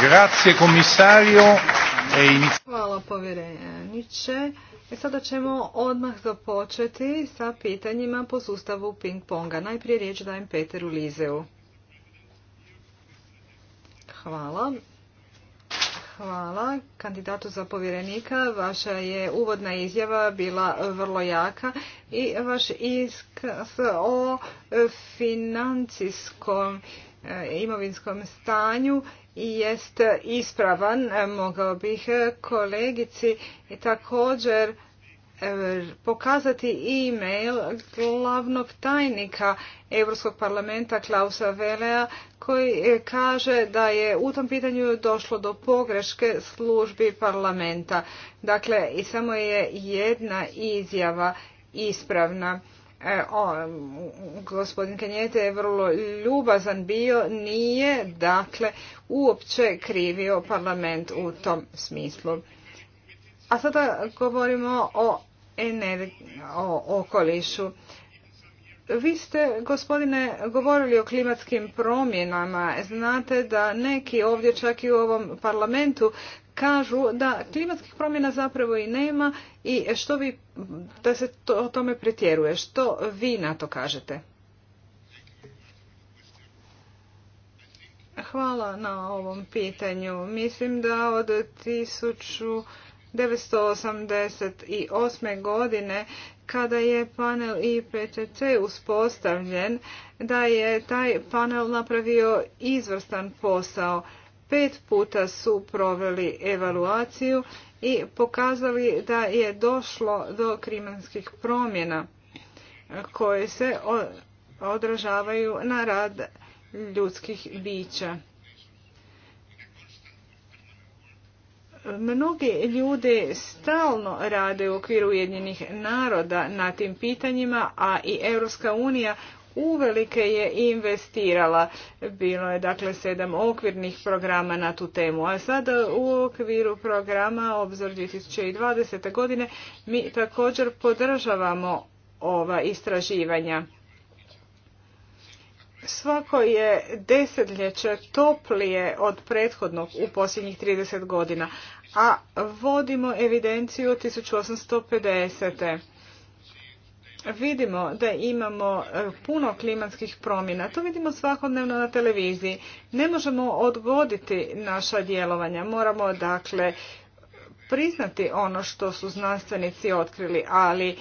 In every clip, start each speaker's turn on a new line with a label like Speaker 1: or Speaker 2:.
Speaker 1: Grazie komisario. E Hvala povjereniče. E sada ćemo odmah započeti sa pitanjima po sustavu ping-ponga. Najprije riječ dajem Peteru Lizeu. Hvala. Hvala kandidatu za povjerenika. Vaša je uvodna izjava bila vrlo jaka i vaš iskaz o financijskom e, imovinskom stanju jest ispravan. E, mogao bih e, kolegici također e, pokazati e-mail glavnog tajnika Europskog parlamenta Klausa Velea koji kaže da je u tom pitanju došlo do pogreške službi parlamenta. Dakle, i samo je jedna izjava ispravna. E, o, gospodin Kenjete je vrlo ljubazan bio, nije dakle uopće krivio parlament u tom smislu. A sada govorimo o, o okolišu. Vi ste, gospodine, govorili o klimatskim promjenama. Znate da neki ovdje čak i u ovom parlamentu kažu da klimatskih promjena zapravo i nema i što vi, da se o tome pretjeruje. Što vi na to kažete? Hvala na ovom pitanju. Mislim da od 1988. godine kada je panel IPCC uspostavljen, da je taj panel napravio izvrstan posao pet puta su proveli evaluaciju i pokazali da je došlo do krimanskih promjena koje se odražavaju na rad ljudskih bića. Mnogi ljudi stalno rade u okviru Ujedinjenih naroda na tim pitanjima, a i Europska unija uvelike je investirala. Bilo je dakle sedam okvirnih programa na tu temu, a sada u okviru programa Obzor 2020. godine mi također podržavamo ova istraživanja. Svako je desetljeće toplije od prethodnog u posljednjih 30 godina, a vodimo evidenciju 1850 vidimo da imamo e, puno klimatskih promjena. To vidimo svakodnevno na televiziji. Ne možemo odgoditi naša djelovanja. Moramo dakle priznati ono što su znanstvenici otkrili, ali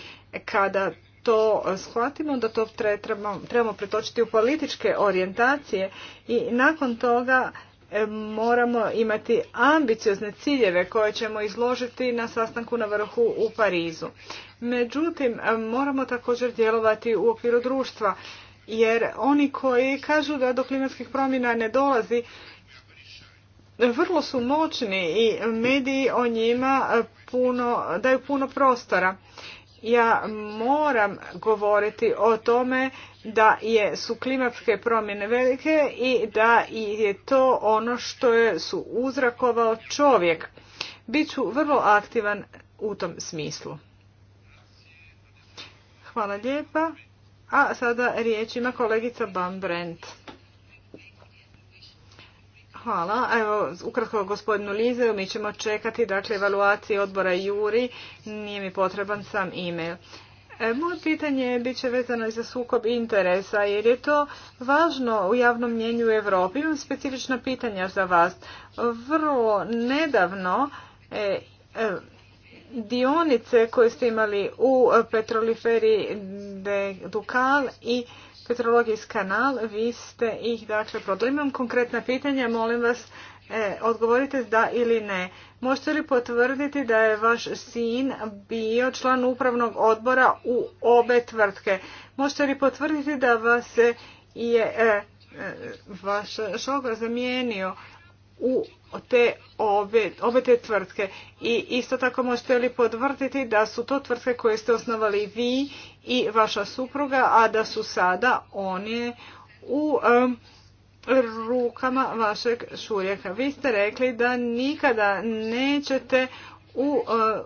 Speaker 1: kada to shvatimo da to trebamo, trebamo pretočiti u političke orijentacije i nakon toga E, moramo imati ambiciozne ciljeve koje ćemo izložiti na sastanku na vrhu u Parizu. Međutim, e, moramo također djelovati u okviru društva, jer oni koji kažu da do klimatskih promjena ne dolazi, vrlo su moćni i mediji o njima e, puno, daju puno prostora ja moram govoriti o tome da je, su klimatske promjene velike i da je to ono što je, su uzrakovao čovjek. Biću vrlo aktivan u tom smislu. Hvala lijepa. A sada riječ ima kolegica Bam Brent. Hvala. Evo, ukratko gospodinu Lizeu, mi ćemo čekati dakle, evaluacije odbora Juri, nije mi potreban sam e-mail. E, moje pitanje bit će vezano i za sukob interesa, jer je to važno u javnom mjenju u Europi. Imam specifična pitanja za vas. Vrlo nedavno e, e, dionice koje ste imali u petroliferi de Dukal i Petrologijski kanal, vi ste ih dakle prodali. Imam konkretna pitanja, molim vas e, odgovorite da ili ne. Možete li potvrditi da je vaš sin bio član upravnog odbora u obe tvrtke? Možete li potvrditi da vas je e, e, vaš šogar zamijenio u te obe, te tvrtke i isto tako možete li potvrditi da su to tvrtke koje ste osnovali vi i vaša supruga, a da su sada oni u rukama vašeg šurjeka. Vi ste rekli da nikada nećete u eh,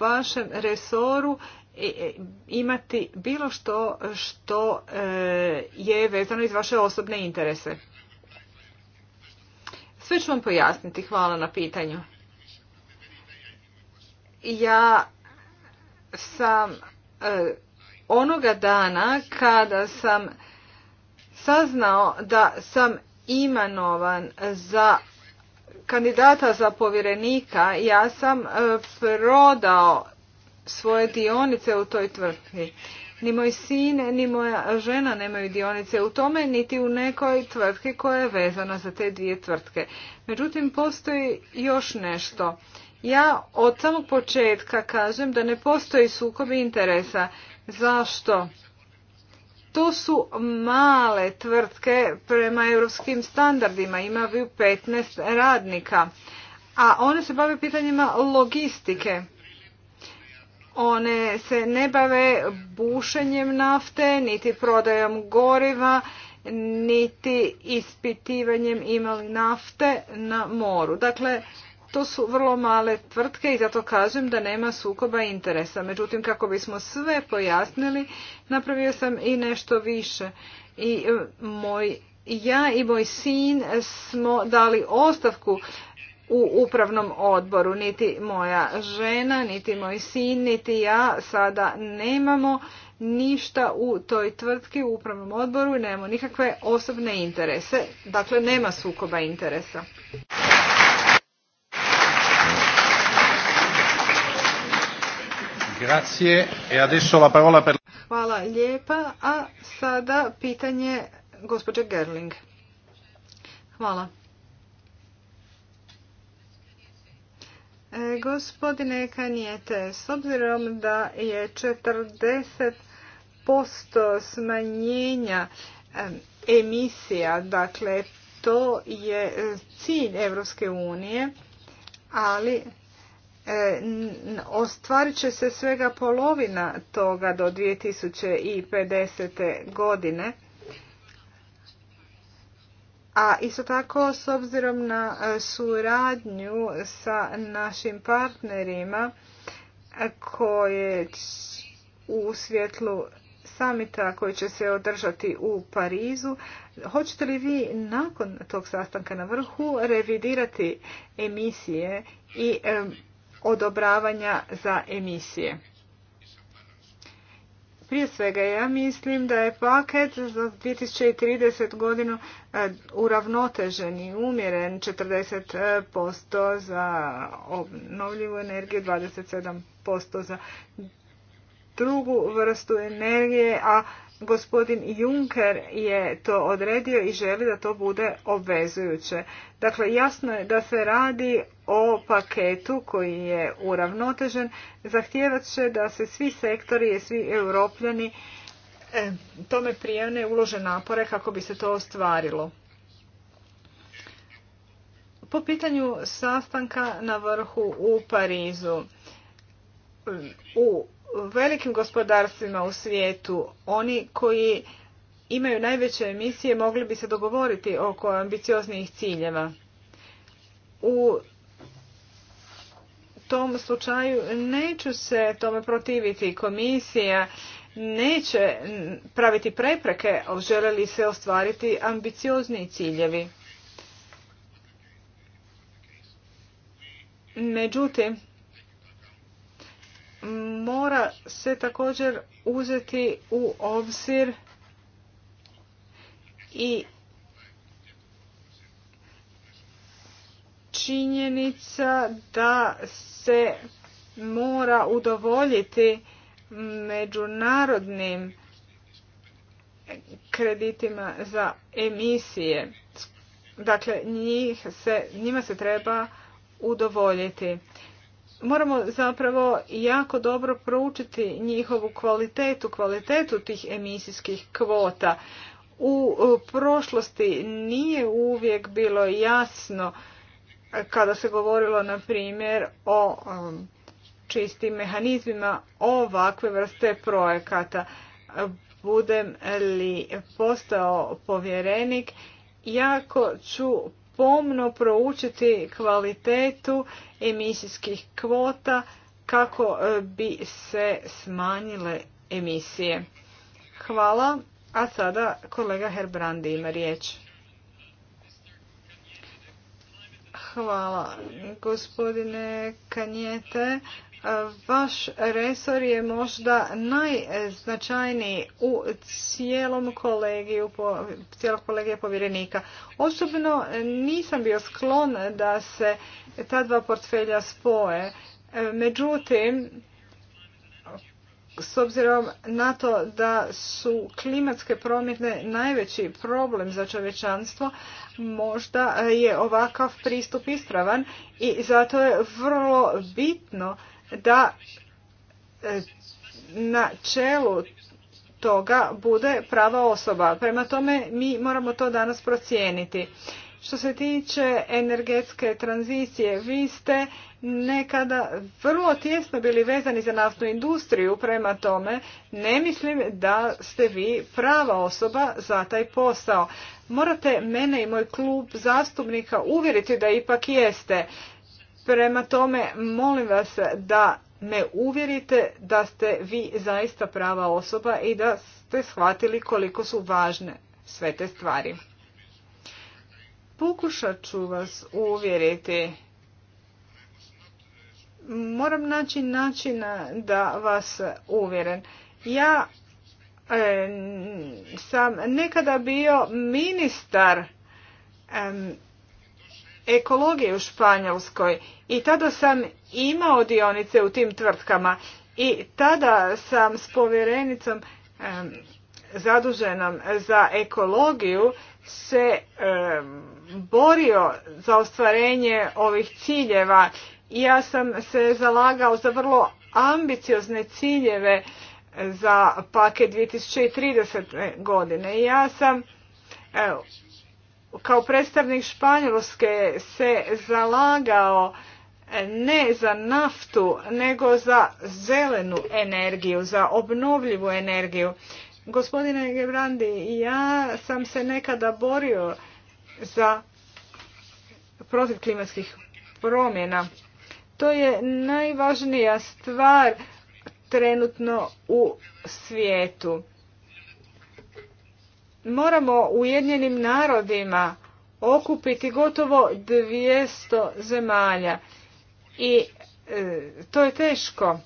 Speaker 1: vašem resoru e, imati bilo što što eh, je vezano iz vaše osobne interese. Sve ću vam pojasniti. Hvala na pitanju. Ja sam eh, onoga dana kada sam saznao da sam imenovan za kandidata za povjerenika, ja sam e, prodao svoje dionice u toj tvrtki. Ni moj sin, ni moja žena nemaju dionice u tome, niti u nekoj tvrtki koja je vezana za te dvije tvrtke. Međutim, postoji još nešto. Ja od samog početka kažem da ne postoji sukob interesa. Zašto? To su male tvrtke prema europskim standardima, imaju 15 radnika, a one se bave pitanjima logistike. One se ne bave bušenjem nafte, niti prodajom goriva, niti ispitivanjem imali nafte na moru. Dakle, to su vrlo male tvrtke i zato kažem da nema sukoba interesa. Međutim, kako bismo sve pojasnili, napravio sam i nešto više. I e, moj, ja i moj sin smo dali ostavku u upravnom odboru. Niti moja žena, niti moj sin, niti ja sada nemamo ništa u toj tvrtki u upravnom odboru i nemamo nikakve osobne interese. Dakle, nema sukoba interesa.
Speaker 2: Grazie. E adesso la Hvala
Speaker 1: lijepa. A sada pitanje gospođe Gerling. Hvala. E, gospodine Kanijete, s obzirom da je 40% smanjenja emisija, dakle to je cilj Evropske unije, ali E, ostvarit će se svega polovina toga do 2050. godine. A isto tako s obzirom na e, suradnju sa našim partnerima e, koje u svjetlu samita koji će se održati u Parizu. Hoćete li vi nakon tog sastanka na vrhu revidirati emisije i odobravanja za emisije. Prije svega ja mislim da je paket za 2030 godinu e, uravnotežen i umjeren 40% za obnovljivu energiju, 27% za drugu vrstu energije, a Gospodin Juncker je to odredio i želi da to bude obvezujuće. Dakle, jasno je da se radi o paketu koji je uravnotežen. Zahtijevat će da se svi sektori i svi europljani e, tome prijavne ulože napore kako bi se to ostvarilo. Po pitanju sastanka na vrhu u Parizu, u velikim gospodarstvima u svijetu, oni koji imaju najveće emisije mogli bi se dogovoriti oko ambicioznijih ciljeva. U tom slučaju neću se tome protiviti. Komisija neće praviti prepreke, žele li se ostvariti ambiciozni ciljevi. Međutim, mora se također uzeti u obzir i činjenica da se mora udovoljiti međunarodnim kreditima za emisije. Dakle, njih se, njima se treba udovoljiti moramo zapravo jako dobro proučiti njihovu kvalitetu, kvalitetu tih emisijskih kvota. U prošlosti nije uvijek bilo jasno kada se govorilo na primjer o um, čistim mehanizmima ovakve vrste projekata. Budem li postao povjerenik, jako ću pomno proučiti kvalitetu emisijskih kvota kako e, bi se smanjile emisije. Hvala. A sada kolega Herbrandi ima riječ. Hvala gospodine Kanjete. Vaš resor je možda najznačajniji u cijelom kolegiju, cijelog kolegija povjerenika. Osobno nisam bio sklon da se ta dva portfelja spoje. Međutim, s obzirom na to da su klimatske promjene najveći problem za čovječanstvo, možda je ovakav pristup ispravan i zato je vrlo bitno da e, na čelu toga bude prava osoba. Prema tome mi moramo to danas procijeniti. Što se tiče energetske tranzicije, vi ste nekada vrlo tjesno bili vezani za naftnu industriju, prema tome ne mislim da ste vi prava osoba za taj posao. Morate mene i moj klub zastupnika uvjeriti da ipak jeste. Prema tome, molim vas da me uvjerite da ste vi zaista prava osoba i da ste shvatili koliko su važne sve te stvari. Pokušat ću vas uvjeriti. Moram naći način da vas uvjeren. Ja e, sam nekada bio ministar ekologije u Španjolskoj i tada sam imao dionice u tim tvrtkama i tada sam s povjerenicom zaduženom za ekologiju se borio za ostvarenje ovih ciljeva i ja sam se zalagao za vrlo ambiciozne ciljeve za paket 2030. godine. I ja sam evo kao predstavnik Španjolske se zalagao ne za naftu, nego za zelenu energiju, za obnovljivu energiju. Gospodine Gebrandi, ja sam se nekada borio za protiv klimatskih promjena. To je najvažnija stvar trenutno u svijetu moramo ujednjenim narodima okupiti gotovo 200 zemalja i e, to je teško.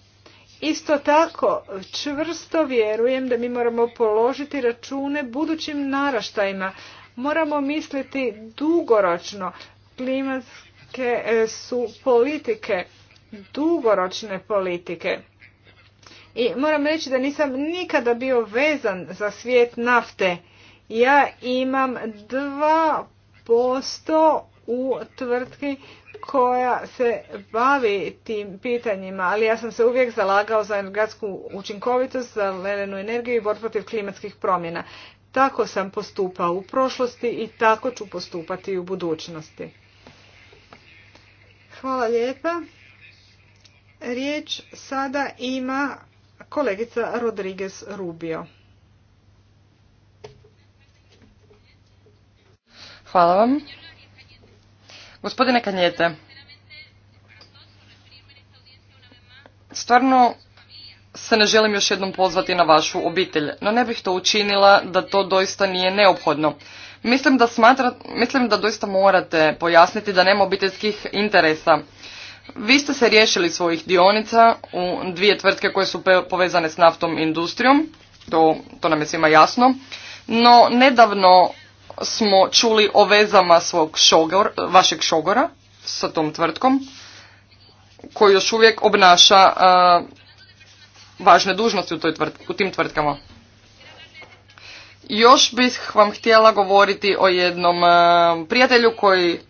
Speaker 1: Isto tako čvrsto vjerujem da mi moramo položiti račune budućim naraštajima. Moramo misliti dugoročno. Klimatske e, su politike, dugoročne politike. I moram reći da nisam nikada bio vezan za svijet nafte ja imam 2% u tvrtki koja se bavi tim pitanjima, ali ja sam se uvijek zalagao za energetsku učinkovitost, za zelenu energiju i borbu protiv klimatskih promjena. Tako sam postupao u prošlosti i tako ću postupati i u budućnosti. Hvala lijepa. Riječ sada ima kolegica Rodriguez Rubio.
Speaker 2: Hvala vam. Gospodine Kanjete, stvarno se ne želim još jednom pozvati na vašu obitelj, no ne bih to učinila da to doista nije neophodno. Mislim da, smatra, mislim da doista morate pojasniti da nema obiteljskih interesa. Vi ste se riješili svojih dionica u dvije tvrtke koje su povezane s naftom industrijom, to, to nam je svima jasno, no nedavno smo čuli o vezama svog šogor, vašeg šogora sa tom tvrtkom koji još uvijek obnaša važne dužnosti u, toj u tim tvrtkama. Još bih vam htjela govoriti o jednom prijatelju koji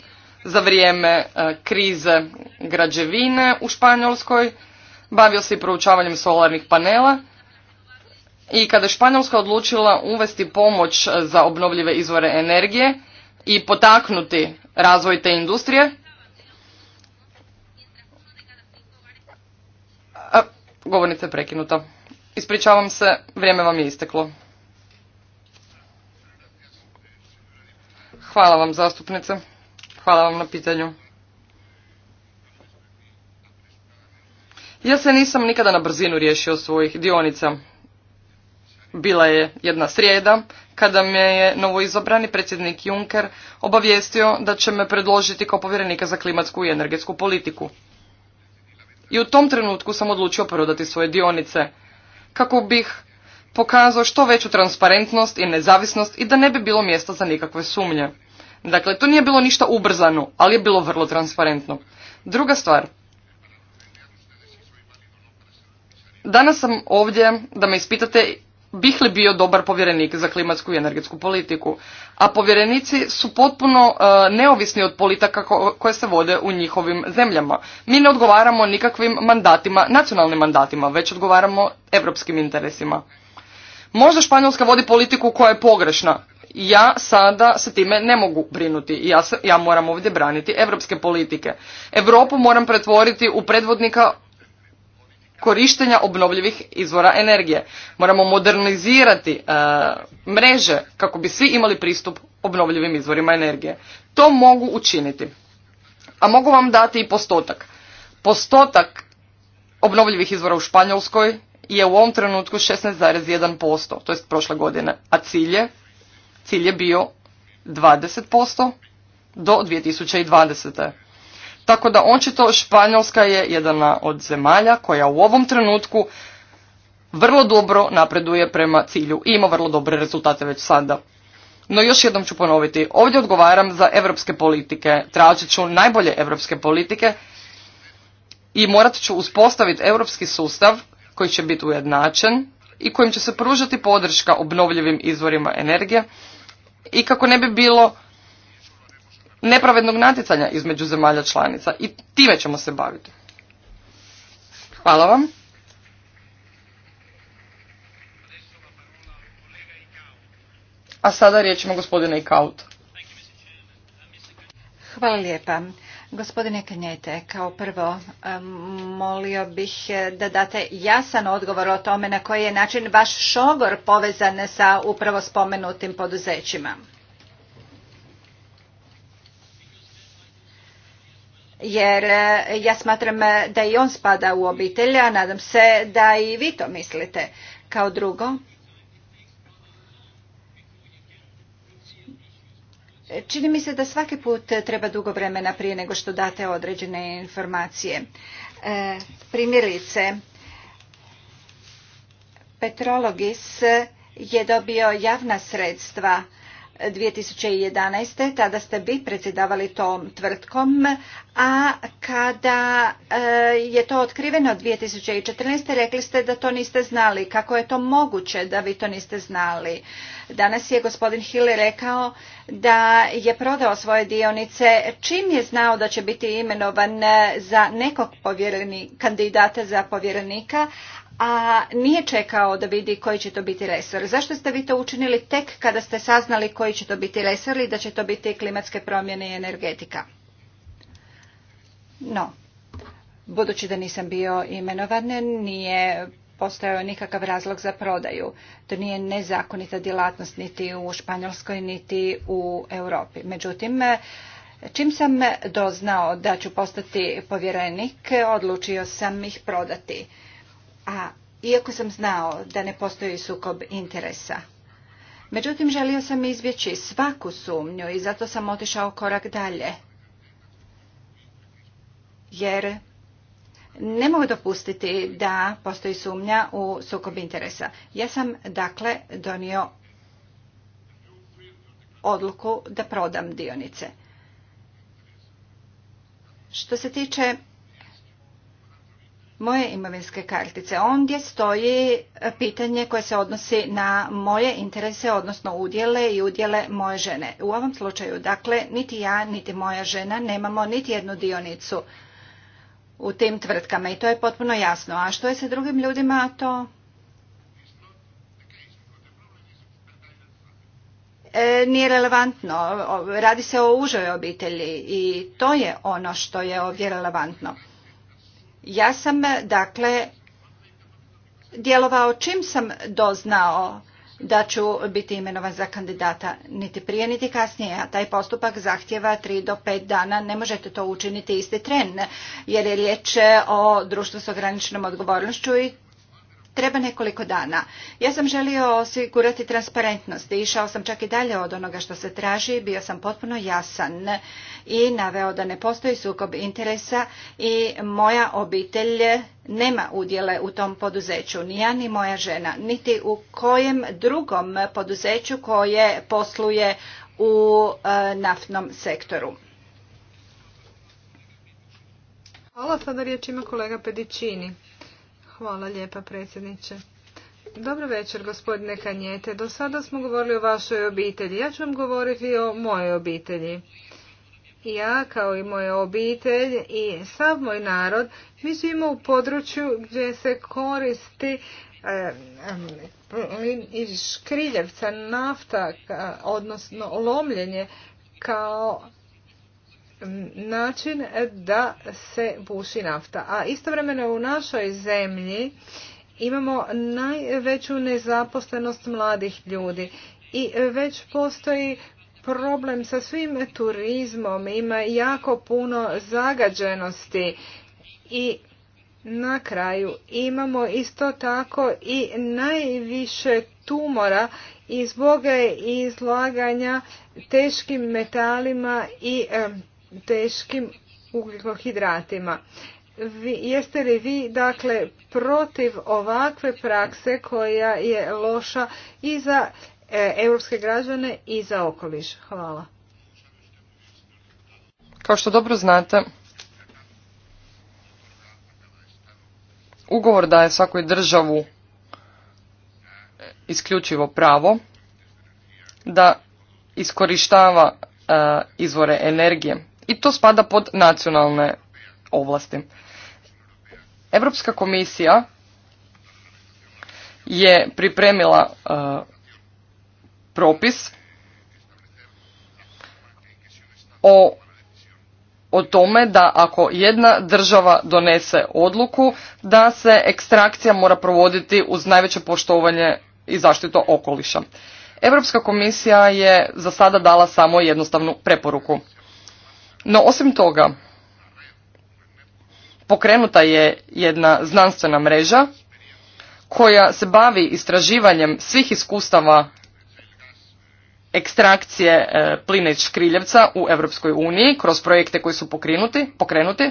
Speaker 2: za vrijeme krize građevine u Španjolskoj bavio se i proučavanjem solarnih panela i kada je Španjolska odlučila uvesti pomoć za obnovljive izvore energije i potaknuti razvoj te industrije, Govornica je prekinuta. Ispričavam se, vrijeme vam je isteklo. Hvala vam zastupnice. Hvala vam na pitanju. Ja se nisam nikada na brzinu riješio svojih dionica. Bila je jedna srijeda kada me je novoizabrani predsjednik Juncker obavijestio da će me predložiti kao povjerenika za klimatsku i energetsku politiku. I u tom trenutku sam odlučio prodati svoje dionice kako bih pokazao što veću transparentnost i nezavisnost i da ne bi bilo mjesta za nikakve sumnje. Dakle, to nije bilo ništa ubrzano, ali je bilo vrlo transparentno. Druga stvar, Danas sam ovdje da me ispitate bih li bio dobar povjerenik za klimatsku i energetsku politiku, a povjerenici su potpuno e, neovisni od politika koje se vode u njihovim zemljama. Mi ne odgovaramo nikakvim mandatima, nacionalnim mandatima, već odgovaramo europskim interesima. Možda Španjolska vodi politiku koja je pogrešna. Ja sada se time ne mogu brinuti. Ja, ja moram ovdje braniti europske politike. Europu moram pretvoriti u predvodnika korištenja obnovljivih izvora energije. Moramo modernizirati e, mreže kako bi svi imali pristup obnovljivim izvorima energije. To mogu učiniti. A mogu vam dati i postotak. Postotak obnovljivih izvora u Španjolskoj je u ovom trenutku 16,1%, to jest prošle godine, a cilj je, cilj je bio 20% do 2020. Tako da očito Španjolska je jedana od zemalja koja u ovom trenutku vrlo dobro napreduje prema cilju i ima vrlo dobre rezultate već sada. No još jednom ću ponoviti, ovdje odgovaram za europske politike, tražit ću najbolje europske politike i morat ću uspostaviti europski sustav koji će biti ujednačen i kojim će se pružati podrška obnovljivim izvorima energije i kako ne bi bilo nepravednog natjecanja između zemalja članica i time ćemo se baviti. Hvala vam. A sada riječ ima gospodina Ikaut.
Speaker 3: Hvala lijepa. Gospodine Kanjete, kao prvo molio bih eh, da date jasan odgovor o tome na koji je način vaš šogor povezan sa upravo spomenutim poduzećima. jer e, ja smatram e, da i on spada u obitelj, a nadam se da i vi to mislite. Kao drugo, Čini mi se da svaki put treba dugo vremena prije nego što date određene informacije. E, primjerice, Petrologis je dobio javna sredstva 2011. Tada ste vi predsjedavali tom tvrtkom, a kada e, je to otkriveno 2014. rekli ste da to niste znali. Kako je to moguće da vi to niste znali? Danas je gospodin Hill rekao da je prodao svoje dionice čim je znao da će biti imenovan za nekog kandidata za povjerenika, a nije čekao da vidi koji će to biti resor. Zašto ste vi to učinili tek kada ste saznali koji će to biti resor i da će to biti klimatske promjene i energetika? No, budući da nisam bio imenovan, nije postojao nikakav razlog za prodaju. To nije nezakonita djelatnost niti u Španjolskoj, niti u Europi. Međutim, čim sam doznao da ću postati povjerenik, odlučio sam ih prodati a iako sam znao da ne postoji sukob interesa. Međutim, želio sam izbjeći svaku sumnju i zato sam otišao korak dalje. Jer ne mogu dopustiti da postoji sumnja u sukob interesa. Ja sam, dakle, donio odluku da prodam dionice. Što se tiče moje imovinske kartice. Ondje stoji e, pitanje koje se odnosi na moje interese, odnosno udjele i udjele moje žene. U ovom slučaju, dakle, niti ja, niti moja žena nemamo niti jednu dionicu u tim tvrtkama i to je potpuno jasno. A što je sa drugim ljudima, to... E, nije relevantno. Radi se o užoj obitelji i to je ono što je ovdje relevantno. Ja sam, dakle, djelovao čim sam doznao da ću biti imenovan za kandidata niti prije niti kasnije, a taj postupak zahtjeva 3 do 5 dana. Ne možete to učiniti isti tren jer je riječ o društvu s ograničenom odgovornošću i treba nekoliko dana. Ja sam želio osigurati transparentnost i išao sam čak i dalje od onoga što se traži, bio sam potpuno jasan i naveo da ne postoji sukob interesa i moja obitelj nema udjele u tom poduzeću, ni ja ni moja žena, niti u kojem drugom poduzeću koje posluje u e, naftnom sektoru.
Speaker 1: Hvala, sada riječ ima kolega Pedicini. Hvala lijepa predsjedniče. Dobro večer, gospodine Kanjete. Do sada smo govorili o vašoj obitelji. Ja ću vam govoriti o mojoj obitelji. Ja, kao i moja obitelj i sav moj narod, mi živimo u području gdje se koristi eh, iz škriljevca, nafta, odnosno lomljenje kao način da se buši nafta. A istovremeno u našoj zemlji imamo najveću nezaposlenost mladih ljudi i već postoji problem sa svim turizmom, ima jako puno zagađenosti i na kraju imamo isto tako i najviše tumora i zbog izlaganja teškim metalima i teškim ugljikohidratima. jeste li vi dakle protiv ovakve prakse koja je loša i za e, europske građane i za okoliš? Hvala.
Speaker 2: Kao što dobro znate, ugovor daje svakoj državu isključivo pravo da iskorištava e, izvore energije i to spada pod nacionalne ovlasti. Europska komisija je pripremila e, propis o o tome da ako jedna država donese odluku da se ekstrakcija mora provoditi uz najveće poštovanje i zaštitu okoliša. Europska komisija je za sada dala samo jednostavnu preporuku. No osim toga, pokrenuta je jedna znanstvena mreža koja se bavi istraživanjem svih iskustava ekstrakcije e, plina iz škriljevca u Europskoj uniji kroz projekte koji su pokrenuti, pokrenuti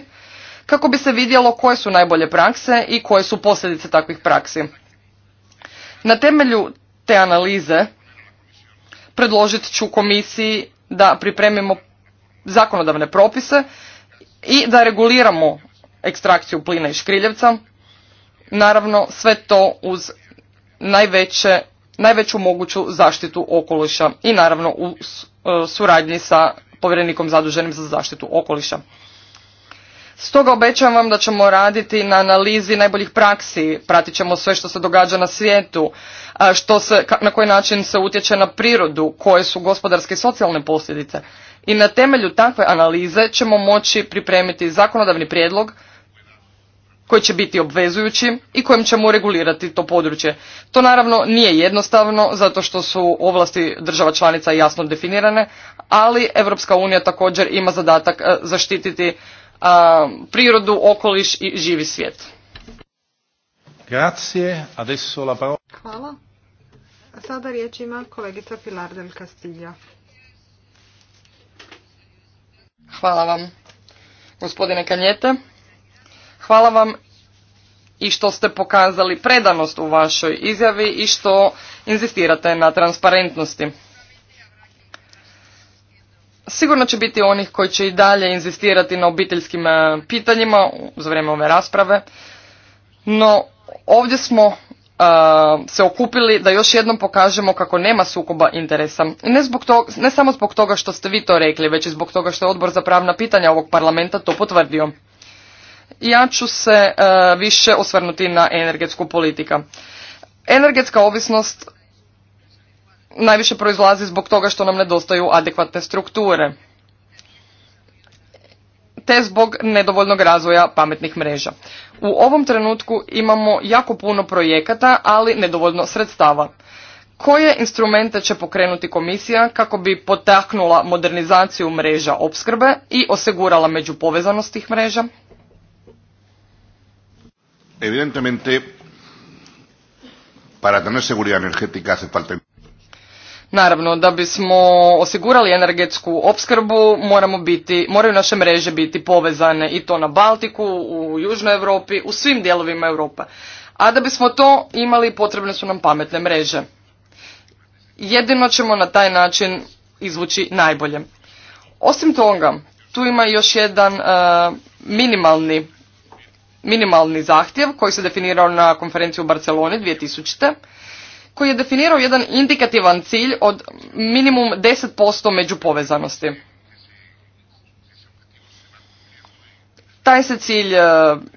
Speaker 2: kako bi se vidjelo koje su najbolje prakse i koje su posljedice takvih praksi. Na temelju te analize predložit ću komisiji da pripremimo zakonodavne propise i da reguliramo ekstrakciju plina i škriljevca. Naravno, sve to uz najveće, najveću moguću zaštitu okoliša i naravno u e, suradnji sa povjerenikom zaduženim za zaštitu okoliša. Stoga obećavam vam da ćemo raditi na analizi najboljih praksi, pratit ćemo sve što se događa na svijetu, što se, na koji način se utječe na prirodu, koje su gospodarske i socijalne posljedice. I na temelju takve analize ćemo moći pripremiti zakonodavni prijedlog koji će biti obvezujući i kojim ćemo regulirati to područje. To naravno nije jednostavno zato što su ovlasti država članica jasno definirane, ali Europska unija također ima zadatak e, zaštititi prirodu, okoliš i živi svijet. Grazie, adesso la parola.
Speaker 1: Hvala. Sada riječ ima kolegica Pilar del Hvala vam,
Speaker 2: gospodine Kanjete. Hvala vam i što ste pokazali predanost u vašoj izjavi i što inzistirate na transparentnosti. Sigurno će biti onih koji će i dalje inzistirati na obiteljskim e, pitanjima za vrijeme ove rasprave, no ovdje smo e, se okupili da još jednom pokažemo kako nema sukoba interesa. ne, zbog ne samo zbog toga što ste vi to rekli, već i zbog toga što je odbor za pravna pitanja ovog parlamenta to potvrdio. Ja ću se e, više osvrnuti na energetsku politika. Energetska ovisnost najviše proizlazi zbog toga što nam nedostaju adekvatne strukture te zbog nedovoljnog razvoja pametnih mreža. U ovom trenutku imamo jako puno projekata, ali nedovoljno sredstava. Koje instrumente će pokrenuti komisija kako bi potaknula modernizaciju mreža opskrbe i osigurala međupovezanost tih mreža?
Speaker 3: Evidentemente, para tener seguridad energética falta
Speaker 2: Naravno, da bismo osigurali energetsku opskrbu, moramo biti, moraju naše mreže biti povezane i to na Baltiku, u Južnoj Europi, u svim dijelovima Europe. A da bismo to imali, potrebne su nam pametne mreže. Jedino ćemo na taj način izvući najbolje. Osim toga, tu ima još jedan e, minimalni, minimalni zahtjev koji se definirao na konferenciju u Barceloni 2000 koji je definirao jedan indikativan cilj od minimum 10% međupovezanosti. Taj se cilj e,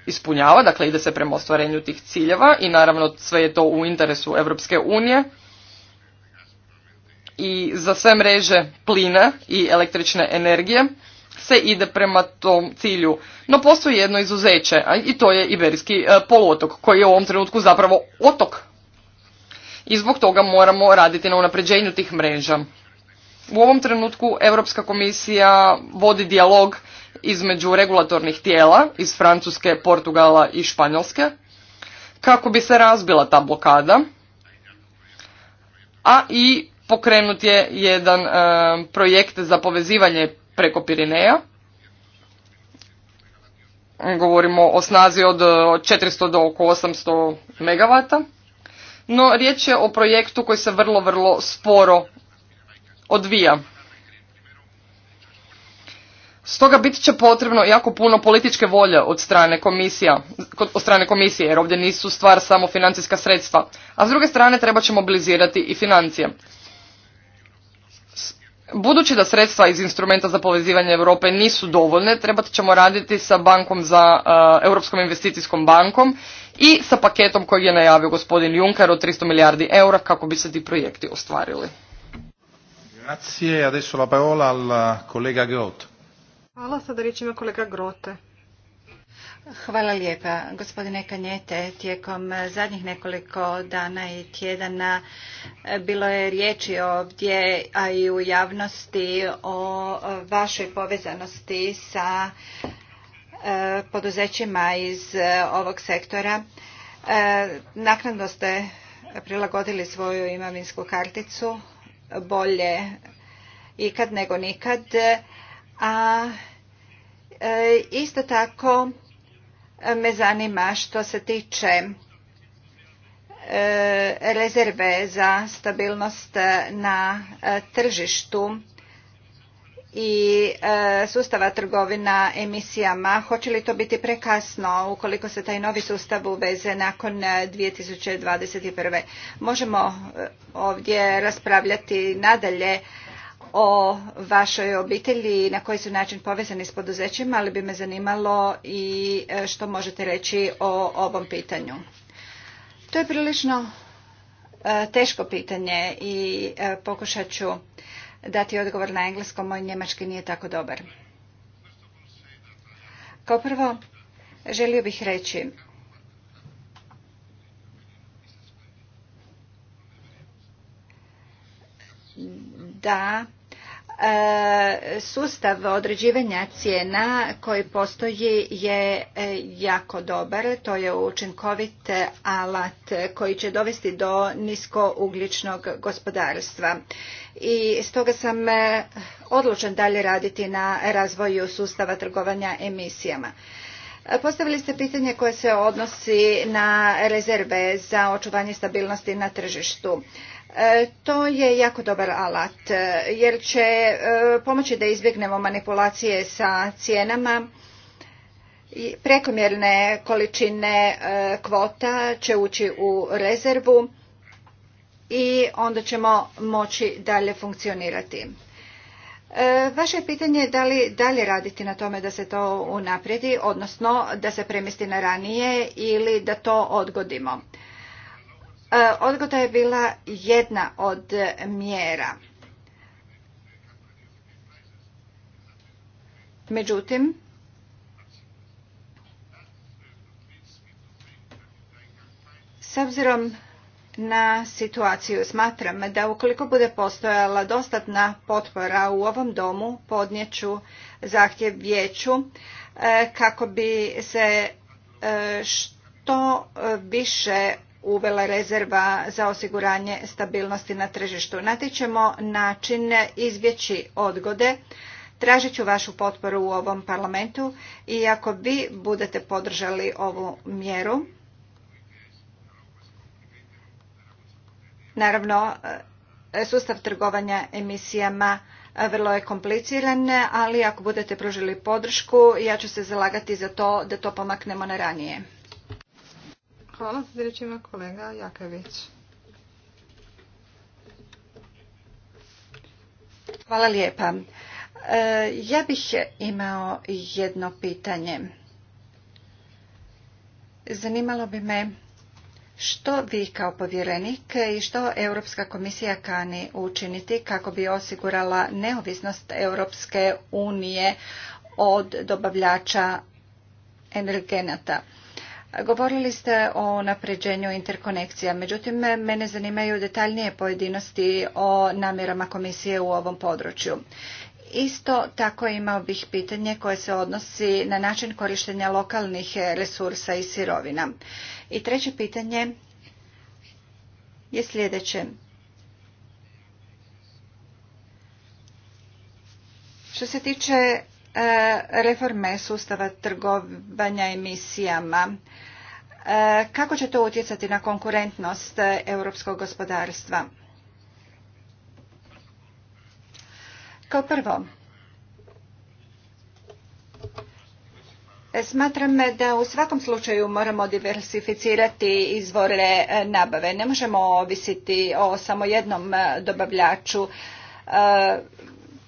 Speaker 2: ispunjava, dakle ide se prema ostvarenju tih ciljeva i naravno sve je to u interesu Europske unije. I za sve mreže plina i električne energije se ide prema tom cilju. No postoji jedno izuzeće, i to je Iberijski e, poluotok, koji je u ovom trenutku zapravo otok i zbog toga moramo raditi na unapređenju tih mreža. U ovom trenutku Europska komisija vodi dijalog između regulatornih tijela iz Francuske, Portugala i Španjolske kako bi se razbila ta blokada, a i pokrenut je jedan e, projekt za povezivanje preko Pirineja. Govorimo o snazi od 400 e, do oko 800 megavata. No, riječ je o projektu koji se vrlo, vrlo sporo odvija. Stoga bit će potrebno jako puno političke volje od strane komisija, od strane komisije, jer ovdje nisu stvar samo financijska sredstva, a s druge strane treba će mobilizirati i financije. Budući da sredstva iz instrumenta za povezivanje Europe nisu dovoljne, trebat ćemo raditi sa bankom za Europskom investicijskom bankom i sa paketom koji je najavio gospodin Juncker od 300 milijardi eura kako bi se ti projekti ostvarili.
Speaker 3: Grazie, adesso la parola al collega Grote.
Speaker 1: Hvala, sada riječ ima kolega Grote.
Speaker 3: Hvala lijepa. Gospodine Kanjete, tijekom zadnjih nekoliko dana i tjedana bilo je riječi ovdje, a i u javnosti o vašoj povezanosti sa Eh, poduzećima iz eh, ovog sektora. Eh, naknadno ste prilagodili svoju imovinsku karticu bolje ikad nego nikad, a isto tako me zanima što se tiče rezerve za stabilnost na tržištu i e, sustava trgovina emisijama. Hoće li to biti prekasno ukoliko se taj novi sustav uveze nakon 2021. E, Možemo e, ovdje raspravljati nadalje o vašoj obitelji i na koji su način povezani s poduzećima, ali bi me zanimalo i što možete reći o ovom pitanju. To je prilično teško pitanje i pokušat ću dati odgovor na engleskom, moj njemački nije tako dobar. Kao prvo, želio bih reći da E, sustav određivanja cijena koji postoji je e, jako dobar. To je učinkovit alat koji će dovesti do niskougličnog gospodarstva. I stoga sam e, odlučen dalje raditi na razvoju sustava trgovanja emisijama. Postavili ste pitanje koje se odnosi na rezerve za očuvanje stabilnosti na tržištu. E, to je jako dobar alat e, jer će e, pomoći da izbjegnemo manipulacije sa cijenama. Prekomjerne količine kvota će ući u rezervu i onda ćemo moći dalje funkcionirati. Vaše pitanje je da li dalje raditi na tome da se to unaprijedi, odnosno da se premisti na ranije ili da to odgodimo. E, odgoda je bila jedna od mjera. Međutim, s obzirom na situaciju smatram da ukoliko bude postojala dostatna potpora u ovom domu podnijeću zahtjev vijeću e, kako bi se e, što više uvela rezerva za osiguranje stabilnosti na tržištu. Natićemo način izbjeći odgode. Tražit ću vašu potporu u ovom parlamentu i ako vi budete podržali ovu mjeru, naravno e, sustav trgovanja emisijama e, vrlo je kompliciran, ali ako budete pružili podršku, ja ću se zalagati za to da to pomaknemo na ranije.
Speaker 1: Hvala kolega Jakavić.
Speaker 3: Hvala lijepa. E, ja bih imao jedno pitanje. Zanimalo bi me što vi kao povjerenik i što Europska komisija kani učiniti kako bi osigurala neovisnost Europske unije od dobavljača energenata? Govorili ste o napređenju interkonekcija, međutim mene zanimaju detaljnije pojedinosti o namjerama komisije u ovom području. Isto tako imao bih pitanje koje se odnosi na način korištenja lokalnih resursa i sirovina. I treće pitanje je sljedeće. Što se tiče e, reforme sustava trgovanja emisijama, kako će to utjecati na konkurentnost e, europskog gospodarstva? Kao prvo, Smatram da u svakom slučaju moramo diversificirati izvore e, nabave. Ne možemo ovisiti o samo jednom e, dobavljaču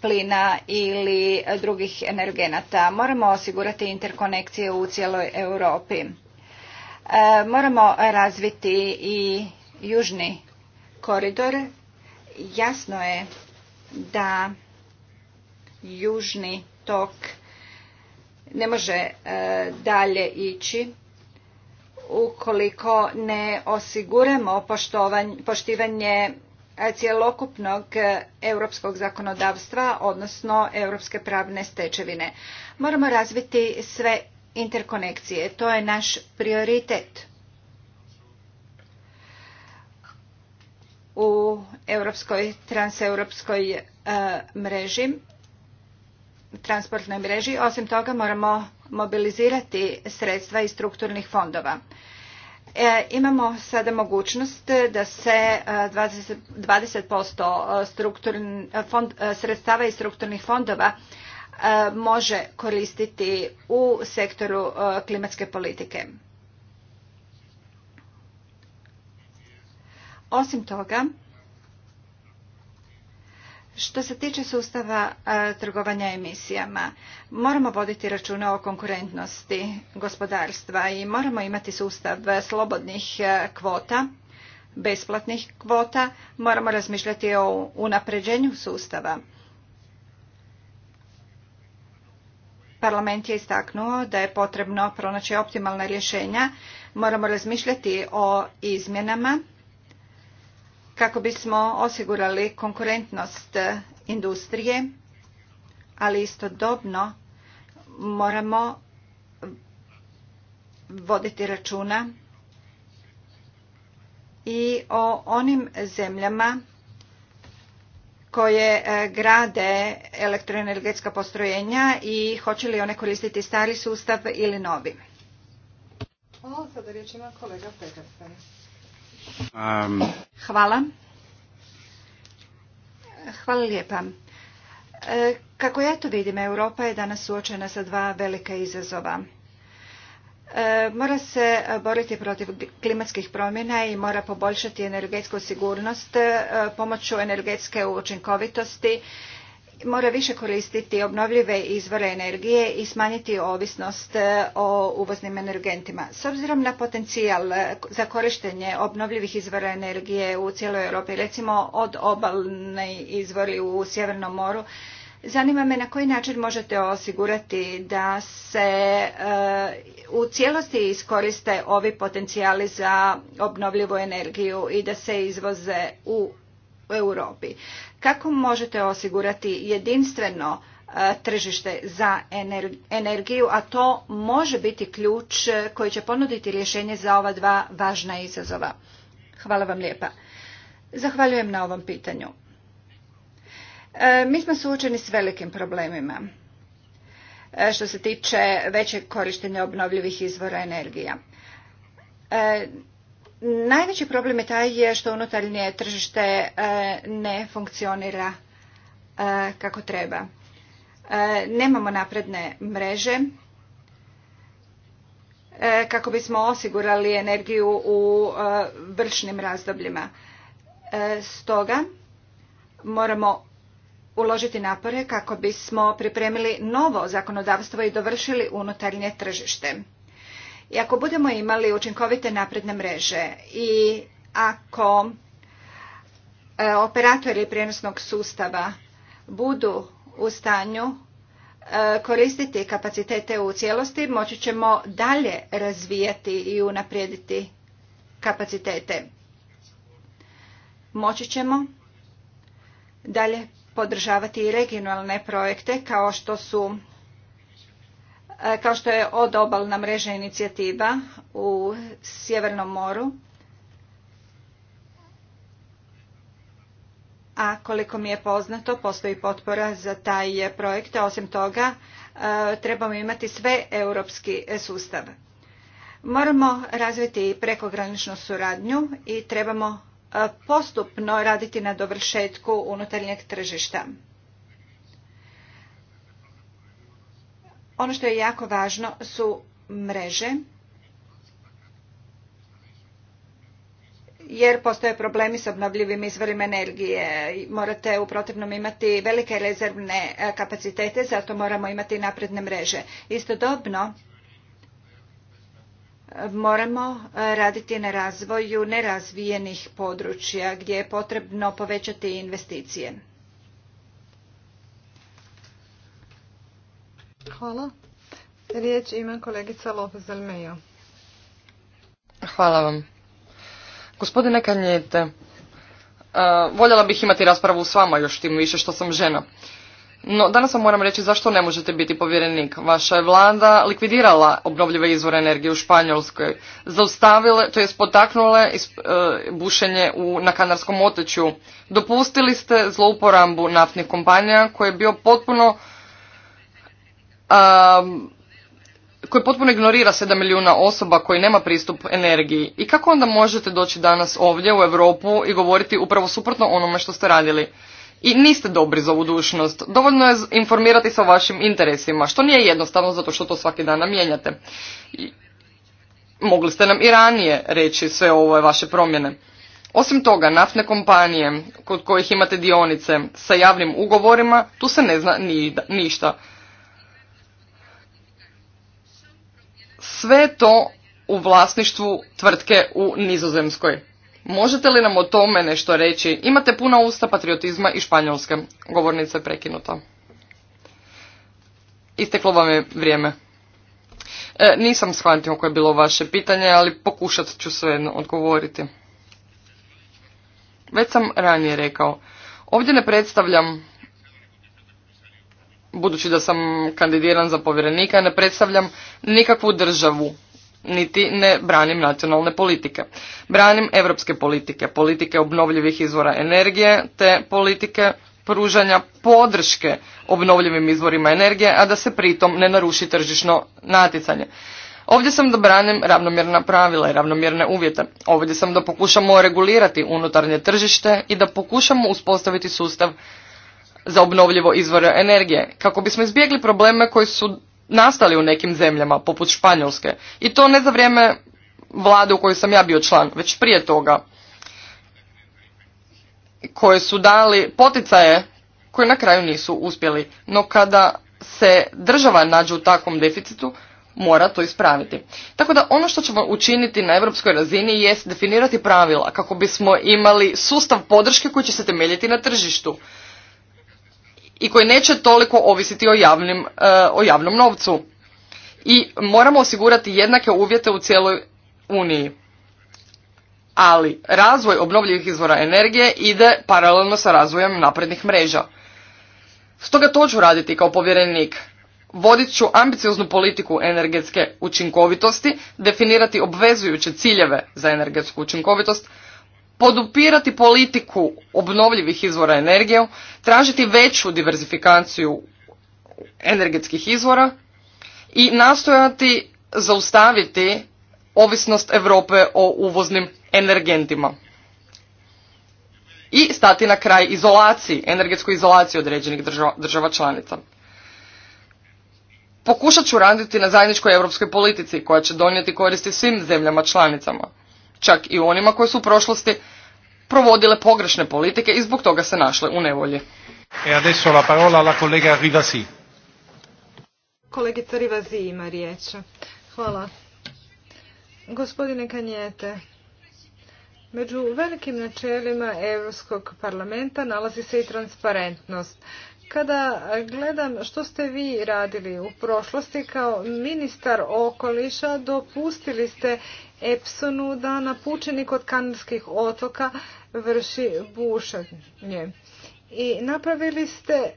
Speaker 3: plina ili drugih energenata. Moramo osigurati interkonekcije u cijeloj Europi. E, moramo razviti i južni koridor. Jasno je da južni tok ne može e, dalje ići ukoliko ne osiguramo poštivanje cjelokupnog europskog zakonodavstva, odnosno europske pravne stečevine. Moramo razviti sve interkonekcije. To je naš prioritet. u europskoj transeuropskoj e, mreži transportnoj mreži osim toga moramo mobilizirati sredstva iz strukturnih fondova e, imamo sada mogućnost da se 20%, e, sredstava iz strukturnih fondova E, može koristiti u sektoru e, klimatske politike. Osim toga, što se tiče sustava e, trgovanja emisijama, moramo voditi računa o konkurentnosti gospodarstva i moramo imati sustav slobodnih kvota, besplatnih kvota, moramo razmišljati o unapređenju sustava Parlament je istaknuo da je potrebno pronaći optimalna rješenja. Moramo razmišljati o izmjenama kako bismo osigurali konkurentnost industrije, ali istodobno moramo voditi računa i o onim zemljama koje e, grade elektroenergetska postrojenja i hoće li one koristiti stari sustav ili novi. Hvala, um, lijepa. E, kako ja to vidim, Europa je danas suočena sa dva velika izazova. E, mora se boriti protiv klimatskih promjena i mora poboljšati energetsku sigurnost e, pomoću energetske učinkovitosti mora više koristiti obnovljive izvore energije i smanjiti ovisnost e, o uvoznim energentima. S obzirom na potencijal za korištenje obnovljivih izvora energije u cijeloj Europi, recimo od obalne izvori u Sjevernom moru, Zanima me na koji način možete osigurati da se e, u cijelosti iskoriste ovi potencijali za obnovljivu energiju i da se izvoze u Europi. Kako možete osigurati jedinstveno e, tržište za energiju, a to može biti ključ koji će ponuditi rješenje za ova dva važna izazova. Hvala vam lijepa. Zahvaljujem na ovom pitanju. E, mi smo suočeni s velikim problemima e, što se tiče većeg korištenja obnovljivih izvora energija. E, najveći problem je taj je što unutarnje tržište ne funkcionira kako treba. Nemamo napredne mreže kako bismo osigurali energiju u vršnim razdobljima. Stoga moramo uložiti napore kako bismo pripremili novo zakonodavstvo i dovršili unutarnje tržište. I ako budemo imali učinkovite napredne mreže i ako e, operatori prijenosnog sustava budu u stanju e, koristiti kapacitete u cijelosti, moći ćemo dalje razvijati i unaprijediti kapacitete. Moći ćemo dalje podržavati i regionalne projekte kao što su e, kao što je odobalna mreža inicijativa u Sjevernom moru. A koliko mi je poznato, postoji potpora za taj projekt, a osim toga e, trebamo imati sve europski sustav. Moramo razviti prekograničnu suradnju i trebamo E, postupno raditi na dovršetku unutarnjeg tržišta. Ono što je jako važno su mreže, jer postoje problemi s obnovljivim izvorima energije. Morate u protivnom imati velike rezervne e, kapacitete, zato moramo imati napredne mreže. Istodobno, moramo raditi na razvoju nerazvijenih područja gdje je potrebno povećati investicije.
Speaker 1: Hvala. Riječ kolegica
Speaker 2: Hvala vam. Gospodine Kanjete, eh, voljela bih imati raspravu s vama još tim više što sam žena. No, danas vam moram reći zašto ne možete biti povjerenik. Vaša je vlada likvidirala obnovljive izvore energije u Španjolskoj, zaustavile, to je spotaknule e, bušenje u, na Kanarskom otočju. Dopustili ste zlouporambu naftnih kompanija koji je bio potpuno... koji potpuno ignorira 7 milijuna osoba koji nema pristup energiji. I kako onda možete doći danas ovdje u Europu i govoriti upravo suprotno onome što ste radili? i niste dobri za budućnost. Dovoljno je informirati se o vašim interesima, što nije jednostavno zato što to svaki dan mijenjate. Mogli ste nam i ranije reći sve ove vaše promjene. Osim toga, naftne kompanije kod kojih imate dionice sa javnim ugovorima, tu se ne zna ni, ništa. Sve to u vlasništvu tvrtke u Nizozemskoj. Možete li nam o tome nešto reći? Imate puna usta patriotizma i španjolske. Govornica je prekinuta. Isteklo vam je vrijeme. E, nisam shvatio koje je bilo vaše pitanje, ali pokušat ću svejedno odgovoriti. Već sam ranije rekao, ovdje ne predstavljam, budući da sam kandidiran za povjerenika, ne predstavljam nikakvu državu niti ne branim nacionalne politike. Branim europske politike, politike obnovljivih izvora energije te politike pružanja podrške obnovljivim izvorima energije, a da se pritom ne naruši tržišno natjecanje. Ovdje sam da branim ravnomjerna pravila i ravnomjerne uvjete. Ovdje sam da pokušamo regulirati unutarnje tržište i da pokušamo uspostaviti sustav za obnovljivo izvore energije, kako bismo izbjegli probleme koji su nastali u nekim zemljama, poput Španjolske. I to ne za vrijeme vlade u kojoj sam ja bio član, već prije toga. Koje su dali poticaje koje na kraju nisu uspjeli. No kada se država nađe u takvom deficitu, mora to ispraviti. Tako da ono što ćemo učiniti na europskoj razini jest definirati pravila kako bismo imali sustav podrške koji će se temeljiti na tržištu i koji neće toliko ovisiti o, e, o javnom novcu. I moramo osigurati jednake uvjete u cijeloj Uniji. Ali razvoj obnovljivih izvora energije ide paralelno sa razvojem naprednih mreža. Stoga to ću raditi kao povjerenik. Vodit ću ambicioznu politiku energetske učinkovitosti, definirati obvezujuće ciljeve za energetsku učinkovitost, podupirati politiku obnovljivih izvora energije, tražiti veću diversifikaciju energetskih izvora i nastojati zaustaviti ovisnost Europe o uvoznim energentima i stati na kraj izolaciji, energetskoj izolaciji određenih država, država članica. Pokušat ću raditi na zajedničkoj europskoj politici koja će donijeti koristi svim zemljama članicama čak i onima koje su u prošlosti provodile pogrešne politike i zbog toga se našle u nevolji.
Speaker 1: E adesso la parola alla collega Rivasi. Kolegica ima riječ. Hvala. Gospodine Kanjete, među velikim načelima Europskog parlamenta nalazi se i transparentnost. Kada gledam što ste vi radili u prošlosti kao ministar okoliša, dopustili ste Epsonu da napučenik od kanadskih otoka vrši bušanje. I napravili ste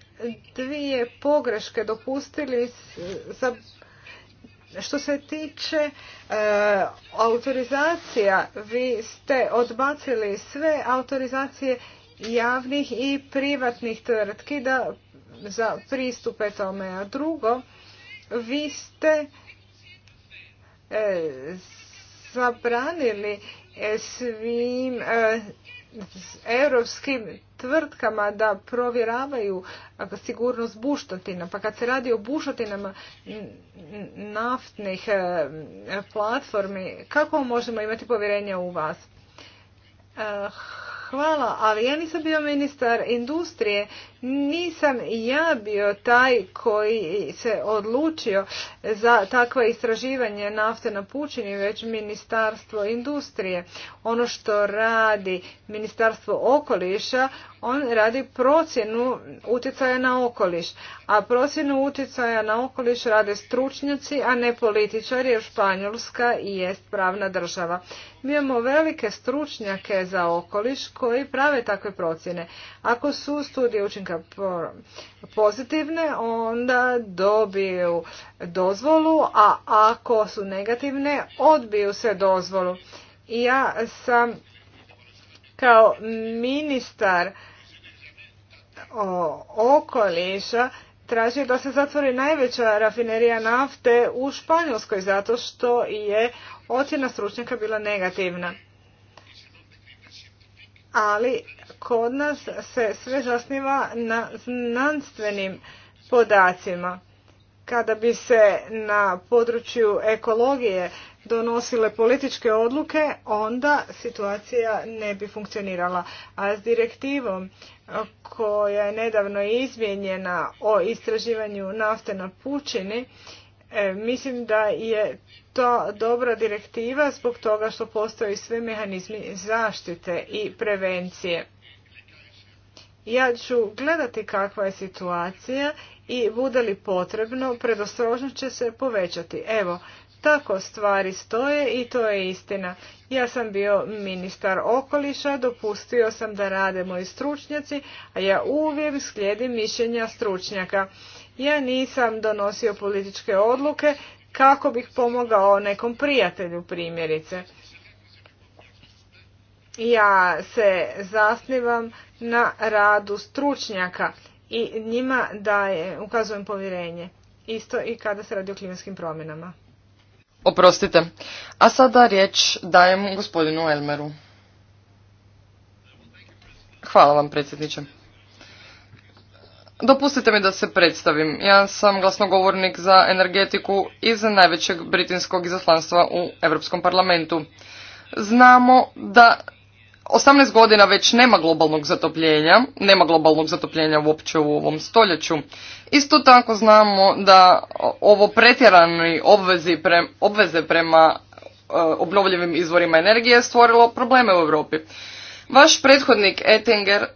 Speaker 1: dvije pogreške, dopustili za što se tiče e, autorizacija, vi ste odbacili sve autorizacije javnih i privatnih tvrtki da, za pristupe tome. A drugo, vi ste e, zabranili e, svim e, europskim tvrtkama da provjeravaju e, sigurnost buštotina. Pa kad se radi o bušotinama naftnih platformi, kako možemo imati povjerenja u vas? Hvala, ali ja nisam bio ministar industrije, nisam ja bio taj koji se odlučio za takva istraživanje nafte na pučini, već ministarstvo industrije. Ono što radi ministarstvo okoliša, on radi procjenu utjecaja na okoliš, a procjenu utjecaja na okoliš rade stručnjaci, a ne političari, jer Španjolska jest pravna država. Mi imamo velike stručnjake za okoliš koji prave takve procjene. Ako su studije učinka pozitivne, onda dobiju dozvolu, a ako su negativne, odbiju se dozvolu. I ja sam kao ministar okoliša tražio da se zatvori najveća rafinerija nafte u Španjolskoj zato što je ocjena stručnjaka bila negativna. Ali kod nas se sve zasniva na znanstvenim podacima. Kada bi se na području ekologije donosile političke odluke, onda situacija ne bi funkcionirala. A s direktivom e, koja je nedavno izmijenjena o istraživanju nafte na pučini, e, mislim da je to dobra direktiva zbog toga što postoji sve mehanizmi zaštite i prevencije. Ja ću gledati kakva je situacija i bude li potrebno, predostrožnost će se povećati. Evo, tako stvari stoje i to je istina. Ja sam bio ministar okoliša, dopustio sam da rade moji stručnjaci, a ja uvijek slijedim mišljenja stručnjaka. Ja nisam donosio političke odluke kako bih pomogao nekom prijatelju primjerice. Ja se zasnivam na radu stručnjaka i njima daje, ukazujem povjerenje. Isto i kada se radi o klimatskim promjenama.
Speaker 2: Oprostite. A sada riječ dajem gospodinu Elmeru. Hvala vam, predsjedniče. Dopustite mi da se predstavim. Ja sam glasnogovornik za energetiku iz najvećeg britinskog izaslanstva u Europskom parlamentu. Znamo da 18 godina već nema globalnog zatopljenja, nema globalnog zatopljenja uopće u ovom stoljeću. Isto tako znamo da ovo pretjerani obveze prema eh, obnovljivim izvorima energije stvorilo probleme u Europi. Vaš prethodnik Ettinger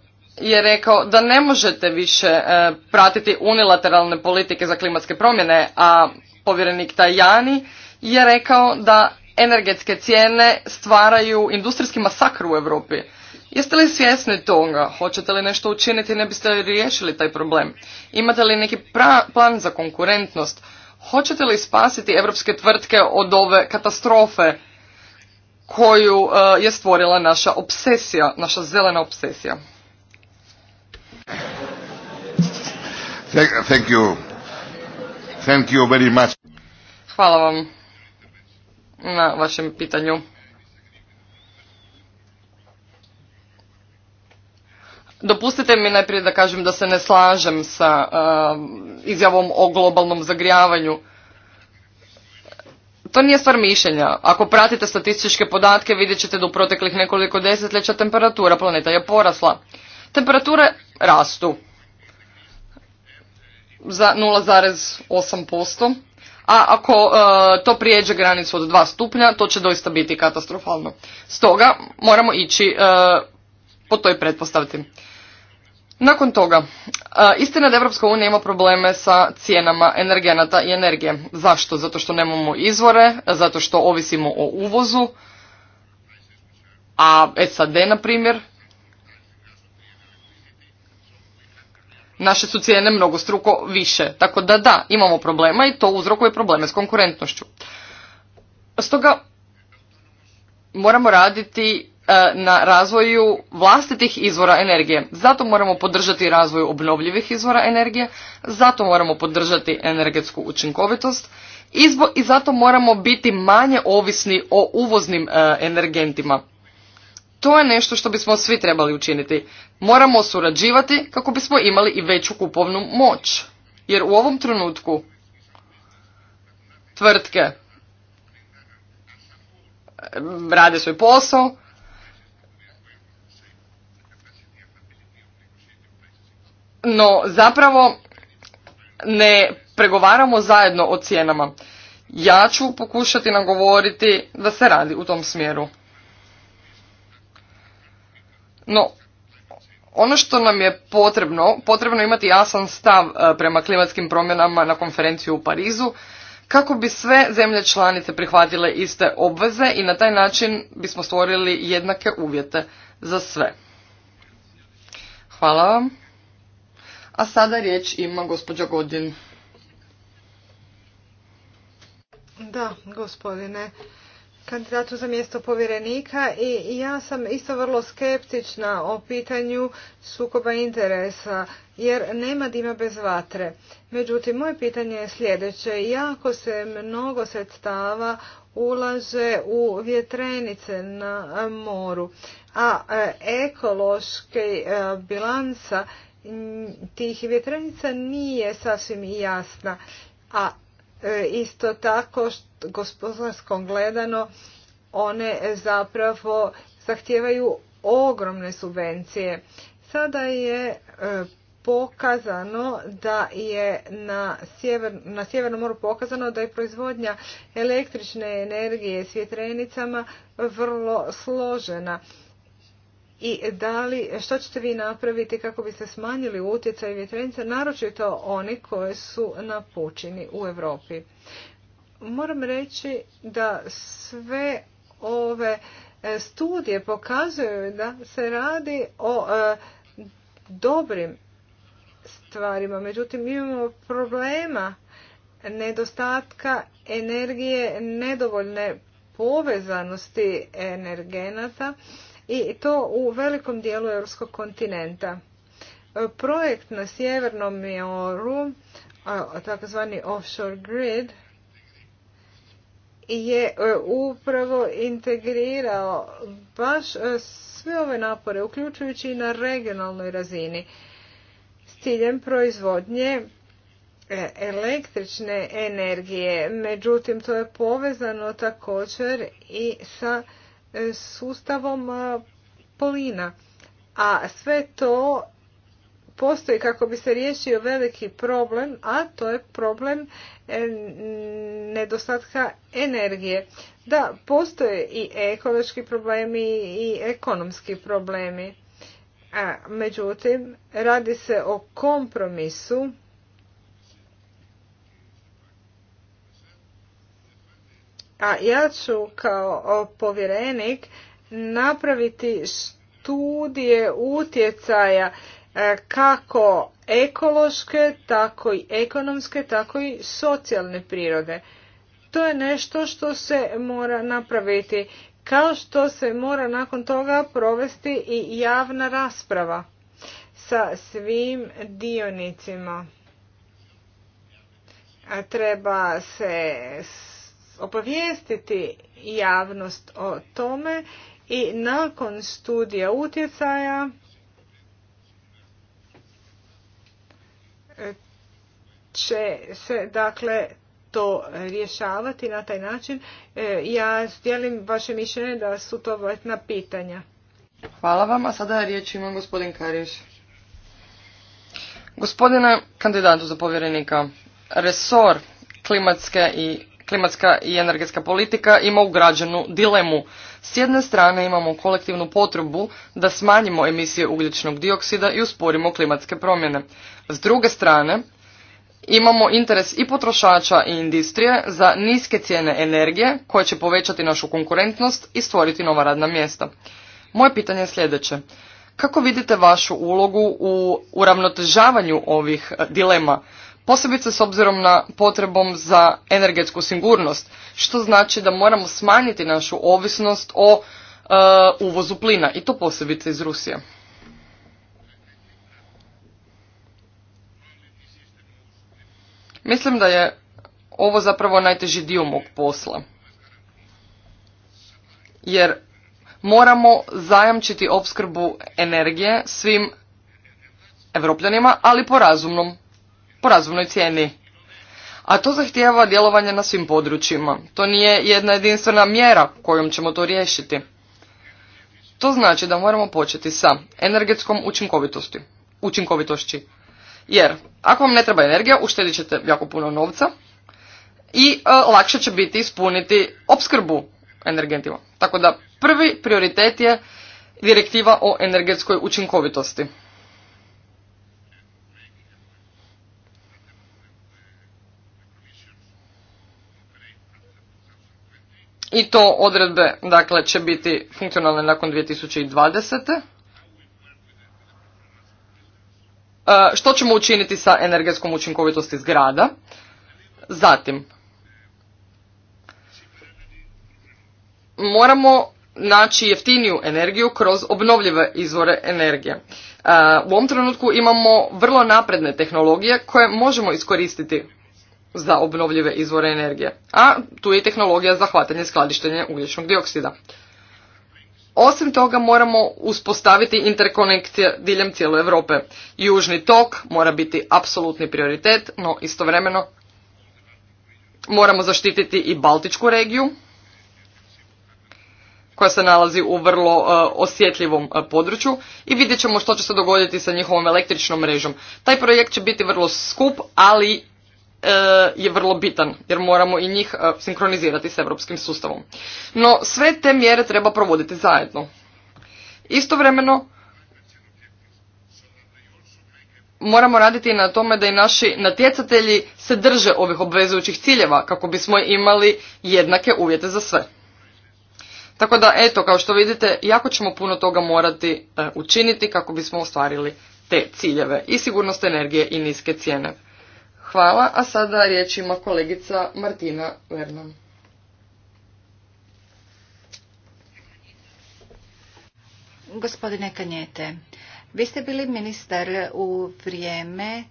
Speaker 2: je rekao da ne možete više eh, pratiti unilateralne politike za klimatske promjene, a povjerenik Tajani je rekao da energetske cijene stvaraju industrijski masakr u Europi. Jeste li svjesni toga? Hoćete li nešto učiniti ne biste li riješili taj problem? Imate li neki plan za konkurentnost? Hoćete li spasiti evropske tvrtke od ove katastrofe koju e, je stvorila naša obsesija, naša zelena obsesija? Hvala vam na vašem pitanju. Dopustite mi najprije da kažem da se ne slažem sa uh, izjavom o globalnom zagrijavanju. To nije stvar mišljenja. Ako pratite statističke podatke vidjet ćete da u proteklih nekoliko desetljeća temperatura planeta je porasla. Temperature rastu za 0,8% a ako e, to prijeđe granicu od 2 stupnja, to će doista biti katastrofalno. Stoga moramo ići e, po toj pretpostaviti. Nakon toga, e, istina da Evropska unija ima probleme sa cijenama energenata i energije. Zašto? Zato što nemamo izvore, zato što ovisimo o uvozu, a SAD, na primjer, naše su cijene mnogo struko više. Tako da da, imamo problema i to uzrokuje probleme s konkurentnošću. Stoga moramo raditi e, na razvoju vlastitih izvora energije. Zato moramo podržati razvoj obnovljivih izvora energije, zato moramo podržati energetsku učinkovitost i zato moramo biti manje ovisni o uvoznim e, energentima. To je nešto što bismo svi trebali učiniti. Moramo surađivati kako bismo imali i veću kupovnu moć. Jer u ovom trenutku tvrtke rade svoj posao, no zapravo ne pregovaramo zajedno o cijenama. Ja ću pokušati nagovoriti da se radi u tom smjeru. No, ono što nam je potrebno, potrebno je imati jasan stav e, prema klimatskim promjenama na konferenciju u Parizu, kako bi sve zemlje članice prihvatile iste obveze i na taj način bismo stvorili jednake uvjete za sve. Hvala vam. A sada riječ ima gospođa Godin.
Speaker 1: Da, gospodine kandidatu za mjesto povjerenika i ja sam isto vrlo skeptična o pitanju sukoba interesa jer nema dima bez vatre. Međutim, moje pitanje je sljedeće. Jako se mnogo sredstava ulaže u vjetrenice na e, moru, a e, ekološke e, bilanca tih vjetrenica nije sasvim jasna. A isto tako što gospodarskom gledano one zapravo zahtijevaju ogromne subvencije. Sada je e, pokazano da je na, sjever, na Sjevernom moru pokazano da je proizvodnja električne energije s vjetrenicama vrlo složena. I da li, što ćete vi napraviti kako biste smanjili utjecaj vjetrenica, naročito oni koji su na pučini u Europi? moram reći da sve ove e, studije pokazuju da se radi o e, dobrim stvarima. Međutim, imamo problema nedostatka energije, nedovoljne povezanosti energenata i to u velikom dijelu europskog kontinenta. Projekt na sjevernom Mioru, takozvani offshore grid, je e, upravo integrirao baš e, sve ove napore, uključujući i na regionalnoj razini, s ciljem proizvodnje e, električne energije. Međutim, to je povezano također i sa sustavom plina. A sve to postoji kako bi se riješio veliki problem, a to je problem e, nedostatka energije. Da, postoje i ekološki problemi i ekonomski problemi. A, međutim, radi se o kompromisu A ja ću kao povjerenik napraviti studije utjecaja E, kako ekološke, tako i ekonomske, tako i socijalne prirode. To je nešto što se mora napraviti, kao što se mora nakon toga provesti i javna rasprava sa svim dionicima. A treba se obavijestiti javnost o tome i nakon studija utjecaja će se dakle to rješavati na taj način. E, ja dijelim vaše mišljenje da su to vletna pitanja. Hvala vam, a sada riječ ima gospodin Kariš.
Speaker 2: Gospodine kandidatu za povjerenika, resor klimatske i klimatska i energetska politika ima ugrađenu dilemu. S jedne strane imamo kolektivnu potrebu da smanjimo emisije ugljičnog dioksida i usporimo klimatske promjene. S druge strane, imamo interes i potrošača i industrije za niske cijene energije koje će povećati našu konkurentnost i stvoriti nova radna mjesta. Moje pitanje je sljedeće. Kako vidite vašu ulogu u uravnotežavanju ovih e, dilema, posebice s obzirom na potrebom za energetsku sigurnost, što znači da moramo smanjiti našu ovisnost o e, uvozu plina i to posebice iz Rusije? Mislim da je ovo zapravo najteži dio mog posla. Jer moramo zajamčiti opskrbu energije svim evropljanima, ali po razumnom, po razumnoj cijeni. A to zahtijeva djelovanje na svim područjima. To nije jedna jedinstvena mjera kojom ćemo to riješiti. To znači da moramo početi sa energetskom učinkovitosti. Učinkovitošći. Jer ako vam ne treba energija, uštedit ćete jako puno novca i e, lakše će biti ispuniti opskrbu energentima. Tako da prvi prioritet je direktiva o energetskoj učinkovitosti. I to odredbe dakle, će biti funkcionalne nakon 2020. E, što ćemo učiniti sa energetskom učinkovitosti zgrada. Zatim, moramo naći jeftiniju energiju kroz obnovljive izvore energije. E, u ovom trenutku imamo vrlo napredne tehnologije koje možemo iskoristiti za obnovljive izvore energije, a tu je i tehnologija za hvatanje i skladištenje ugljičnog dioksida. Osim toga moramo uspostaviti interkonekcije diljem cijele Europe. Južni tok mora biti apsolutni prioritet, no istovremeno moramo zaštititi i Baltičku regiju koja se nalazi u vrlo e, osjetljivom e, području i vidjet ćemo što će se dogoditi sa njihovom električnom mrežom. Taj projekt će biti vrlo skup, ali E, je vrlo bitan jer moramo i njih e, sinkronizirati s europskim sustavom. No sve te mjere treba provoditi zajedno. Istovremeno moramo raditi na tome da i naši natjecatelji se drže ovih obvezujućih ciljeva kako bismo imali jednake uvjete za sve. Tako da, eto, kao što vidite, jako ćemo puno toga morati e, učiniti kako bismo ostvarili te ciljeve i sigurnost energije i niske cijene. Hvala, a sada riječ ima kolegica Martina Vernon.
Speaker 3: Gospodine Kanjete, vi ste bili ministar u vrijeme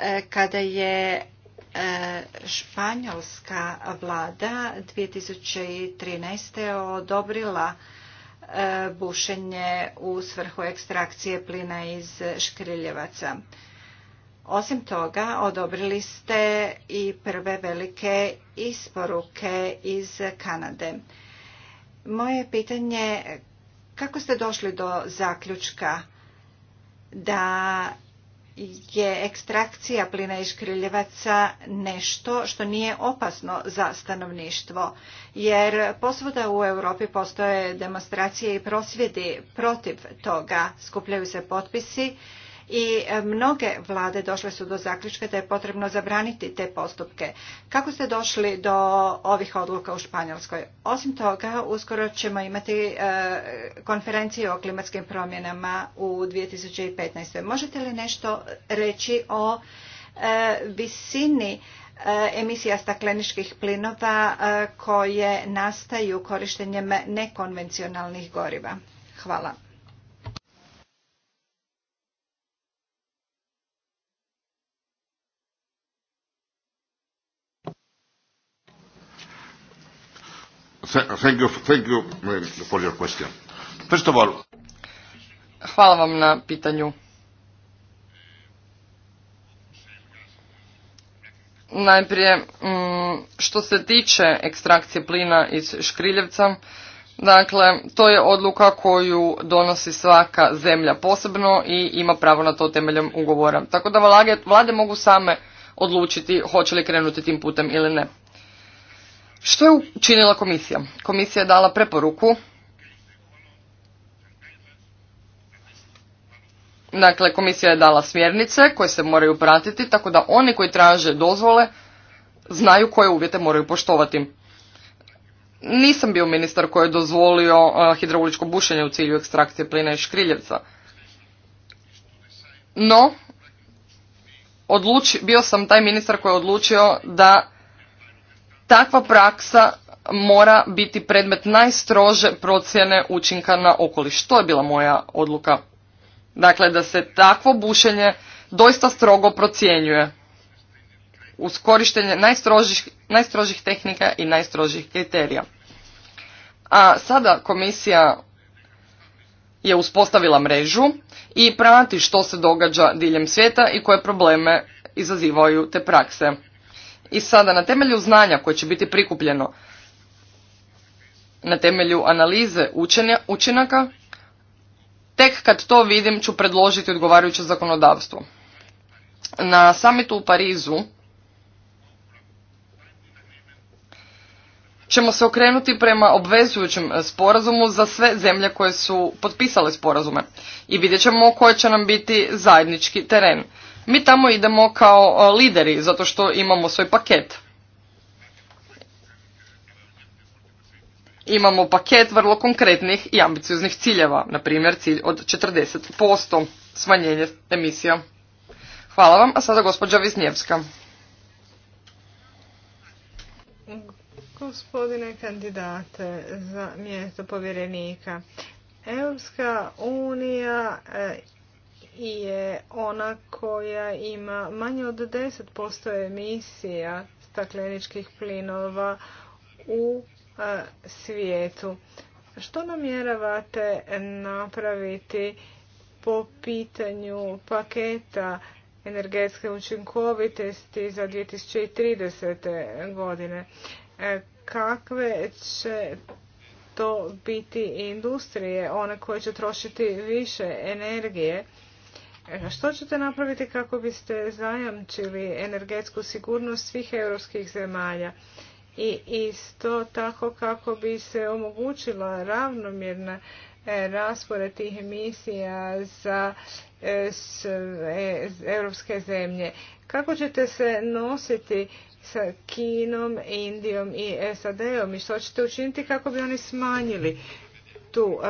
Speaker 3: e, kada je e, španjolska vlada 2013. odobrila e, bušenje u svrhu ekstrakcije plina iz škriljevaca. Osim toga, odobrili ste i prve velike isporuke iz Kanade. Moje pitanje, kako ste došli do zaključka da je ekstrakcija plina iz škriljevaca nešto što nije opasno za stanovništvo, jer posvuda u Europi postoje demonstracije i prosvjedi protiv toga, skupljaju se potpisi i e, mnoge vlade došle su do zaključka da je potrebno zabraniti te postupke. Kako ste došli do ovih odluka u Španjolskoj? Osim toga, uskoro ćemo imati e, konferenciju o klimatskim promjenama u 2015. Možete li nešto reći o e, visini emisija stakleničkih plinova koje nastaju korištenjem nekonvencionalnih goriva? Hvala.
Speaker 1: Thank
Speaker 2: Hvala vam na pitanju. Najprije, mm, što se tiče ekstrakcije plina iz škriljevca, dakle, to je odluka koju donosi svaka zemlja posebno i ima pravo na to temeljem ugovora. Tako da vlade mogu same odlučiti hoće li krenuti tim putem ili ne. Što je učinila komisija? Komisija je dala preporuku Dakle, komisija je dala smjernice koje se moraju pratiti, tako da oni koji traže dozvole znaju koje uvjete moraju poštovati. Nisam bio ministar koji je dozvolio uh, hidrauličko bušenje u cilju ekstrakcije plina i škriljevca. No, bio sam taj ministar koji je odlučio da takva praksa mora biti predmet najstrože procjene učinka na okoliš. To je bila moja odluka. Dakle, da se takvo bušenje doista strogo procjenjuje uz korištenje najstrožih, najstrožih tehnika i najstrožih kriterija. A sada komisija je uspostavila mrežu i prati što se događa diljem svijeta i koje probleme izazivaju te prakse. I sada na temelju znanja koje će biti prikupljeno na temelju analize učenja, učinaka, tek kad to vidim ću predložiti odgovarajuće zakonodavstvo. Na samitu u Parizu ćemo se okrenuti prema obvezujućem sporazumu za sve zemlje koje su potpisale sporazume i vidjet ćemo koje će nam biti zajednički teren. Mi tamo idemo kao e, lideri, zato što imamo svoj paket. Imamo paket vrlo konkretnih i ambicioznih ciljeva, na primjer cilj od 40% smanjenje emisija. Hvala vam, a sada gospođa Visnjevska.
Speaker 1: Gospodine kandidate za mjesto povjerenika, Europska unija e, je ona koja ima manje od 10% emisija stakleničkih plinova u e, svijetu. Što namjeravate napraviti po pitanju paketa energetske učinkovitosti za 2030. godine? E, kakve će to biti industrije, one koje će trošiti više energije? E, što ćete napraviti kako biste zajamčili energetsku sigurnost svih europskih zemalja? I isto tako kako bi se omogućila ravnomjerna e, raspored tih emisija za e, europske zemlje. Kako ćete se nositi sa Kinom, Indijom i SAD-om i što ćete učiniti kako bi oni smanjili tu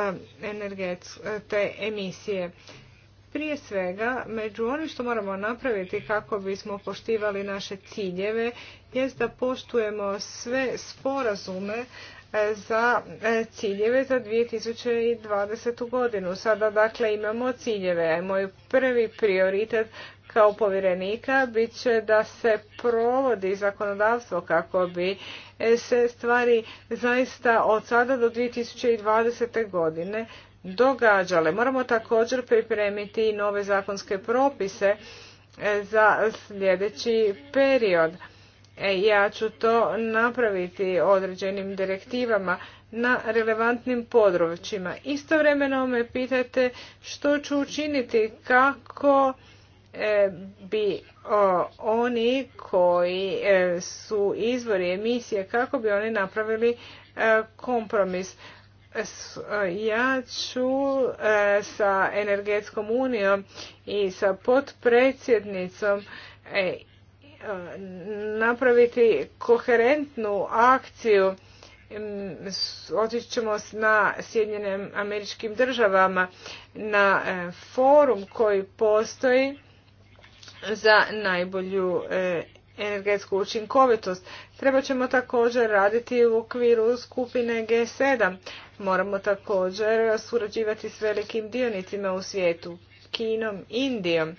Speaker 1: te emisije? prije svega među onim što moramo napraviti kako bismo poštivali naše ciljeve jest da poštujemo sve sporazume e, za e, ciljeve za 2020. godinu. Sada dakle imamo ciljeve. Moj prvi prioritet kao povjerenika bit će da se provodi zakonodavstvo kako bi e, se stvari zaista od sada do 2020. godine događale. Moramo također pripremiti nove zakonske propise e, za sljedeći period. E, ja ću to napraviti određenim direktivama na relevantnim područjima. Istovremeno me pitate što ću učiniti kako e, bi oni koji su izvori emisije, kako bi oni napravili kompromis ja ću e, sa energetskom unijom i sa potpredsjednicom e, e, napraviti koherentnu akciju otići ćemo na Sjedinjenim američkim državama na forum koji postoji za najbolju energetsku učinkovitost. Treba ćemo također raditi u okviru skupine G7. Moramo također surađivati s velikim dionicima u svijetu, Kinom, Indijom.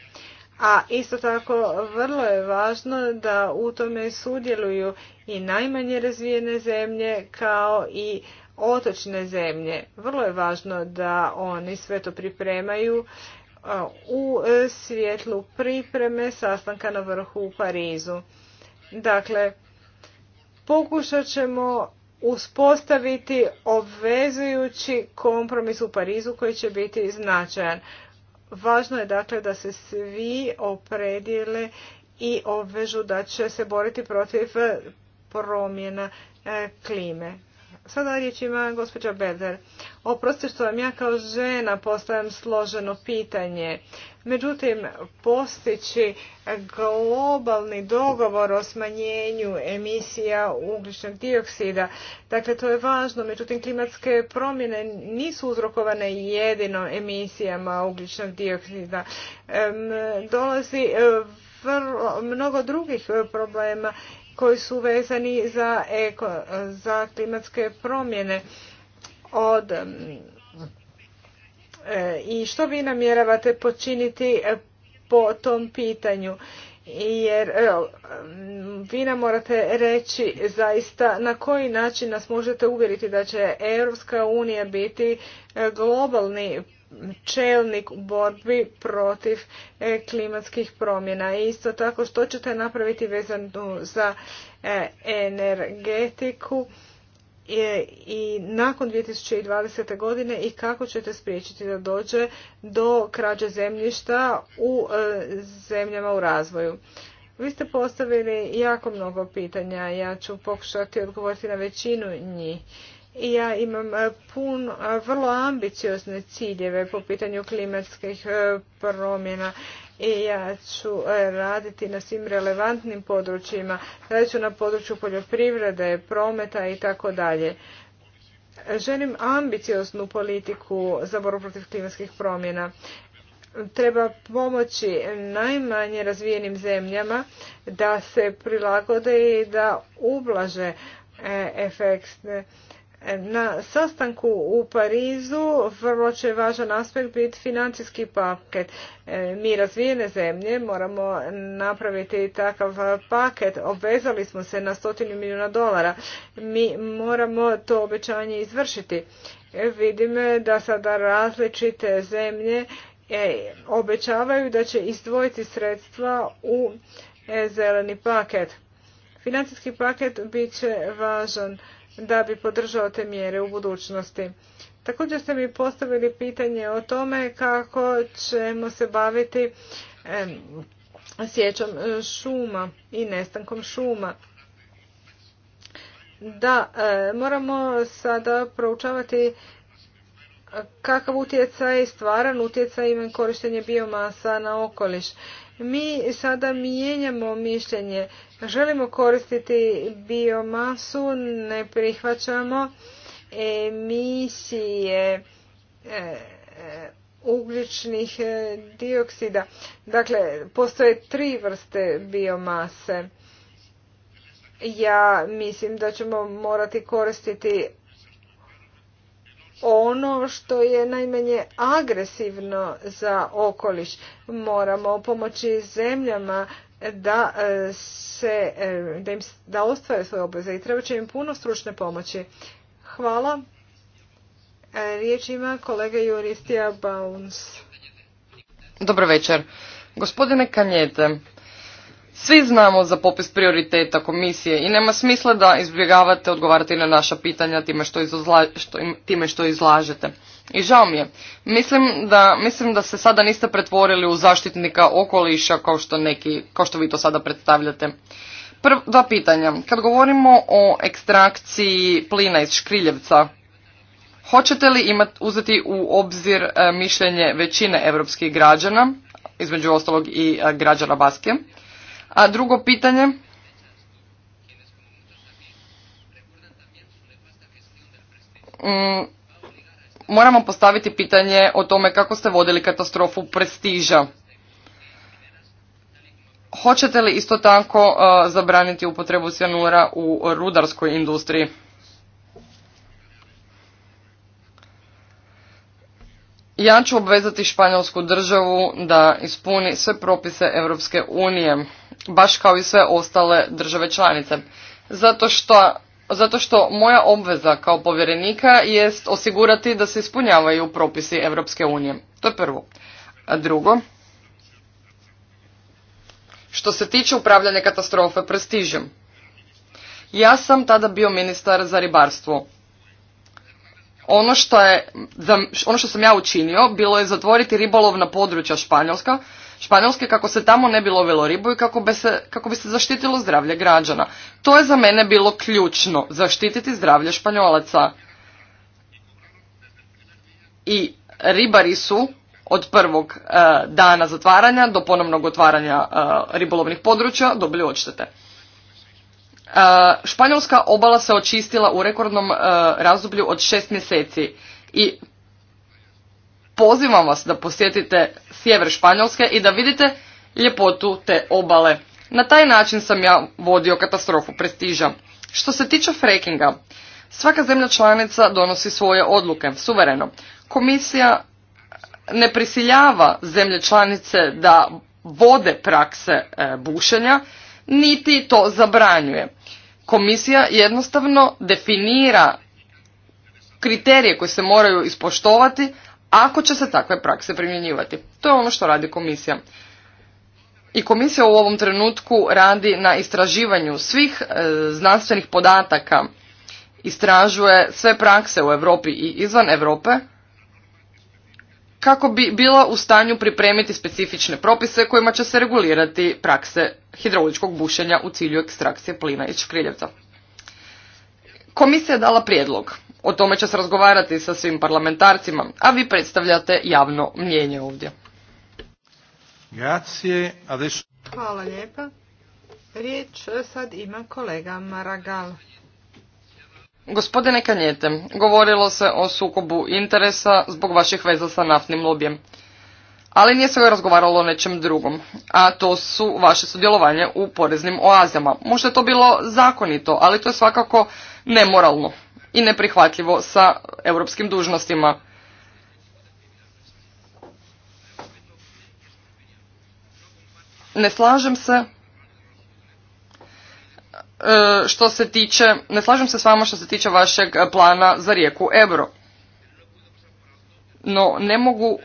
Speaker 1: A isto tako vrlo je važno da u tome sudjeluju i najmanje razvijene zemlje kao i otočne zemlje. Vrlo je važno da oni sve to pripremaju u e, svjetlu pripreme sastanka na vrhu u Parizu. Dakle, pokušat ćemo uspostaviti obvezujući kompromis u Parizu koji će biti značajan. Važno je dakle da se svi opredijele i obvežu da će se boriti protiv promjena e, klime. Sada riječ ima gospođa Bezer. Oprosti što vam ja kao žena postavljam složeno pitanje. Međutim, postići globalni dogovor o smanjenju emisija ugljičnog dioksida, dakle to je važno, međutim klimatske promjene nisu uzrokovane jedino emisijama ugljičnog dioksida. dolazi e, vrlo, mnogo drugih e, problema koji su vezani za, eko, za klimatske promjene od mm, e, i što vi namjeravate počiniti e, po tom pitanju jer e, mm, vi nam morate reći zaista na koji način nas možete uvjeriti da će Europska unija biti globalni čelnik u borbi protiv e, klimatskih promjena. isto tako što ćete napraviti vezano za e, energetiku e, i nakon 2020. godine i kako ćete spriječiti da dođe do krađe zemljišta u zemljama u razvoju. Vi ste postavili jako mnogo pitanja, ja ću pokušati odgovoriti na većinu njih ja imam e, pun, e, vrlo ambiciozne ciljeve po pitanju klimatskih e, promjena i ja ću raditi na svim relevantnim područjima, radit ću na području poljoprivrede, prometa i tako dalje. Želim ambicioznu politiku za borbu protiv klimatskih promjena. Treba pomoći najmanje razvijenim zemljama da se prilagode i da ublaže efekte na sastanku u Parizu vrlo će važan aspekt biti financijski paket. E, mi razvijene zemlje moramo napraviti takav paket. Obvezali smo se na stotinu milijuna dolara. Mi moramo to obećanje izvršiti. E, vidim da sada različite zemlje e, obećavaju da će izdvojiti sredstva u zeleni paket. Financijski paket bit će važan da bi podržao te mjere u budućnosti. Također ste mi postavili pitanje o tome kako ćemo se baviti sjećom e, šuma i nestankom šuma. Da, e, moramo sada proučavati kakav utjecaj, stvaran utjecaj ima korištenje biomasa na okoliš. Mi sada mijenjamo mišljenje želimo koristiti biomasu, ne prihvaćamo emisije e, e, ugljičnih e, dioksida. Dakle, postoje tri vrste biomase. Ja mislim da ćemo morati koristiti ono što je najmanje agresivno za okoliš. Moramo pomoći zemljama da e, se, e, da, im, da ostvare svoje obveze i treba će im puno stručne pomoći. Hvala. E, riječ ima kolega Juristija Bauns.
Speaker 2: Dobar večer. Gospodine Kanjete, svi znamo za popis prioriteta komisije i nema smisla da izbjegavate odgovarati na naša pitanja time što, izlažete. I žao mi je. Mislim da, mislim da se sada niste pretvorili u zaštitnika okoliša kao što, neki, kao što vi to sada predstavljate. Prv, dva pitanja. Kad govorimo o ekstrakciji plina iz škriljevca, hoćete li imat, uzeti u obzir e, mišljenje većine europskih građana, između ostalog i e, građana Baske? A drugo pitanje, mm, moramo postaviti pitanje o tome kako ste vodili katastrofu prestiža. Hoćete li isto tako uh, zabraniti upotrebu cijanura u rudarskoj industriji? Ja ću obvezati španjolsku državu da ispuni sve propise Europske unije, baš kao i sve ostale države članice. Zato što zato što moja obveza kao povjerenika jest osigurati da se ispunjavaju propisi Europske unije. To je prvo. A drugo, što se tiče upravljanja katastrofe prestižem. Ja sam tada bio ministar za ribarstvo. Ono što, je, ono što sam ja učinio bilo je zatvoriti ribolovna područja Španjolska Španjolske kako se tamo ne bi lovilo ribu i kako bi, se, kako bi se zaštitilo zdravlje građana. To je za mene bilo ključno, zaštititi zdravlje Španjolaca. I ribari su od prvog eh, dana zatvaranja do ponovnog otvaranja eh, ribolovnih područja dobili odštete. Eh, španjolska obala se očistila u rekordnom razdoblju od šest mjeseci i pozivam vas da posjetite sjever Španjolske i da vidite ljepotu te obale. Na taj način sam ja vodio katastrofu prestiža. Što se tiče frekinga, svaka zemlja članica donosi svoje odluke, suvereno. Komisija ne prisiljava zemlje članice da vode prakse e, bušenja, niti to zabranjuje. Komisija jednostavno definira kriterije koje se moraju ispoštovati, ako će se takve prakse primjenjivati. To je ono što radi komisija. I komisija u ovom trenutku radi na istraživanju svih e, znanstvenih podataka, istražuje sve prakse u Europi i izvan Europe kako bi bila u stanju pripremiti specifične propise kojima će se regulirati prakse hidrauličkog bušenja u cilju ekstrakcije plina iz škriljevca. Komisija je dala prijedlog o tome će se razgovarati sa svim parlamentarcima, a vi predstavljate javno mnjenje ovdje.
Speaker 1: Hvala lijepa. Riječ sad ima kolega Maragal. Gospodine
Speaker 2: Kanjete, govorilo se o sukobu interesa zbog vaših veza sa naftnim lobijem. Ali nije se razgovaralo o nečem drugom, a to su vaše sudjelovanje u poreznim oazama. Možda je to bilo zakonito, ali to je svakako nemoralno i neprihvatljivo sa europskim dužnostima. Ne slažem se e, što se tiče, ne slažem se s vama što se tiče vašeg plana za rijeku Ebro. No ne mogu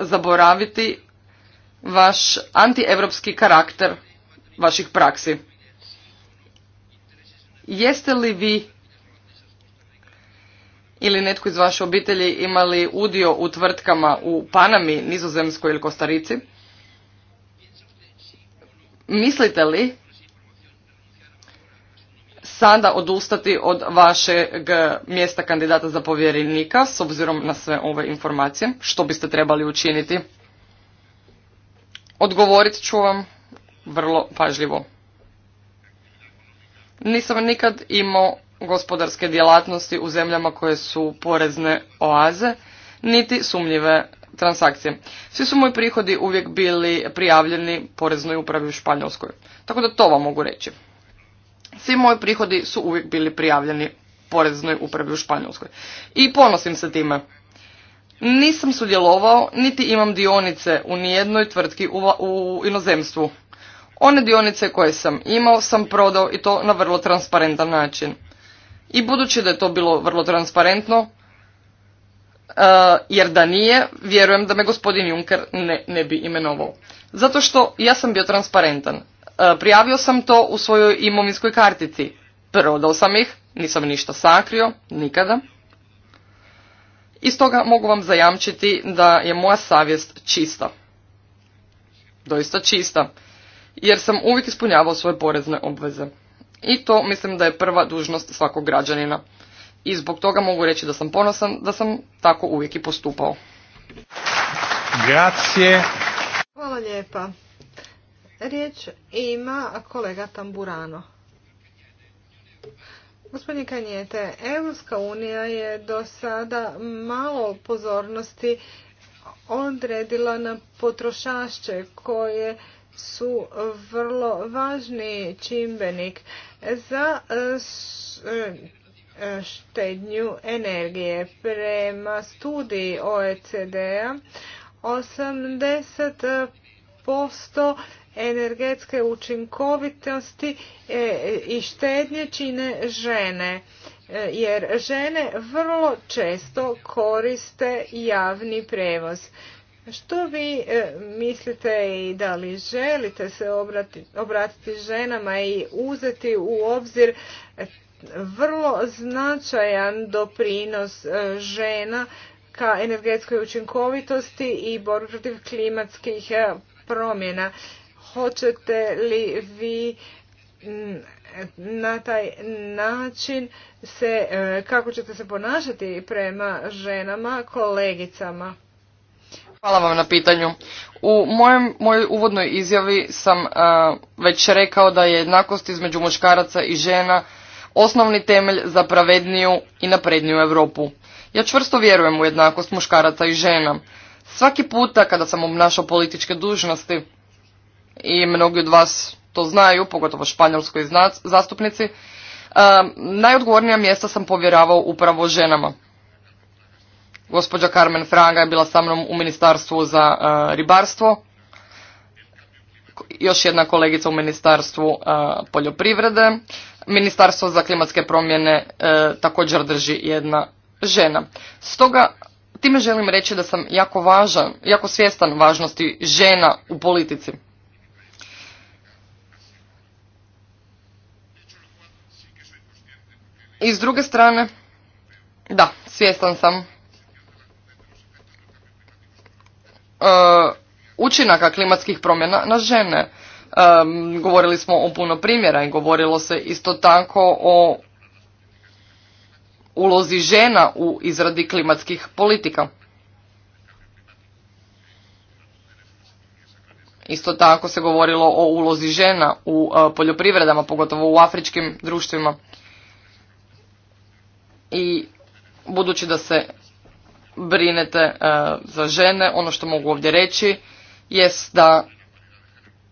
Speaker 2: zaboraviti vaš antievropski karakter vaših praksi. Jeste li vi ili netko iz vaše obitelji imali udio u tvrtkama u Panami, Nizozemskoj ili Kostarici? Mislite li sada odustati od vašeg mjesta kandidata za povjerenika s obzirom na sve ove informacije? Što biste trebali učiniti? Odgovorit ću vam vrlo pažljivo. Nisam nikad imao gospodarske djelatnosti u zemljama koje su porezne oaze, niti sumnjive transakcije. Svi su moji prihodi uvijek bili prijavljeni poreznoj upravi u Španjolskoj. Tako da to vam mogu reći. Svi moji prihodi su uvijek bili prijavljeni poreznoj upravi u Španjolskoj. I ponosim se time. Nisam sudjelovao, niti imam dionice u nijednoj tvrtki u inozemstvu. One dionice koje sam imao sam prodao i to na vrlo transparentan način i budući da je to bilo vrlo transparentno, e, jer da nije, vjerujem da me gospodin Juncker ne, bi imenovao. Zato što ja sam bio transparentan. E, prijavio sam to u svojoj imovinskoj kartici. Prodao sam ih, nisam ništa sakrio, nikada. I stoga mogu vam zajamčiti da je moja savjest čista. Doista čista. Jer sam uvijek ispunjavao svoje porezne obveze. I to mislim da je prva dužnost svakog građanina. I zbog toga mogu reći da sam ponosan da sam tako uvijek i postupao.
Speaker 1: Grazie. Hvala lijepa. Riječ ima kolega Tamburano. Gospodine Kanjete, Europska unija je do sada malo pozornosti odredila na potrošašće koje su vrlo važni čimbenik za e, e, e, štednju energije. Prema studiji OECD-a 80% energetske učinkovitosti i štednje čine žene jer žene vrlo često koriste javni prevoz. Što vi e, mislite i da li želite se obratiti ženama i uzeti u obzir e, vrlo značajan doprinos e, žena ka energetskoj učinkovitosti i borbi protiv klimatskih promjena. Hoćete li vi mm, na taj način se, kako ćete se ponašati prema ženama, kolegicama?
Speaker 2: Hvala vam na pitanju. U mojem, mojoj uvodnoj izjavi sam e, već rekao da je jednakost između muškaraca i žena osnovni temelj za pravedniju i napredniju Europu. Ja čvrsto vjerujem u jednakost muškaraca i žena. Svaki puta kada sam obnašao političke dužnosti i mnogi od vas to znaju, pogotovo španjolskoj zastupnici, e, najodgovornija mjesta sam povjeravao upravo ženama. Gospođa Carmen Fraga je bila sa mnom u Ministarstvu za e, ribarstvo. Još jedna kolegica u Ministarstvu e, poljoprivrede. Ministarstvo za klimatske promjene e, također drži jedna žena. Stoga time želim reći da sam jako važan, jako svjestan važnosti žena u politici. I s druge strane, da, svjestan sam E, učinaka klimatskih promjena na žene. E, govorili smo o puno primjera i govorilo se isto tako o ulozi žena u izradi klimatskih politika. Isto tako se govorilo o ulozi žena u e, poljoprivredama, pogotovo u afričkim društvima. I budući da se brinete e, za žene. Ono što mogu ovdje reći jest da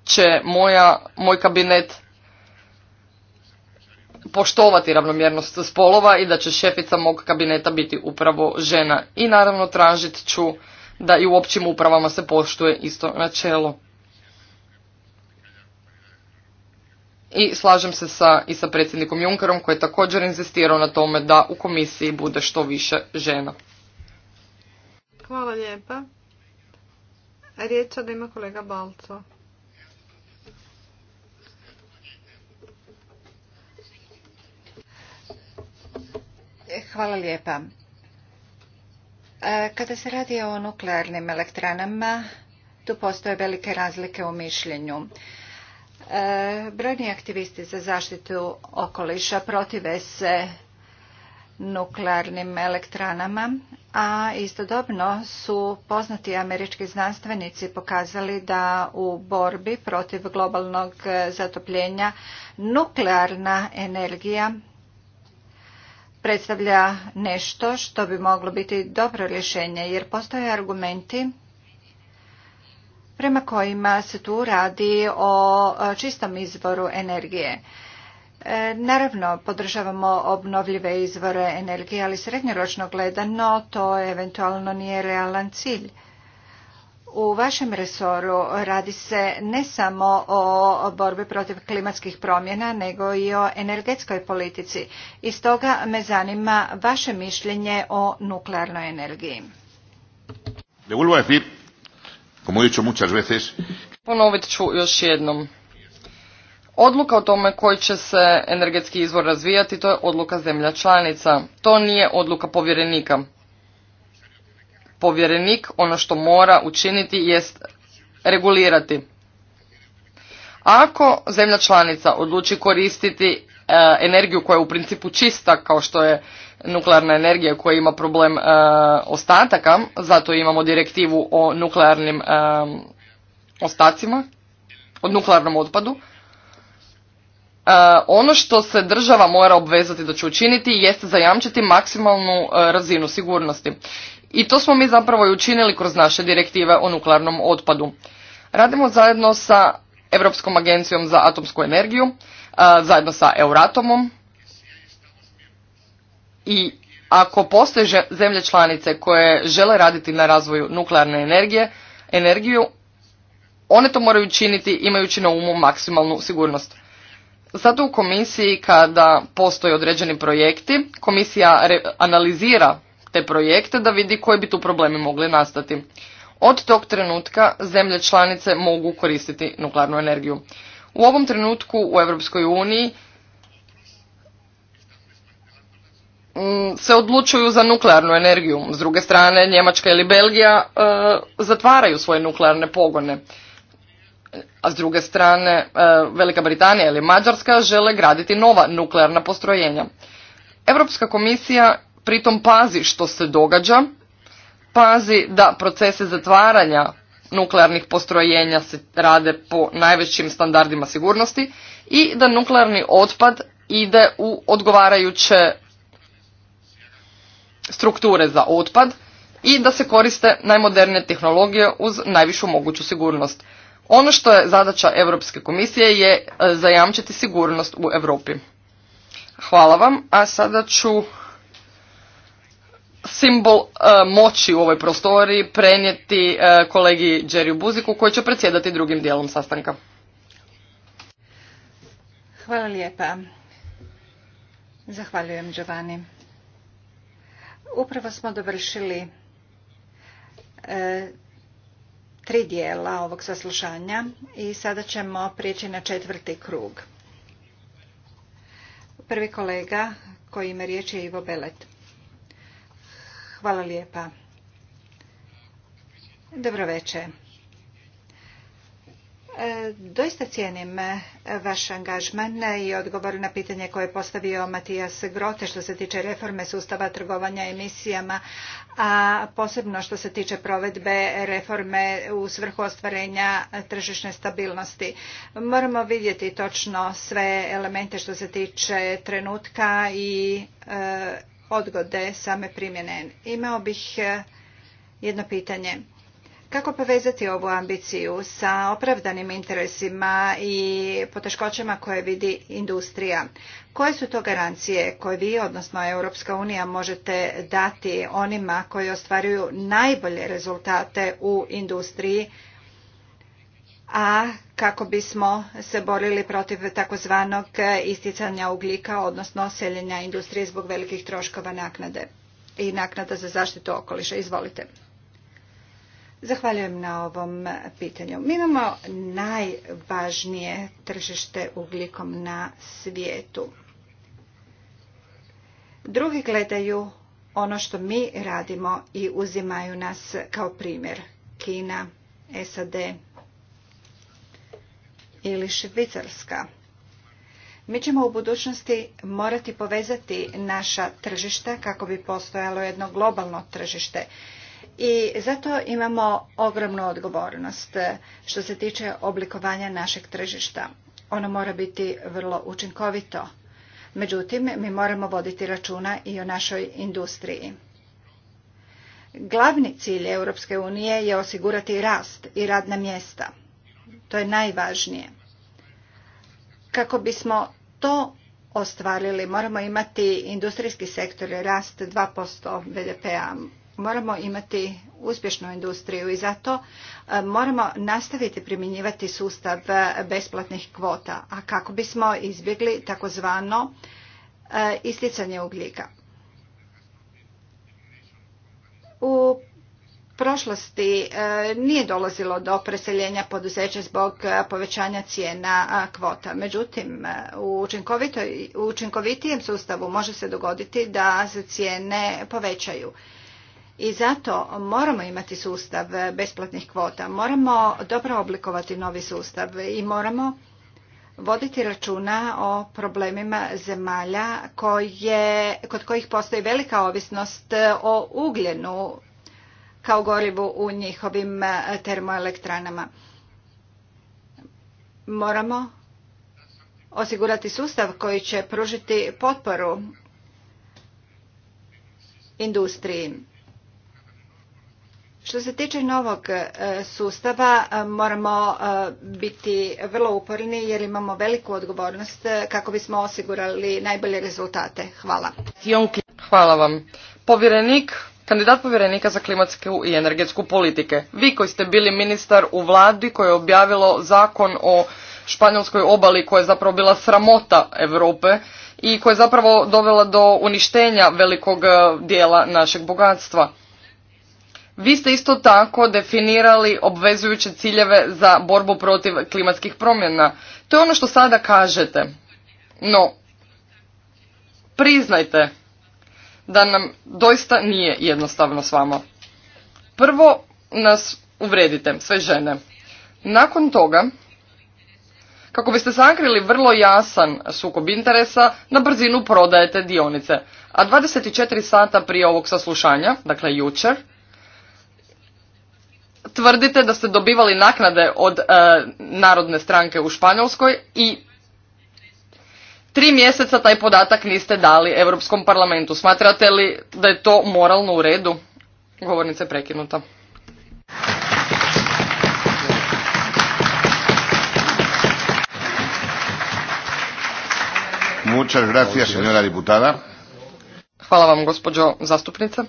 Speaker 2: će moja, moj kabinet poštovati ravnomjernost spolova i da će šefica mog kabineta biti upravo žena. I naravno tražit ću da i u općim upravama se poštuje isto načelo. I slažem se sa, i sa predsjednikom Junkerom koji je također inzistirao na tome da u komisiji bude što više žena.
Speaker 1: Hvala lijepa. Riječ ima kolega Balco.
Speaker 3: Hvala lijepa. E, kada se radi o nuklearnim elektranama, tu postoje velike razlike u mišljenju. E, brojni aktivisti za zaštitu okoliša protive se nuklearnim elektranama, a istodobno su poznati američki znanstvenici pokazali da u borbi protiv globalnog zatopljenja nuklearna energija predstavlja nešto što bi moglo biti dobro rješenje jer postoje argumenti prema kojima se tu radi o čistom izvoru energije. E, naravno, podržavamo obnovljive izvore energije, ali srednjoročno gledano to eventualno nije realan cilj. U vašem resoru radi se ne samo o borbi protiv klimatskih promjena, nego i o energetskoj politici. I stoga me zanima vaše mišljenje o nuklearnoj energiji.
Speaker 2: Ponovit ću još jednom. Odluka o tome koji će se energetski izvor razvijati, to je odluka zemlja članica. To nije odluka povjerenika. Povjerenik ono što mora učiniti jest regulirati. Ako zemlja članica odluči koristiti e, energiju koja je u principu čista kao što je nuklearna energija koja ima problem e, ostataka, zato imamo direktivu o nuklearnim e, ostacima, o nuklearnom otpadu, E, ono što se država mora obvezati da će učiniti jeste zajamčiti maksimalnu e, razinu sigurnosti. I to smo mi zapravo i učinili kroz naše direktive o nuklearnom otpadu. Radimo zajedno sa Europskom agencijom za atomsku energiju, e, zajedno sa Euratomom i ako postoje zemlje članice koje žele raditi na razvoju nuklearne energije, energiju, one to moraju učiniti imajući na umu maksimalnu sigurnost. Zato u komisiji kada postoje određeni projekti, komisija analizira te projekte da vidi koji bi tu problemi mogli nastati. Od tog trenutka zemlje članice mogu koristiti nuklearnu energiju. U ovom trenutku u Europskoj uniji mm, se odlučuju za nuklearnu energiju. S druge strane, Njemačka ili Belgija e, zatvaraju svoje nuklearne pogone a s druge strane e, Velika Britanija ili Mađarska žele graditi nova nuklearna postrojenja. Europska komisija pritom pazi što se događa, pazi da procese zatvaranja nuklearnih postrojenja se rade po najvećim standardima sigurnosti i da nuklearni otpad ide u odgovarajuće strukture za otpad i da se koriste najmodernije tehnologije uz najvišu moguću sigurnost. Ono što je zadaća Europske komisije je e, zajamčiti sigurnost u Europi. Hvala vam, a sada ću simbol e, moći u ovoj prostoriji prenijeti e, kolegi Đeriju Buziku koji će predsjedati drugim dijelom sastanka.
Speaker 3: Hvala lijepa. Zahvaljujem Giovanni. Upravo smo dovršili tri dijela ovog saslušanja i sada ćemo prijeći na četvrti krug. Prvi kolega koji ima riječ je Ivo Belet. Hvala lijepa. Dobro večer. E, doista cijenim e, vaš angažman i odgovor na pitanje koje je postavio Matijas Grote što se tiče reforme sustava trgovanja emisijama, a posebno što se tiče provedbe reforme u svrhu ostvarenja tržišne stabilnosti. Moramo vidjeti točno sve elemente što se tiče trenutka i e, odgode same primjene. Imao bih jedno pitanje. Kako povezati ovu ambiciju sa opravdanim interesima i poteškoćama koje vidi industrija? Koje su to garancije koje vi, odnosno Europska unija, možete dati onima koji ostvaruju najbolje rezultate u industriji, a kako bismo se borili protiv takozvanog isticanja ugljika, odnosno seljenja industrije zbog velikih troškova naknade i naknada za zaštitu okoliša? Izvolite. Zahvaljujem na ovom pitanju. Mi imamo najvažnije tržište ugljikom na svijetu. Drugi gledaju ono što mi radimo i uzimaju nas kao primjer. Kina, SAD ili Švicarska. Mi ćemo u budućnosti morati povezati naša tržišta kako bi postojalo jedno globalno tržište i zato imamo ogromnu odgovornost e, što se tiče oblikovanja našeg tržišta. Ono mora biti vrlo učinkovito. Međutim, mi moramo voditi računa i o našoj industriji. Glavni cilj Europske unije je osigurati rast i radna mjesta. To je najvažnije. Kako bismo to ostvarili, moramo imati industrijski sektor rast 2% BDP-a moramo imati uspješnu industriju i zato e, moramo nastaviti primjenjivati sustav e, besplatnih kvota, a kako bismo izbjegli takozvano e, isticanje ugljika. U prošlosti nije dolazilo do preseljenja poduzeća zbog povećanja cijena kvota. Međutim, u učinkovitijem sustavu može se dogoditi da se cijene povećaju. I zato moramo imati sustav besplatnih kvota, moramo dobro oblikovati novi sustav i moramo voditi računa o problemima zemalja koje, kod kojih postoji velika ovisnost o ugljenu kao gorivu u njihovim termoelektranama. Moramo osigurati sustav koji će pružiti potporu industriji što se tiče novog e, sustava e, moramo e, biti vrlo uporni jer imamo veliku odgovornost kako bismo osigurali najbolje rezultate. Hvala.
Speaker 2: Hvala vam. Povjerenik, kandidat povjerenika za klimatsku i energetsku politike. Vi koji ste bili ministar u vladi koje je objavilo zakon o španjolskoj obali koja je zapravo bila sramota Europe i koja je zapravo dovela do uništenja velikog dijela našeg bogatstva. Vi ste isto tako definirali obvezujuće ciljeve za borbu protiv klimatskih promjena. To je ono što sada kažete. No, priznajte da nam doista nije jednostavno s vama. Prvo nas uvredite, sve žene. Nakon toga, kako biste sakrili vrlo jasan sukob interesa, na brzinu prodajete dionice. A 24 sata prije ovog saslušanja, dakle jučer, tvrdite da ste dobivali naknade od e, Narodne stranke u Španjolskoj i tri mjeseca taj podatak niste dali Europskom parlamentu. Smatrate li da je to moralno u redu? Govornica je prekinuta. Hvala vam, gospođo zastupnice.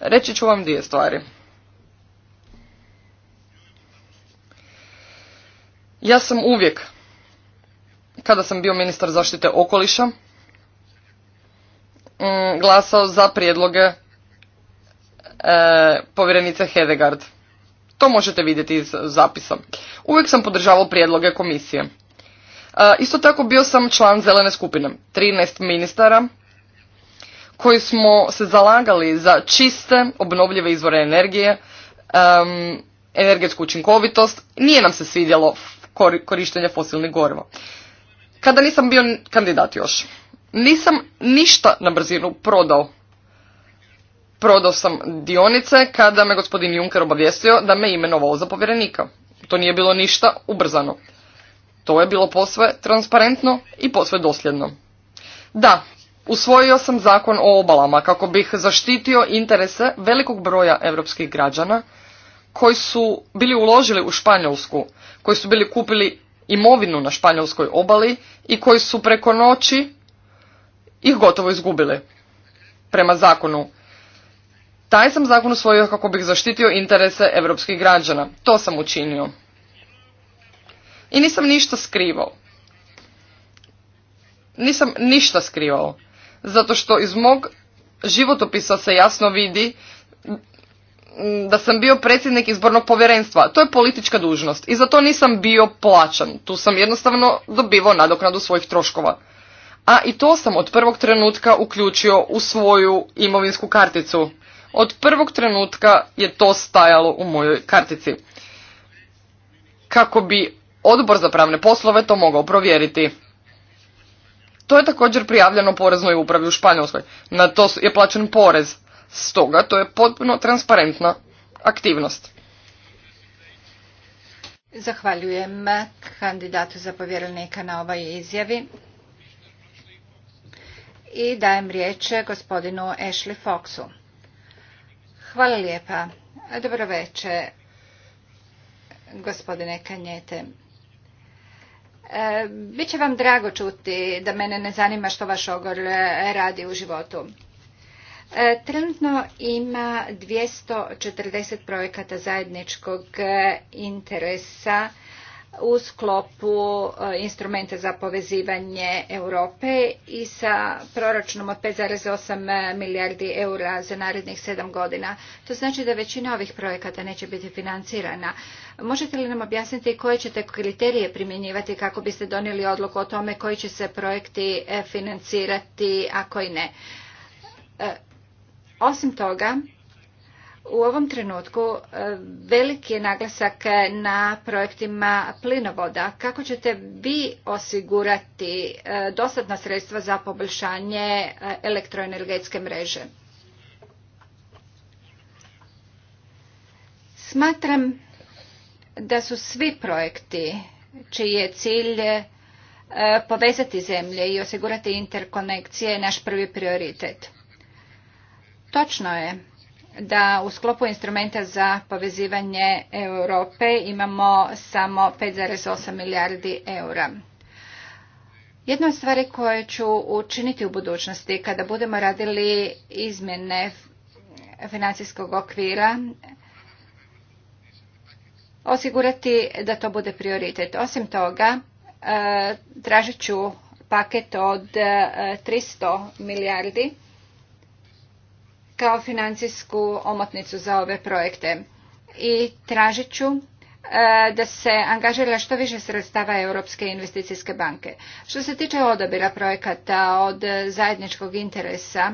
Speaker 2: Reći ću vam dvije stvari. Ja sam uvijek, kada sam bio ministar zaštite okoliša, mm, glasao za prijedloge e, povjerenice Hedegard. To možete vidjeti iz zapisa. Uvijek sam podržavao prijedloge komisije. E, isto tako bio sam član zelene skupine. 13 ministara koji smo se zalagali za čiste, obnovljive izvore energije, energetsku učinkovitost. Nije nam se svidjelo korištenja fosilnih goriva. Kada nisam bio kandidat još, nisam ništa na brzinu prodao. Prodao sam dionice kada me gospodin Juncker obavijestio da me imenovao za povjerenika. To nije bilo ništa ubrzano. To je bilo posve transparentno i posve dosljedno. Da, usvojio sam zakon o obalama kako bih zaštitio interese velikog broja europskih građana – koji su bili uložili u Španjolsku, koji su bili kupili imovinu na španjolskoj obali i koji su preko noći ih gotovo izgubili prema zakonu. Taj sam zakon usvojio kako bih zaštitio interese europskih građana. To sam učinio. I nisam ništa skrivao. Nisam ništa skrivao. Zato što iz mog životopisa se jasno vidi Mm, da sam bio predsjednik izbornog povjerenstva. To je politička dužnost i za to nisam bio plaćan. Tu sam jednostavno dobivao nadoknadu svojih troškova. A i to sam od prvog trenutka uključio u svoju imovinsku karticu. Od prvog trenutka je to stajalo u mojoj kartici. Kako bi odbor za pravne poslove to mogao provjeriti. To je također prijavljeno poreznoj upravi u Španjolskoj. Na to je plaćen porez. Stoga to je potpuno transparentna aktivnost.
Speaker 3: Zahvaljujem kandidatu za povjerenika na ovoj izjavi. I dajem riječ gospodinu Ashley Foxu. Hvala lijepa. Dobro večer, gospodine Kanjete. E, bit Biće vam drago čuti da mene ne zanima što vaš ogor radi u životu. E, trenutno ima 240 projekata zajedničkog e, interesa u sklopu e, instrumenta za povezivanje Europe i sa proračunom od 5,8 milijardi eura za narednih sedam godina. To znači da većina ovih projekata neće biti financirana. Možete li nam objasniti koje ćete kriterije primjenjivati kako biste donijeli odluku o tome koji će se projekti financirati, a koji ne? Osim toga, u ovom trenutku e, veliki je naglasak na projektima plinovoda. Kako ćete vi osigurati e, dostatna sredstva za poboljšanje e, elektroenergetske mreže? Smatram da su svi projekti čiji je cilj povezati zemlje i osigurati interkonekcije naš prvi prioritet. Točno je da u sklopu instrumenta za povezivanje Europe imamo samo 5,8 milijardi eura. Jedna od stvari koje ću učiniti u budućnosti kada budemo radili izmjene financijskog okvira osigurati da to bude prioritet. Osim toga, e, tražit ću paket od 300 e, milijardi kao financijsku omotnicu za ove projekte i tražit ću e, da se angažira što više sredstava Europske investicijske banke. Što se tiče odabira projekata od zajedničkog interesa,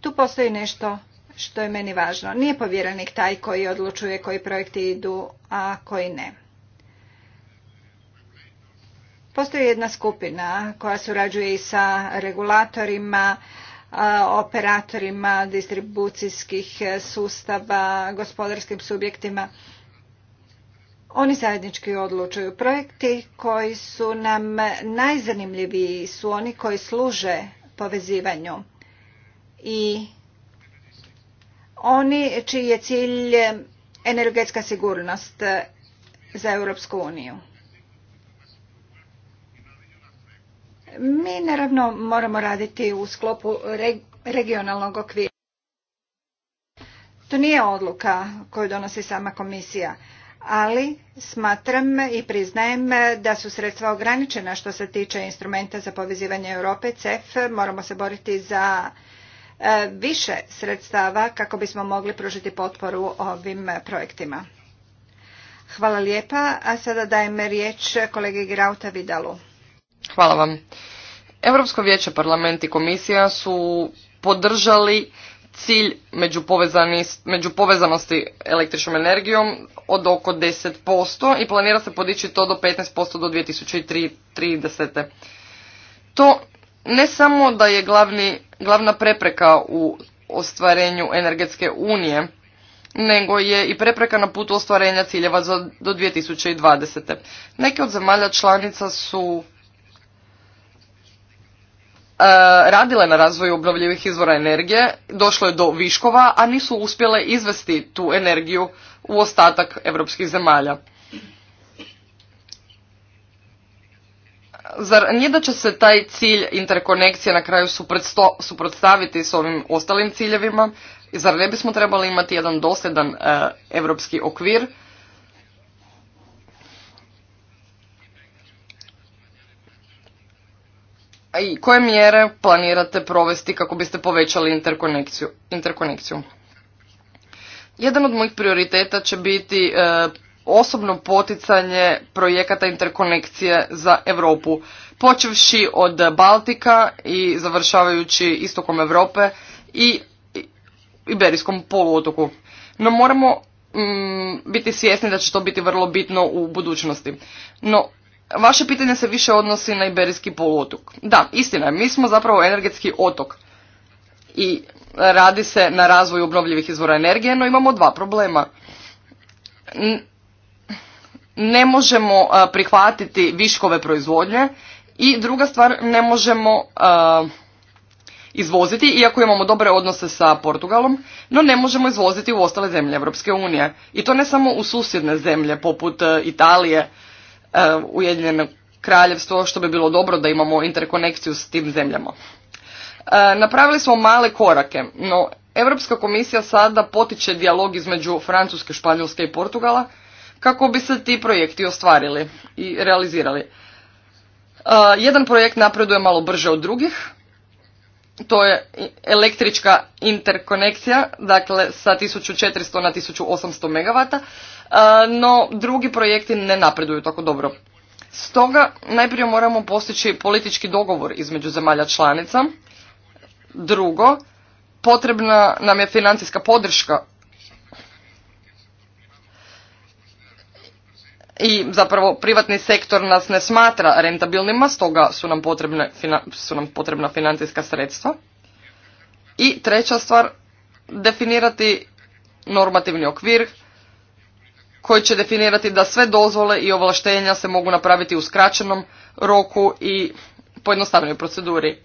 Speaker 3: tu postoji nešto što je meni važno. Nije povjerenik taj koji odlučuje koji projekti idu, a koji ne. Postoji jedna skupina koja surađuje i sa regulatorima, operatorima distribucijskih sustava, gospodarskim subjektima. Oni zajednički odlučuju. Projekti koji su nam najzanimljiviji su oni koji služe povezivanju i oni čiji je cilj energetska sigurnost za Europsku uniju. Mi naravno moramo raditi u sklopu regionalnog okvira. To nije odluka koju donosi sama komisija, ali smatram i priznajem da su sredstva ograničena što se tiče instrumenta za povezivanje Europe, CEF, moramo se boriti za e, više sredstava kako bismo mogli pružiti potporu ovim projektima. Hvala lijepa, a sada dajem riječ kolegi Grauta Vidalu.
Speaker 2: Hvala vam. Europsko vijeće, parlament i komisija su podržali cilj među povezanosti električnom energijom od oko 10% i planira se podići to do 15% do 2030. To ne samo da je glavni, glavna prepreka u ostvarenju energetske unije, nego je i prepreka na putu ostvarenja ciljeva do 2020. Neke od zemalja članica su E, radile na razvoju obnovljivih izvora energije, došlo je do viškova, a nisu uspjele izvesti tu energiju u ostatak europskih zemalja. Zar nije da će se taj cilj interkonekcije na kraju suprotstaviti s ovim ostalim ciljevima? Zar ne bismo trebali imati jedan dosljedan europski okvir i koje mjere planirate provesti kako biste povećali interkonekciju? Jedan od mojih prioriteta će biti e, osobno poticanje projekata interkonekcije za Europu, počevši od Baltika i završavajući istokom Europe i Iberijskom poluotoku. No moramo mm, biti svjesni da će to biti vrlo bitno u budućnosti. No Vaše pitanje se više odnosi na Iberijski poluotok. Da, istina je, mi smo zapravo energetski otok i radi se na razvoju obnovljivih izvora energije, no imamo dva problema. Ne možemo prihvatiti viškove proizvodnje i druga stvar, ne možemo izvoziti, iako imamo dobre odnose sa Portugalom, no ne možemo izvoziti u ostale zemlje Europske unije. I to ne samo u susjedne zemlje poput Italije, E, Ujedinjeno kraljevstvo, što bi bilo dobro da imamo interkonekciju s tim zemljama. E, napravili smo male korake, no Europska komisija sada potiče dijalog između Francuske, Španjolske i Portugala kako bi se ti projekti ostvarili i realizirali. E, jedan projekt napreduje malo brže od drugih, to je električka interkonekcija, dakle sa 1400 na 1800 megavata. E, no drugi projekti ne napreduju tako dobro. Stoga najprije moramo postići politički dogovor između zemalja članica. Drugo, potrebna nam je financijska podrška i zapravo privatni sektor nas ne smatra rentabilnima, stoga su nam, potrebne, su nam potrebna financijska sredstva. I treća stvar, definirati normativni okvir koji će definirati da sve dozvole i ovlaštenja se mogu napraviti u skraćenom roku i pojednostavnoj proceduri.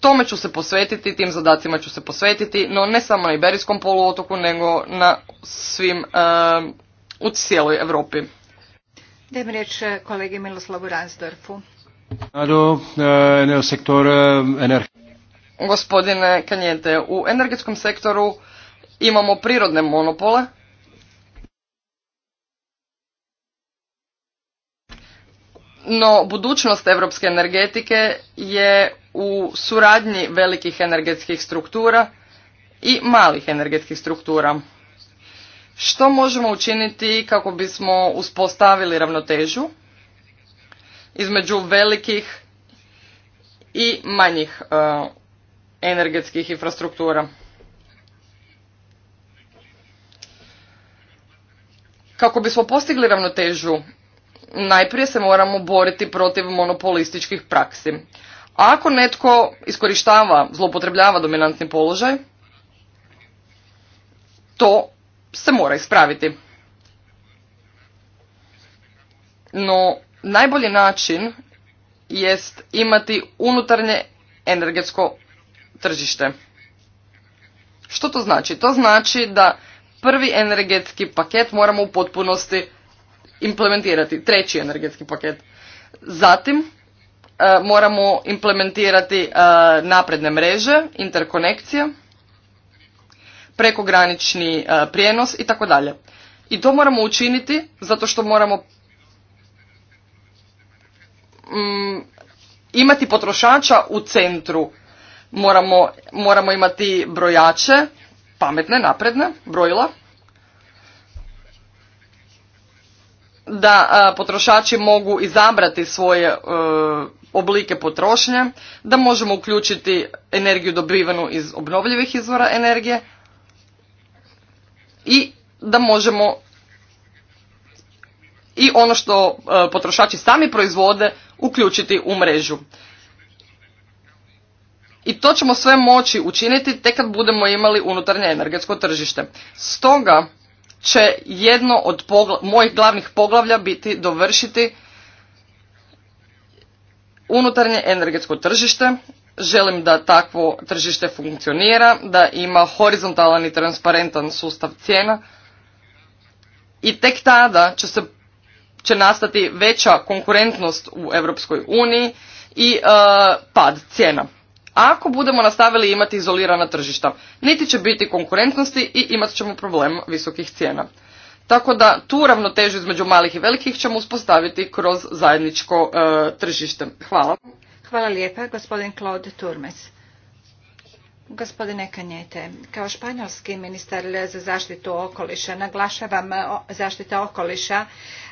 Speaker 2: Tome ću se posvetiti, tim zadacima ću se posvetiti, no ne samo na Iberijskom poluotoku, nego na svim, e, u cijeloj Europi.
Speaker 3: Dajem riječ e, kolegi Miloslavu Ransdorfu.
Speaker 2: E, Gospodine Kanjete, u energetskom sektoru imamo prirodne monopole, no budućnost europske energetike je u suradnji velikih energetskih struktura i malih energetskih struktura. Što možemo učiniti kako bismo uspostavili ravnotežu između velikih i manjih e, energetskih infrastruktura? Kako bismo postigli ravnotežu najprije se moramo boriti protiv monopolističkih praksi. A ako netko iskorištava, zlopotrebljava dominantni položaj, to se mora ispraviti. No, najbolji način jest imati unutarnje energetsko tržište. Što to znači? To znači da prvi energetski paket moramo u potpunosti implementirati treći energetski paket. Zatim e, moramo implementirati e, napredne mreže, interkonekcije, prekogranični e, prijenos i tako dalje. I to moramo učiniti zato što moramo mm, imati potrošača u centru. Moramo, moramo imati brojače, pametne, napredne, brojila, da potrošači mogu izabrati svoje e, oblike potrošnje, da možemo uključiti energiju dobivanu iz obnovljivih izvora energije i da možemo i ono što e, potrošači sami proizvode uključiti u mrežu. I to ćemo sve moći učiniti tek kad budemo imali unutarnje energetsko tržište. Stoga će jedno od mojih glavnih poglavlja biti dovršiti unutarnje energetsko tržište. Želim da takvo tržište funkcionira, da ima horizontalan i transparentan sustav cijena i tek tada će, se, će nastati veća konkurentnost u Europskoj uniji i e, pad cijena ako budemo nastavili imati izolirana tržišta. Niti će biti konkurentnosti i imat ćemo problem visokih cijena. Tako da tu ravnotežu između malih i velikih ćemo uspostaviti kroz zajedničko e, tržište. Hvala.
Speaker 3: Hvala lijepa, gospodin Claude Turmes. Gospodine Kanjete, kao španjolski ministar za zaštitu okoliša, naglašavam zaštita okoliša,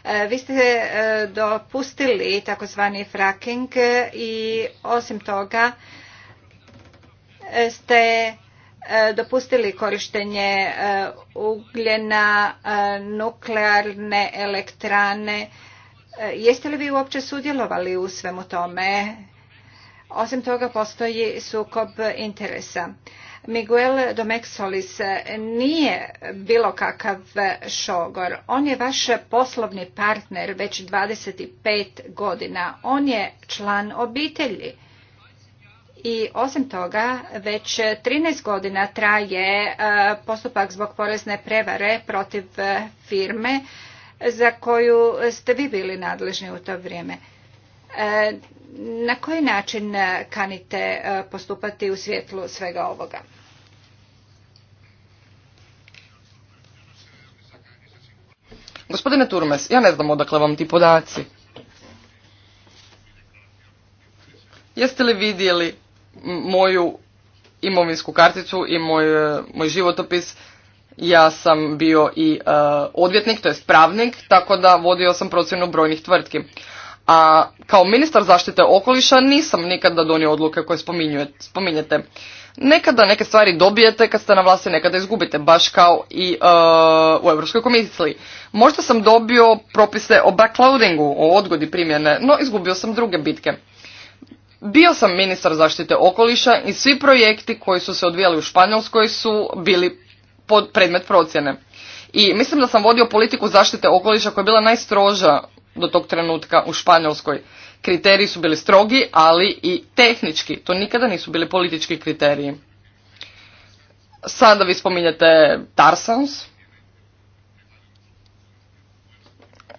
Speaker 3: e, vi ste e, dopustili takozvani fracking i osim toga ste e, dopustili korištenje e, ugljena, e, nuklearne elektrane. Jeste li vi uopće sudjelovali u svemu tome? Osim toga postoji sukob interesa. Miguel Domexolis nije bilo kakav šogor. On je vaš poslovni partner već 25 godina. On je član obitelji. I osim toga, već 13 godina traje e, postupak zbog porezne prevare protiv e, firme za koju ste vi bili nadležni u to vrijeme. E, na koji način kanite postupati u svjetlu svega ovoga?
Speaker 2: Gospodine Turmes, ja ne znam odakle vam ti podaci. Jeste li vidjeli moju imovinsku karticu i moj, e, moj životopis ja sam bio i e, odvjetnik, to jest pravnik, tako da vodio sam procjenu brojnih tvrtki. A kao ministar zaštite okoliša nisam nikada donio odluke koje spominjete. Nekada neke stvari dobijete kad ste na vlasti, nekada izgubite, baš kao i e, u Europskoj komisiji. Možda sam dobio propise o backloadingu, o odgodi primjene, no izgubio sam druge bitke. Bio sam ministar zaštite okoliša i svi projekti koji su se odvijali u Španjolskoj su bili pod predmet procjene. I mislim da sam vodio politiku zaštite okoliša koja je bila najstroža do tog trenutka u Španjolskoj. Kriteriji su bili strogi, ali i tehnički. To nikada nisu bili politički kriteriji. Sada vi spominjete Tarsans.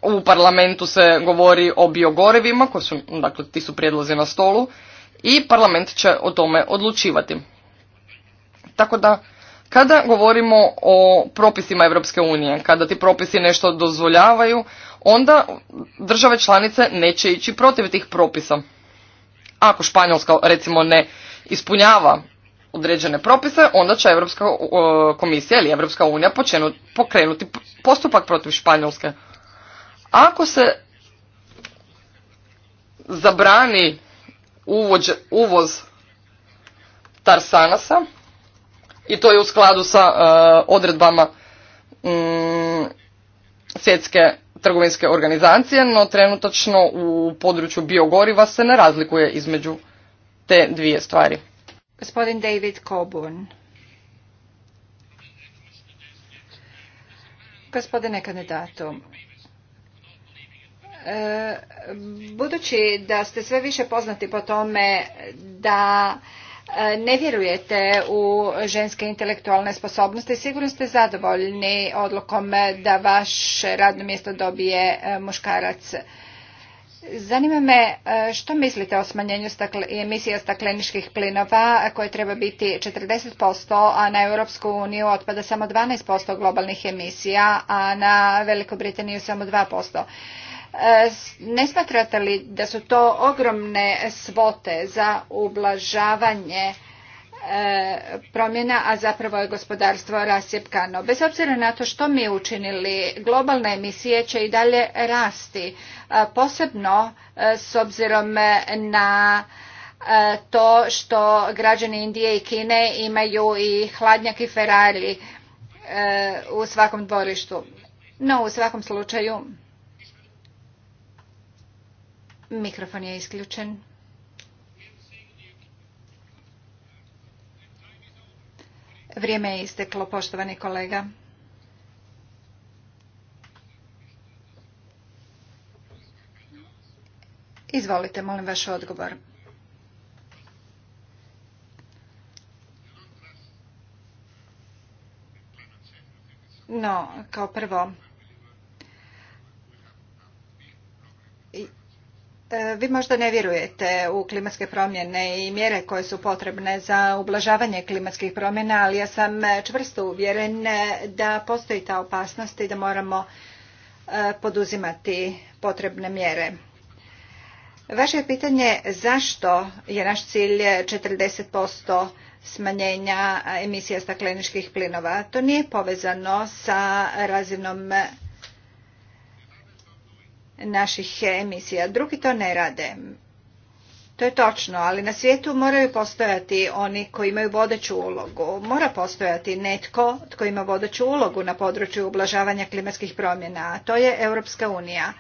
Speaker 2: u parlamentu se govori o biogorivima, koji su, dakle, ti su prijedlozi na stolu, i parlament će o tome odlučivati. Tako da, kada govorimo o propisima Europske unije, kada ti propisi nešto dozvoljavaju, onda države članice neće ići protiv tih propisa. Ako Španjolska, recimo, ne ispunjava određene propise, onda će Europska komisija ili Europska unija pokrenuti postupak protiv Španjolske. Ako se zabrani uvođe, uvoz tarsanasa i to je u skladu sa e, odredbama mm, svjetske trgovinske organizacije, no trenutačno u području biogoriva se ne razlikuje između te dvije stvari.
Speaker 3: Gospodin David Coburn. Gospodine kandidatu, E, budući da ste sve više poznati po tome da e, ne vjerujete u ženske intelektualne sposobnosti, sigurno ste zadovoljni odlukom da vaše radno mjesto dobije e, muškarac. Zanima me što mislite o smanjenju emisija stakleničkih plinova koje treba biti 40%, a na Europsku uniju otpada samo 12% globalnih emisija, a na Veliku Britaniju samo 2%. E, ne smatrate li da su to ogromne svote za ublažavanje e, promjena, a zapravo je gospodarstvo rasjepkano. Bez obzira na to što mi učinili, globalne emisije će i dalje rasti, e, posebno s obzirom na to što građani Indije i Kine imaju i hladnjak i Ferrari u svakom dvorištu. No, u svakom slučaju, Mikrofon je isključen. Vrijeme je isteklo, poštovani kolega. Izvolite, molim vaš odgovor. No, kao prvo, E, vi možda ne vjerujete u klimatske promjene i mjere koje su potrebne za ublažavanje klimatskih promjena, ali ja sam čvrsto uvjeren da postoji ta opasnost i da moramo e, poduzimati potrebne mjere. Vaše pitanje zašto je naš cilj 40% smanjenja emisija stakleničkih plinova. To nije povezano sa razinom naših emisija. Drugi to ne rade. To je točno, ali na svijetu moraju postojati oni koji imaju vodeću ulogu. Mora postojati netko tko ima vodeću ulogu na području ublažavanja klimatskih promjena, a to je Europska unija.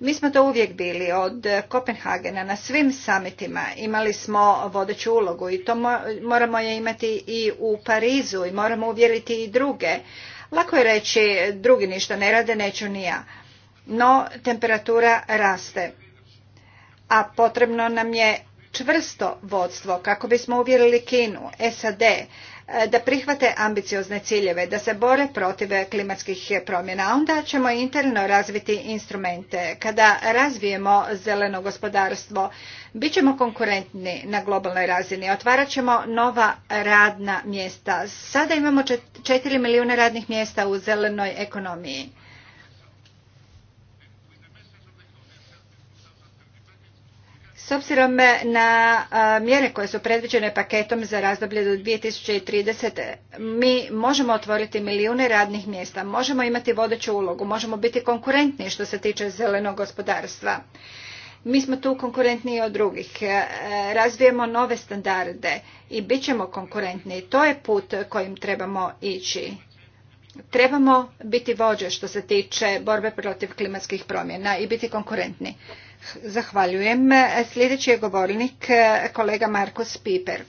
Speaker 3: Mi smo to uvijek bili od Kopenhagena na svim samitima. Imali smo vodeću ulogu i to moramo je imati i u Parizu i moramo uvjeriti i druge. Lako je reći drugi ništa ne rade, neću ni ja no temperatura raste. A potrebno nam je čvrsto vodstvo kako bismo uvjerili Kinu, SAD, eh, da prihvate ambiciozne ciljeve, da se bore protiv klimatskih promjena. Onda ćemo interno razviti instrumente. Kada razvijemo zeleno gospodarstvo, bit ćemo konkurentni na globalnoj razini. Otvarat ćemo nova radna mjesta. Sada imamo 4 milijuna radnih mjesta u zelenoj ekonomiji. S obzirom na mjere koje su predviđene paketom za razdoblje do 2030. mi možemo otvoriti milijune radnih mjesta, možemo imati vodeću ulogu, možemo biti konkurentni što se tiče zelenog gospodarstva. Mi smo tu konkurentniji od drugih, e, razvijemo nove standarde i bit ćemo konkurentni. To je put kojim trebamo ići. Trebamo biti vođe što se tiče borbe protiv klimatskih promjena i biti konkurentni. Zahvaljujem. Sljedeći je govornik e, kolega Markus Piper.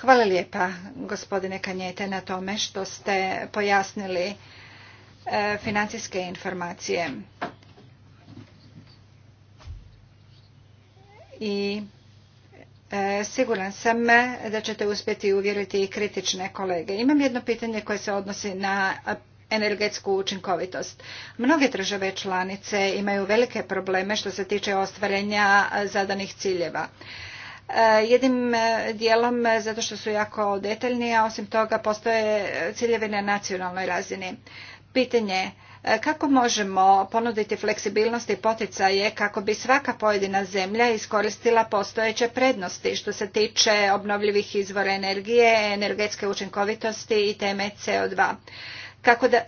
Speaker 3: Hvala lijepa gospodine Kanjete na tome što ste pojasnili e, financijske informacije. I e, siguran sam da ćete uspjeti uvjeriti i kritične kolege. Imam jedno pitanje koje se odnosi na energetsku učinkovitost. Mnoge države članice imaju velike probleme što se tiče ostvarenja zadanih ciljeva. E, jednim e, dijelom e, zato što su jako detaljni, a osim toga postoje ciljevi na nacionalnoj razini. Pitanje kako možemo ponuditi fleksibilnost i poticaje kako bi svaka pojedina zemlja iskoristila postojeće prednosti što se tiče obnovljivih izvora energije, energetske učinkovitosti i teme CO2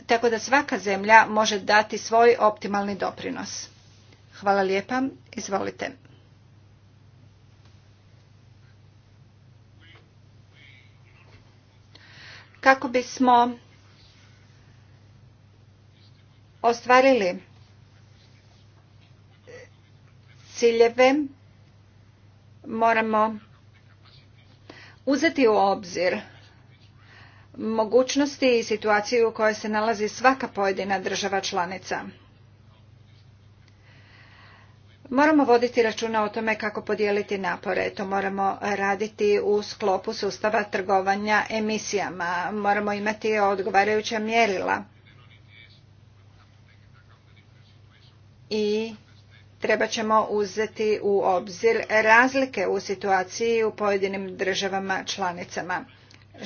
Speaker 3: tako da svaka zemlja može dati svoj optimalni doprinos. Hvala lijepa, izvolite. Kako bismo ostvarili ciljeve, moramo uzeti u obzir mogućnosti i situaciju u kojoj se nalazi svaka pojedina država članica. Moramo voditi računa o tome kako podijeliti napore. To moramo raditi u sklopu sustava trgovanja emisijama. Moramo imati odgovarajuća mjerila. I treba ćemo uzeti u obzir razlike u situaciji u pojedinim državama članicama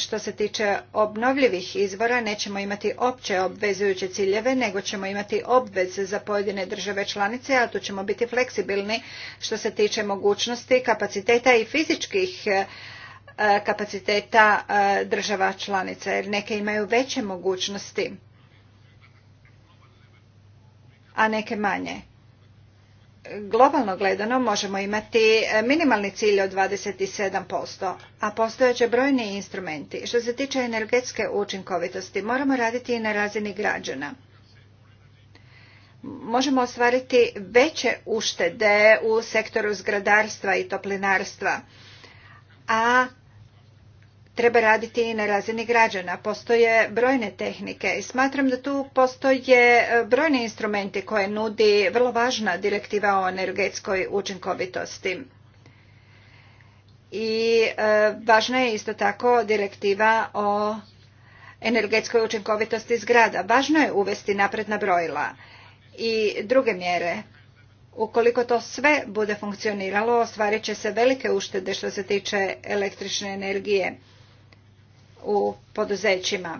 Speaker 3: što se tiče obnovljivih izvora nećemo imati opće obvezujuće ciljeve nego ćemo imati obveze za pojedine države članice a tu ćemo biti fleksibilni što se tiče mogućnosti kapaciteta i fizičkih e, kapaciteta e, država članica jer neke imaju veće mogućnosti a neke manje globalno gledano možemo imati e, minimalni cilj od 27%, a postojeće brojni instrumenti. Što se tiče energetske učinkovitosti, moramo raditi i na razini građana. Možemo ostvariti veće uštede u sektoru zgradarstva i toplinarstva, a treba raditi i na razini građana. Postoje brojne tehnike i smatram da tu postoje e, brojni instrumenti koje nudi vrlo važna direktiva o energetskoj učinkovitosti. I e, važna je isto tako direktiva o energetskoj učinkovitosti zgrada. Važno je uvesti napredna brojila i druge mjere Ukoliko to sve bude funkcioniralo, ostvarit će se velike uštede što se tiče električne energije u poduzećima.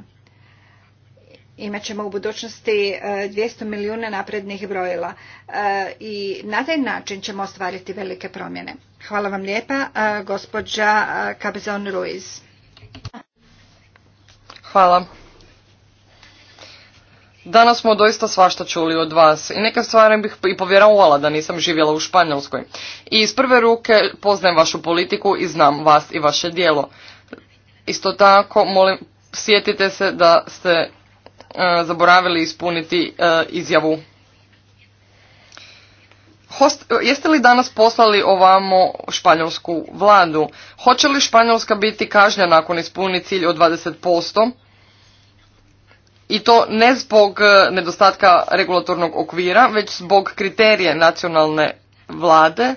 Speaker 3: Imaćemo u budućnosti 200 e, milijuna naprednih brojila e, i na taj način ćemo ostvariti velike promjene. Hvala vam lijepa, e, gospođa Cabezon Ruiz. Hvala.
Speaker 2: Danas smo doista svašta čuli od vas i neke stvari bih i povjerovala da nisam živjela u Španjolskoj. I iz prve ruke poznajem vašu politiku i znam vas i vaše dijelo. Isto tako, molim, sjetite se da ste e, zaboravili ispuniti e, izjavu. jeste li danas poslali ovamo španjolsku vladu? Hoće li Španjolska biti kažnja nakon ispuniti ispuni cilj od 20%? I to ne zbog e, nedostatka regulatornog okvira, već zbog kriterije nacionalne vlade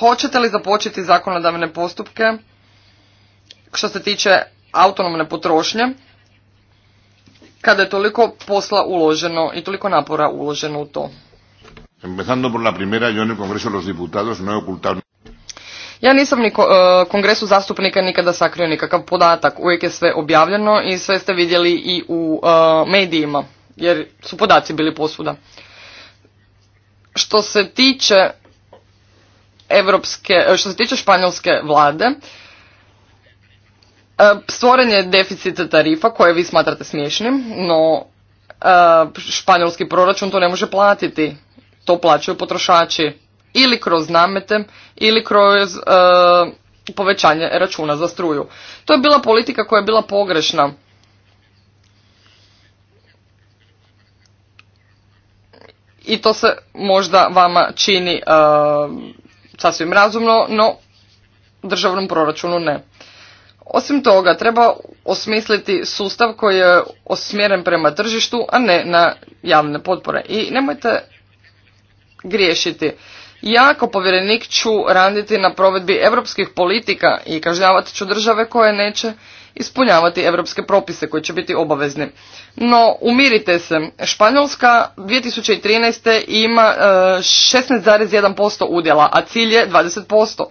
Speaker 2: hoćete li započeti zakonodavne postupke što se tiče autonomne potrošnje kada je toliko posla uloženo i toliko napora uloženo u to? Ja nisam ni e, kongresu zastupnika nikada sakrio nikakav podatak. Uvijek je sve objavljeno i sve ste vidjeli i u e, medijima jer su podaci bili posuda. Što se tiče evropske, e, što se tiče španjolske vlade, e, stvoren je tarifa koje vi smatrate smiješnim, no e, španjolski proračun to ne može platiti. To plaćaju potrošači ili kroz namete ili kroz povećanje računa za struju. To je bila politika koja je bila pogrešna. I to se možda vama čini sasvim razumno, no državnom proračunu ne. Osim toga, treba osmisliti sustav koji je osmjeren prema tržištu, a ne na javne potpore. I nemojte griješiti. Ja kao povjerenik ću raditi na provedbi europskih politika i kažnjavati ću države koje neće ispunjavati europske propise koji će biti obavezni. No, umirite se. Španjolska 2013. ima 16,1% e, udjela, a cilj je 20%.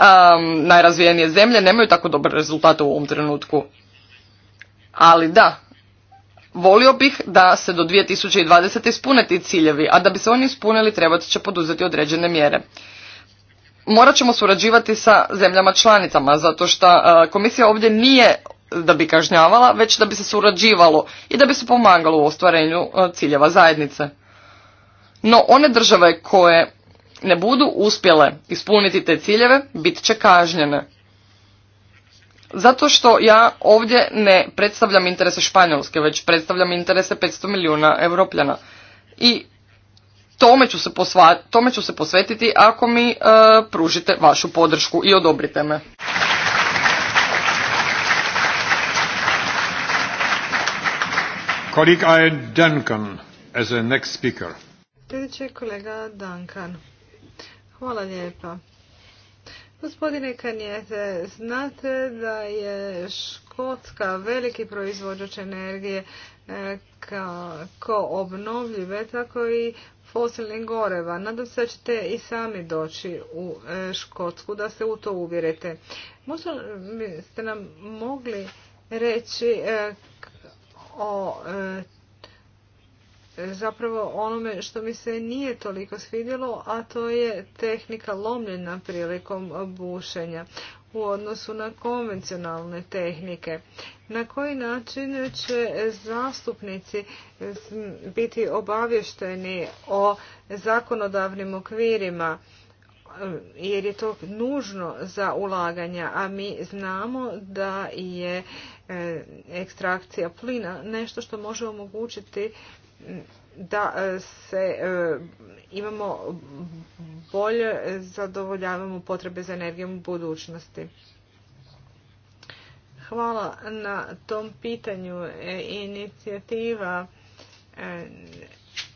Speaker 2: Um, najrazvijenije zemlje nemaju tako dobre rezultate u ovom trenutku. Ali da, volio bih da se do 2020. ispune ti ciljevi, a da bi se oni ispunili trebati će poduzeti određene mjere morat ćemo surađivati sa zemljama članicama, zato što e, komisija ovdje nije da bi kažnjavala, već da bi se surađivalo i da bi se pomagalo u ostvarenju e, ciljeva zajednice. No one države koje ne budu uspjele ispuniti te ciljeve, bit će kažnjene. Zato što ja ovdje ne predstavljam interese Španjolske, već predstavljam interese 500 milijuna europljana. I Tome ću, se posva, tome ću se posvetiti ako mi e, pružite vašu podršku i odobrite me.
Speaker 1: Kolega Duncan, as a next speaker. kolega Duncan. Hvala lijepa. Gospodine Kanjete, znate da je Škotska veliki proizvođač energije e, kao obnovljive, tako i fosilnih goreva. Nadam se da ćete i sami doći u e, Škotsku da se u to uvjerite. Možda ste nam mogli reći e, o e, zapravo onome što mi se nije toliko svidjelo, a to je tehnika lomljena prilikom bušenja u odnosu na konvencionalne tehnike. Na koji način će zastupnici biti obavješteni o zakonodavnim okvirima jer je to nužno za ulaganja, a mi znamo da je e, ekstrakcija plina nešto što može omogućiti da e, se e, imamo bolje zadovoljavamo potrebe za energijom u budućnosti. Hvala na tom pitanju. E, inicijativa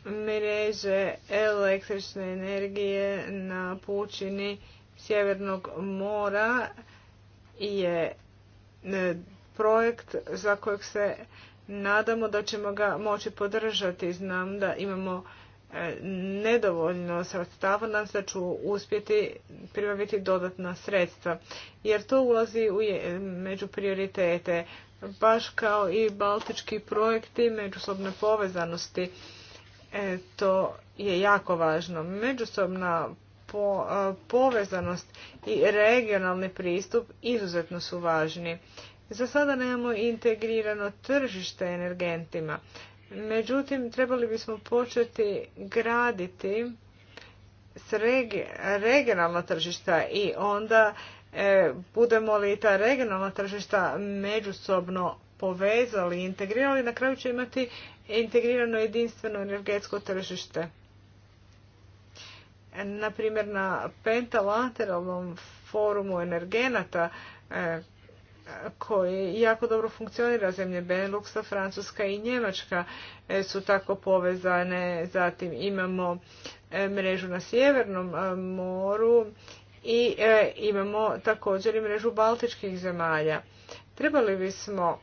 Speaker 1: mreže električne energije na pučini Sjevernog mora je projekt za kojeg se nadamo da ćemo ga moći podržati. Znam da imamo e, nedovoljno sredstava, nam se ću uspjeti pribaviti dodatna sredstva. Jer to ulazi u među prioritete, baš kao i baltički projekti međusobne povezanosti. E, to je jako važno. Međusobna e, povezanost i regionalni pristup izuzetno su važni. Za sada nemamo integrirano tržište energentima. Međutim, trebali bismo početi graditi s regionalna tržišta i onda e, budemo li ta regionalna tržišta međusobno povezali i integrirali, na kraju će imati integrirano jedinstveno energetsko tržište. Na na pentalateralnom forumu energenata e, koji jako dobro funkcionira zemlje Beneluxa, Francuska i Njemačka e, su tako povezane. Zatim imamo e, mrežu na Sjevernom e, moru i imamo također i mrežu baltičkih zemalja. Trebali bismo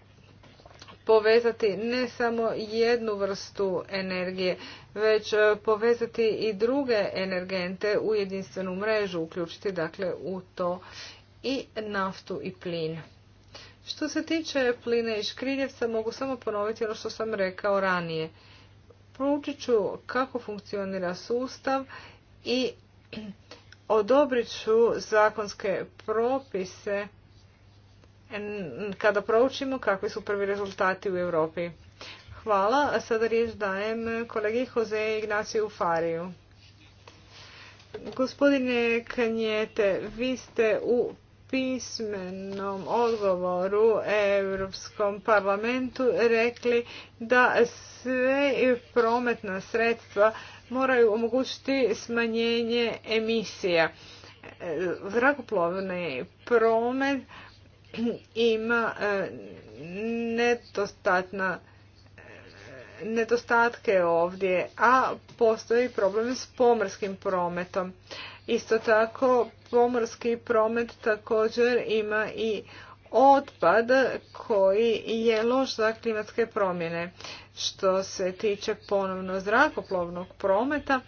Speaker 1: povezati ne samo jednu vrstu energije, već povezati i druge energente u jedinstvenu mrežu, uključiti dakle u to i naftu i plin. Što se tiče pline i škriljevca, mogu samo ponoviti ono što sam rekao ranije. Proučit ću kako funkcionira sustav i odobrit ću zakonske propise kada proučimo kakvi su prvi rezultati u Europi. Hvala. A sada riječ dajem kolegi Jose Ignaciju Fariju. Gospodine Kanjete, vi ste u pismenom odgovoru Europskom parlamentu rekli da sve prometna sredstva moraju omogućiti smanjenje emisija. Zrakoplovni promet ima eh, nedostatna eh, nedostatke ovdje, a postoji problem s pomorskim prometom. Isto tako pomorski promet također ima i otpad koji je loš za klimatske promjene. Što se tiče ponovno zrakoplovnog prometa,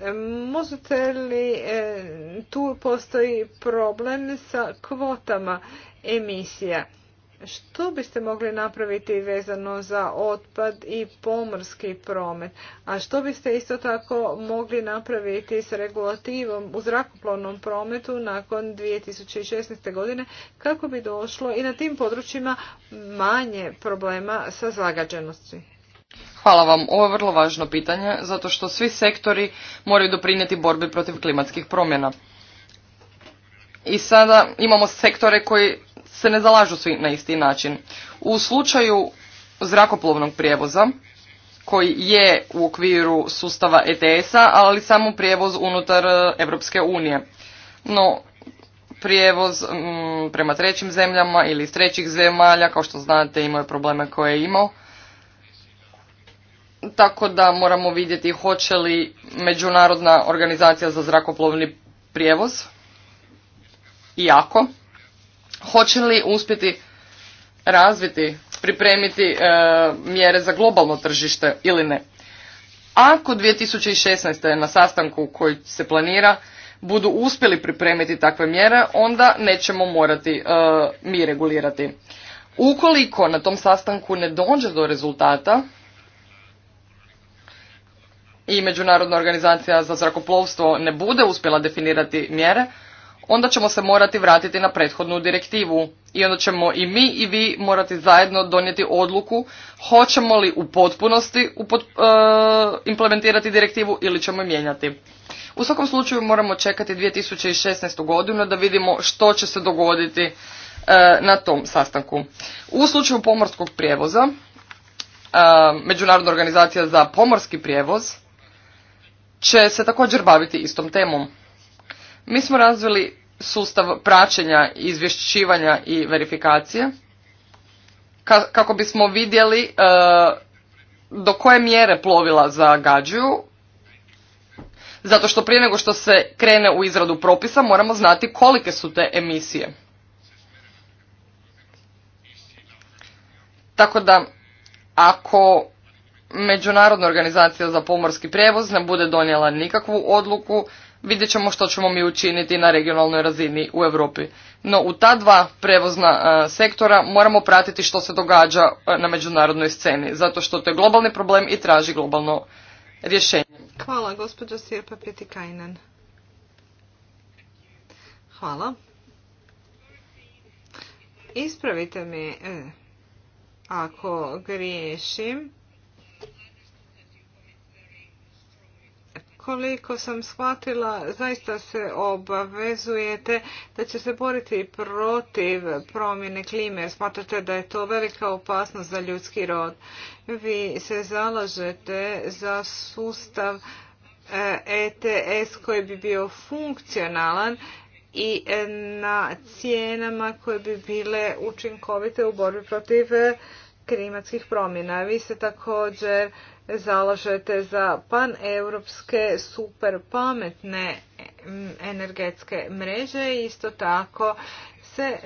Speaker 1: e, možete li, e, tu postoji problem sa kvotama emisija. Što biste mogli napraviti vezano za otpad i pomorski promet? A što biste isto tako mogli napraviti s regulativom u zrakoplovnom prometu nakon 2016. godine kako bi došlo i na tim područjima manje problema sa zagađenosti?
Speaker 2: Hvala vam. Ovo je vrlo važno pitanje zato što svi sektori moraju doprinijeti borbi protiv klimatskih promjena. I sada imamo sektore koji se ne zalažu svi na isti način. U slučaju zrakoplovnog prijevoza, koji je u okviru sustava ETS-a, ali samo prijevoz unutar Europske unije. No, prijevoz prema trećim zemljama ili iz trećih zemalja, kao što znate, imao je probleme koje je imao. Tako da moramo vidjeti hoće li Međunarodna organizacija za zrakoplovni prijevoz, iako, hoće li uspjeti razviti, pripremiti e, mjere za globalno tržište ili ne. Ako 2016. na sastanku koji se planira budu uspjeli pripremiti takve mjere, onda nećemo morati e, mi regulirati. Ukoliko na tom sastanku ne dođe do rezultata i Međunarodna organizacija za zrakoplovstvo ne bude uspjela definirati mjere, onda ćemo se morati vratiti na prethodnu direktivu i onda ćemo i mi i vi morati zajedno donijeti odluku hoćemo li u potpunosti e, implementirati direktivu ili ćemo je mijenjati. U svakom slučaju moramo čekati 2016. godinu da vidimo što će se dogoditi e, na tom sastanku. U slučaju pomorskog prijevoza, e, Međunarodna organizacija za pomorski prijevoz će se također baviti istom temom. Mi smo razvili sustav praćenja, izvješćivanja i verifikacije kako bismo vidjeli e, do koje mjere plovila zagađuju, zato što prije nego što se krene u izradu propisa moramo znati kolike su te emisije. Tako da ako Međunarodna organizacija za pomorski prijevoz ne bude donijela nikakvu odluku, vidjet ćemo što ćemo mi učiniti na regionalnoj razini u Europi. No u ta dva prevozna e, sektora moramo pratiti što se događa e, na međunarodnoj sceni, zato što to je globalni problem i traži globalno rješenje.
Speaker 1: Hvala gospođo Sirpa Petikajnen. Hvala. Ispravite mi e, ako griješim. koliko sam shvatila, zaista se obavezujete da će se boriti protiv promjene klime. Smatrate da je to velika opasnost za ljudski rod. Vi se zalažete za sustav ETS e koji bi bio funkcionalan i e, na cijenama koje bi bile učinkovite u borbi protiv klimatskih promjena. Vi se također zalažete za paneuropske super pametne energetske mreže i isto tako se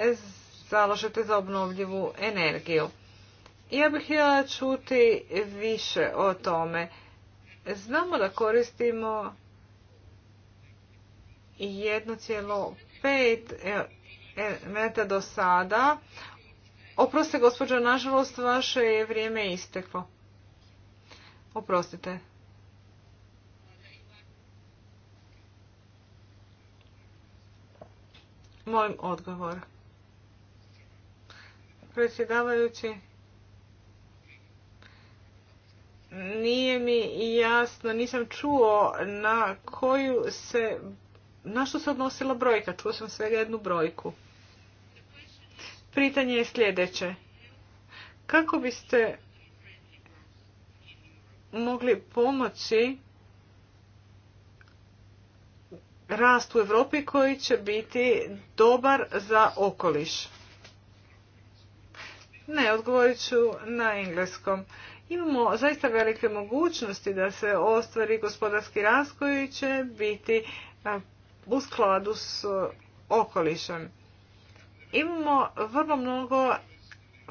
Speaker 1: zalažete za obnovljivu energiju. Ja bih htjela čuti više o tome. Znamo da koristimo 1,5 e, e, meta do sada, Oprostite, gospođo, nažalost, vaše je vrijeme isteklo. Oprostite. Molim odgovor. Predsjedavajući, nije mi jasno, nisam čuo na koju se, na što se odnosila brojka, čuo sam svega jednu brojku. Pitanje je sljedeće. Kako biste mogli pomoći rast u Europi koji će biti dobar za okoliš? Ne, odgovorit ću na engleskom. Imamo zaista velike mogućnosti da se ostvari gospodarski rast koji će biti u skladu s okolišem. Imamo vrlo mnogo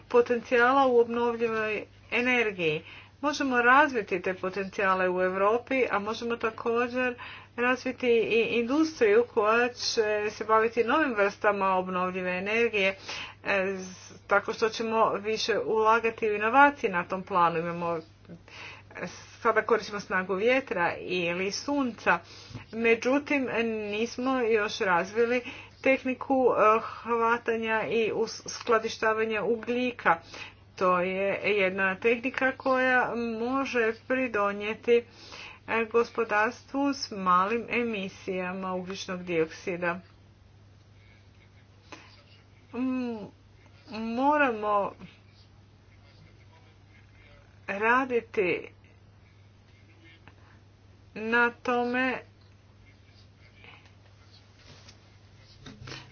Speaker 1: potencijala u obnovljivoj energiji. Možemo razviti te potencijale u Europi, a možemo također razviti i industriju koja će se baviti novim vrstama obnovljive energije, e, tako što ćemo više ulagati u inovacije na tom planu. Imamo e, sada koristimo snagu vjetra ili sunca. Međutim, nismo još razvili tehniku eh, hvatanja i skladištavanja ugljika. To je jedna tehnika koja može pridonijeti eh, gospodarstvu s malim emisijama ugljičnog dioksida. Moramo raditi na tome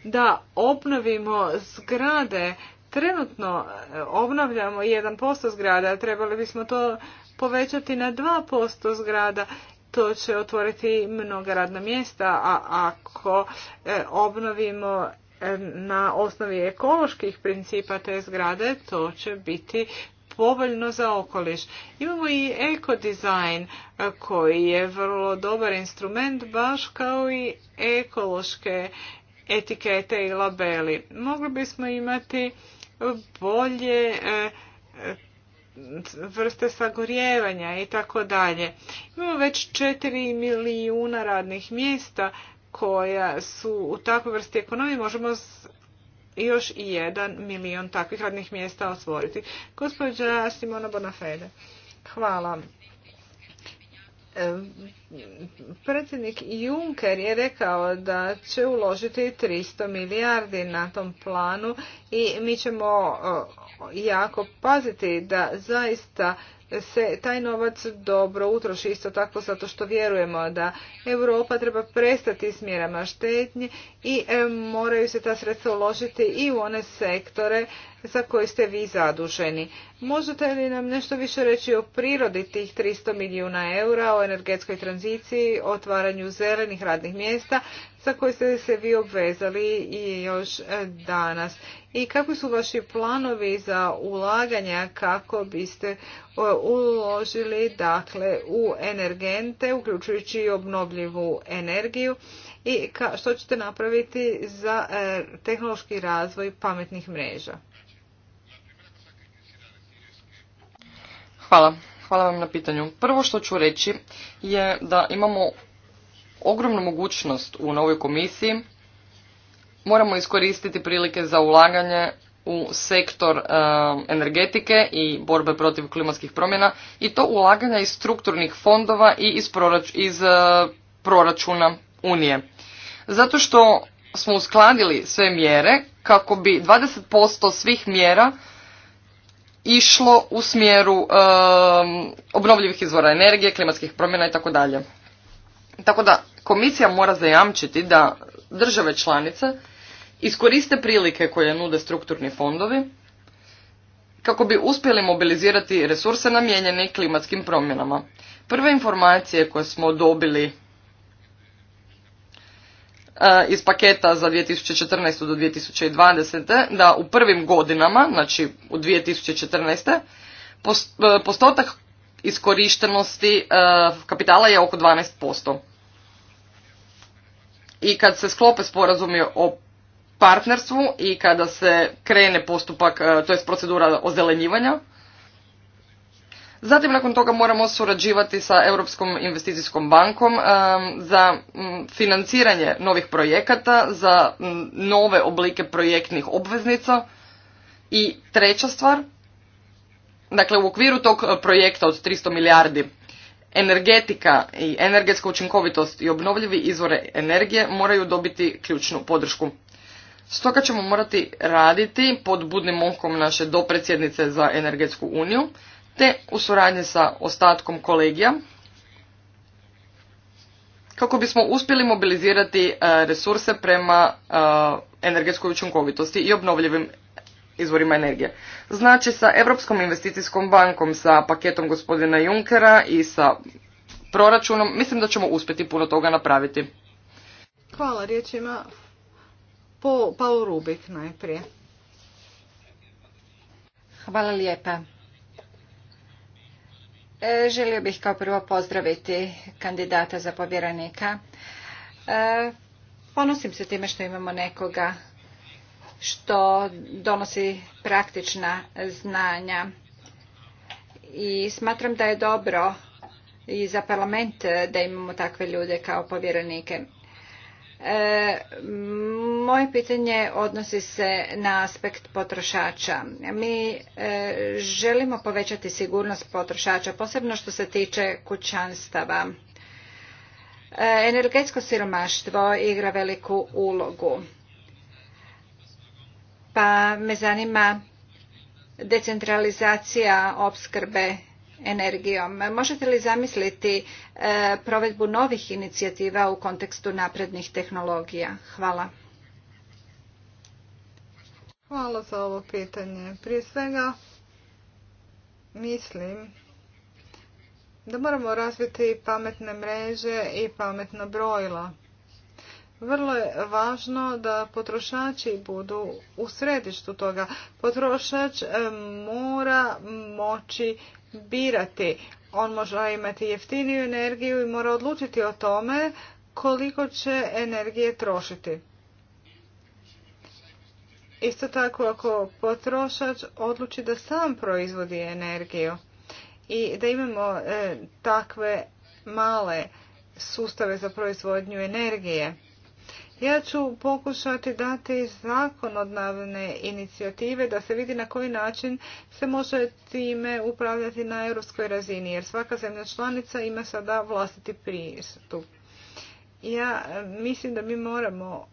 Speaker 1: da obnovimo zgrade. Trenutno e, obnavljamo 1% zgrada, trebali bismo to povećati na 2% zgrada. To će otvoriti mnoga radna mjesta, a ako e, obnovimo e, na osnovi ekoloških principa te zgrade, to će biti povoljno za okoliš. Imamo i ekodizajn koji je vrlo dobar instrument baš kao i ekološke etikete i labeli. Mogli bismo imati bolje e, e, vrste sagorijevanja i tako dalje. Imamo već 4 milijuna radnih mjesta koja su u takvoj vrsti ekonomije. Možemo još i jedan milijun takvih radnih mjesta otvoriti. Gospođa Simona Bonafede. Hvala. Predsjednik Juncker je rekao da će uložiti 300 milijardi na tom planu i mi ćemo e, jako paziti da zaista se taj novac dobro utroši isto tako zato što vjerujemo da Europa treba prestati s mjerama štetnje i e, moraju se ta sredstva uložiti i u one sektore za koje ste vi zaduženi. Možete li nam nešto više reći o prirodi tih 300 milijuna eura, o energetskoj tranziciji, otvaranju zelenih radnih mjesta za koje ste se vi obvezali i još e, danas? I kako su vaši planovi za ulaganja kako biste e, uložili dakle, u energente, uključujući i obnovljivu energiju? i što ćete napraviti za e, tehnološki razvoj pametnih mreža.
Speaker 2: Hvala. vam na pitanju. Prvo što ću reći je da imamo ogromnu mogućnost u novoj komisiji. Moramo iskoristiti prilike za ulaganje u sektor e, energetike i borbe protiv klimatskih promjena i to ulaganja iz strukturnih fondova i iz, iz e, proračuna Unije. Zato što smo uskladili sve mjere kako bi 20% svih mjera išlo u smjeru um, obnovljivih izvora energije, klimatskih promjena i tako dalje. Tako da komisija mora zajamčiti da države članice iskoriste prilike koje nude strukturni fondovi kako bi uspjeli mobilizirati resurse namijenjene klimatskim promjenama. Prve informacije koje smo dobili E, iz paketa za 2014. do 2020. da u prvim godinama, znači u 2014. E, postotak iskorištenosti e, kapitala je oko 12%. I kad se sklope sporazumi o partnerstvu i kada se krene postupak, to je procedura ozelenjivanja, Zatim nakon toga moramo surađivati sa Europskom investicijskom bankom za financiranje novih projekata, za nove oblike projektnih obveznica. I treća stvar, dakle u okviru tog projekta od 300 milijardi energetika i energetska učinkovitost i obnovljivi izvore energije moraju dobiti ključnu podršku. Stoga ćemo morati raditi pod budnim okom naše dopredsjednice za energetsku uniju te u suradnji sa ostatkom kolegija kako bismo uspjeli mobilizirati e, resurse prema e, energetskoj učinkovitosti i obnovljivim izvorima energije. Znači sa Europskom investicijskom bankom, sa paketom gospodina Junkera i sa proračunom, mislim da ćemo uspjeti puno toga napraviti.
Speaker 1: Hvala riječima. Paul Rubik najprije. Hvala lijepa. E, želio
Speaker 3: bih kao prvo pozdraviti kandidata za povjerenika. E, ponosim se time što imamo nekoga što donosi praktična znanja i smatram da je dobro i za parlament da imamo takve ljude kao povjerenike. E, moje pitanje odnosi se na aspekt potrošača. Mi e, želimo povećati sigurnost potrošača, posebno što se tiče kućanstava. E, energetsko siromaštvo igra veliku ulogu. Pa me zanima decentralizacija opskrbe energijom. Možete li zamisliti e, provedbu novih inicijativa u kontekstu naprednih tehnologija? Hvala.
Speaker 1: Hvala za ovo pitanje. Prije svega mislim da moramo razviti pametne mreže i pametna brojila. Vrlo je važno da potrošači budu u središtu toga. Potrošač e, mora moći birati. On može imati jeftiniju energiju i mora odlučiti o tome koliko će energije trošiti. Isto tako ako potrošač odluči da sam proizvodi energiju i da imamo e, takve male sustave za proizvodnju energije. Ja ću pokušati dati zakonodavne inicijative da se vidi na koji način se može time upravljati na europskoj razini, jer svaka zemlja članica ima sada vlastiti pristup. Ja e, mislim da mi moramo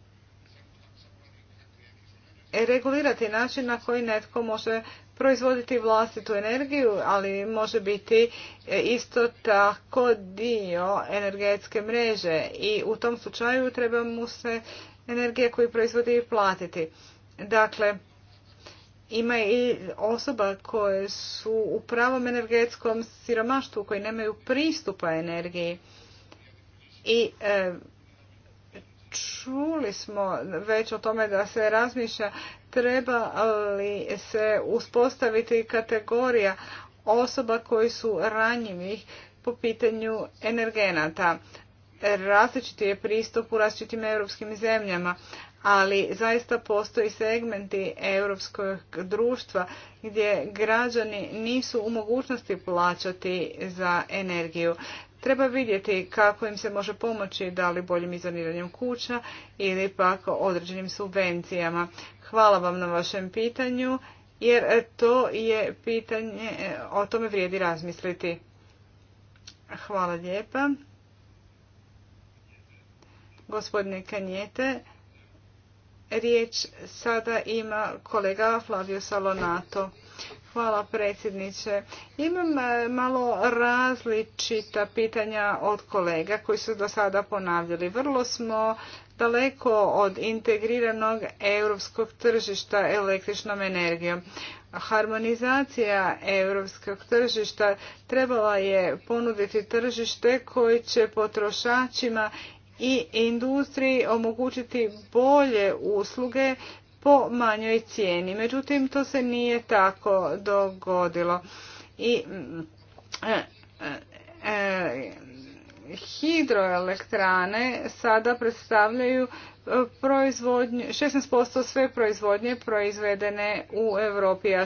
Speaker 1: regulirati način na koji netko može proizvoditi vlastitu energiju, ali može biti e, isto tako dio energetske mreže i u tom slučaju treba mu se energije koju proizvodi platiti. Dakle, ima i osoba koje su u pravom energetskom siromaštvu, koji nemaju pristupa energiji i e, čuli smo već o tome da se razmišlja treba li se uspostaviti kategorija osoba koji su ranjivih po pitanju energenata. Različiti je pristup u različitim europskim zemljama, ali zaista postoji segmenti europskog društva gdje građani nisu u mogućnosti plaćati za energiju. Treba vidjeti kako im se može pomoći, da li boljim izoniranjem kuća ili pak određenim subvencijama. Hvala vam na vašem pitanju, jer to je pitanje, o tome vrijedi razmisliti. Hvala lijepa. Gospodine Kanjete, riječ sada ima kolega Flavio Salonato. Hvala predsjedniče. Imam e, malo različita pitanja od kolega koji su do sada ponavljali. Vrlo smo daleko od integriranog europskog tržišta električnom energijom. Harmonizacija europskog tržišta trebala je ponuditi tržište koje će potrošačima i industriji omogućiti bolje usluge po manjoj cijeni. Međutim, to se nije tako dogodilo. I e, e, e, hidroelektrane sada predstavljaju proizvodnju, 16% sve proizvodnje proizvedene u Europi, a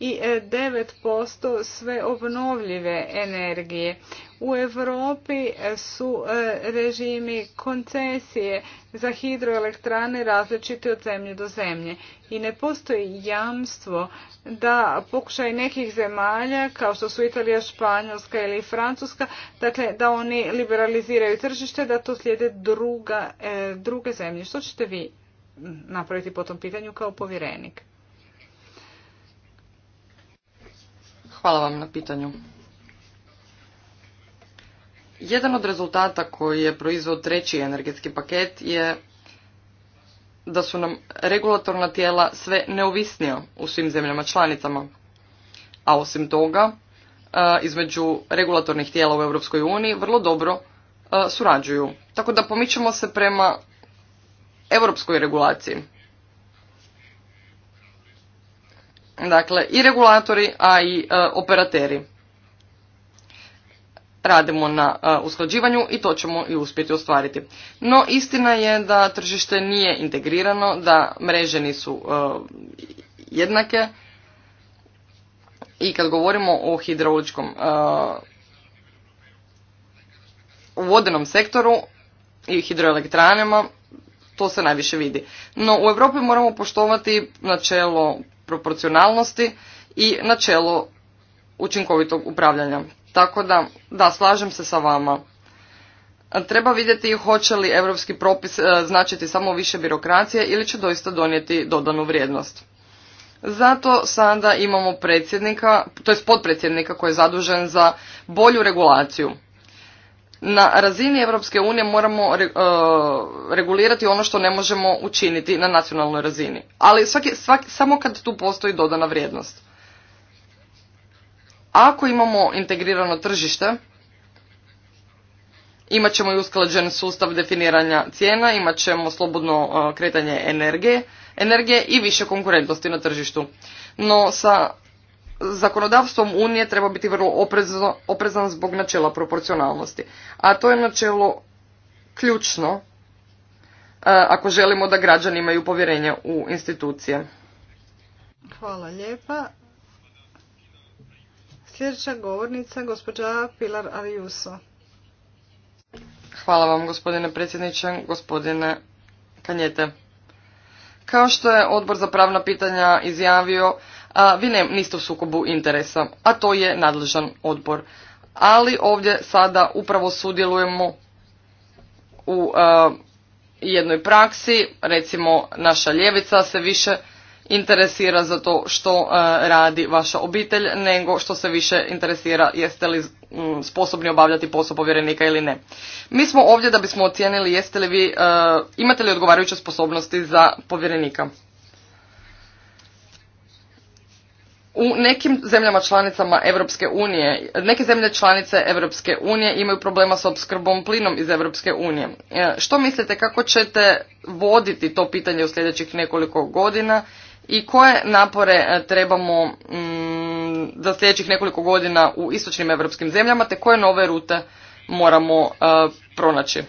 Speaker 1: i 9% sve obnovljive energije. U Europi su e, režimi koncesije za hidroelektrane različiti od zemlje do zemlje i ne postoji jamstvo da pokušaj nekih zemalja kao što su Italija, Španjolska ili Francuska, dakle da oni liberaliziraju tržište, da to slijede e, druge zemlje. Što ćete vi napraviti po tom pitanju kao povjerenik?
Speaker 2: Hvala vam na pitanju. Jedan od rezultata koji je proizveo treći energetski paket je da su nam regulatorna tijela sve neovisnija u svim zemljama članicama. A osim toga, e, između regulatornih tijela u Europskoj uniji vrlo dobro e, surađuju. Tako da pomičemo se prema europskoj regulaciji. Dakle, i regulatori, a i e, operateri radimo na usklađivanju i to ćemo i uspjeti ostvariti. No istina je da tržište nije integrirano, da mreže nisu jednake i kad govorimo o hidrauličkom u vodenom sektoru i hidroelektranama, to se najviše vidi. No u Europi moramo poštovati načelo proporcionalnosti i načelo učinkovitog upravljanja. Tako da, da, slažem se sa vama. Treba vidjeti hoće li europski propis e, značiti samo više birokracije ili će doista donijeti dodanu vrijednost. Zato sada imamo predsjednika, to jest potpredsjednika koji je zadužen za bolju regulaciju. Na razini Europske unije moramo e, regulirati ono što ne možemo učiniti na nacionalnoj razini. Ali svaki, samo kad tu postoji dodana vrijednost. Ako imamo integrirano tržište, imat ćemo i usklađen sustav definiranja cijena, imat ćemo slobodno uh, kretanje energije, energije i više konkurentnosti na tržištu. No sa zakonodavstvom Unije treba biti vrlo oprezan zbog načela proporcionalnosti. A to je načelo ključno uh, ako želimo da građani imaju povjerenje u institucije.
Speaker 1: Hvala lijepa. Sljedeća govornica, gospođa Pilar Ariuso.
Speaker 2: Hvala vam, gospodine predsjedniče, gospodine Kanjete. Kao što je odbor za pravna pitanja izjavio, a, vi ne, niste u sukobu interesa, a to je nadležan odbor. Ali ovdje sada upravo sudjelujemo u jednoj praksi, recimo naša ljevica se više interesira za to što e, radi vaša obitelj, nego što se više interesira jeste li mm, sposobni obavljati posao povjerenika ili ne. Mi smo ovdje da bismo ocijenili jeste li vi, e, imate li odgovarajuće sposobnosti za povjerenika. U nekim zemljama članicama Europske unije, neke zemlje članice Europske unije imaju problema s opskrbom plinom iz Europske unije. E, što mislite kako ćete voditi to pitanje u sljedećih nekoliko godina i koje napore e, trebamo mm, za sljedećih nekoliko godina u istočnim europskim zemljama te koje nove rute moramo e, pronaći. E,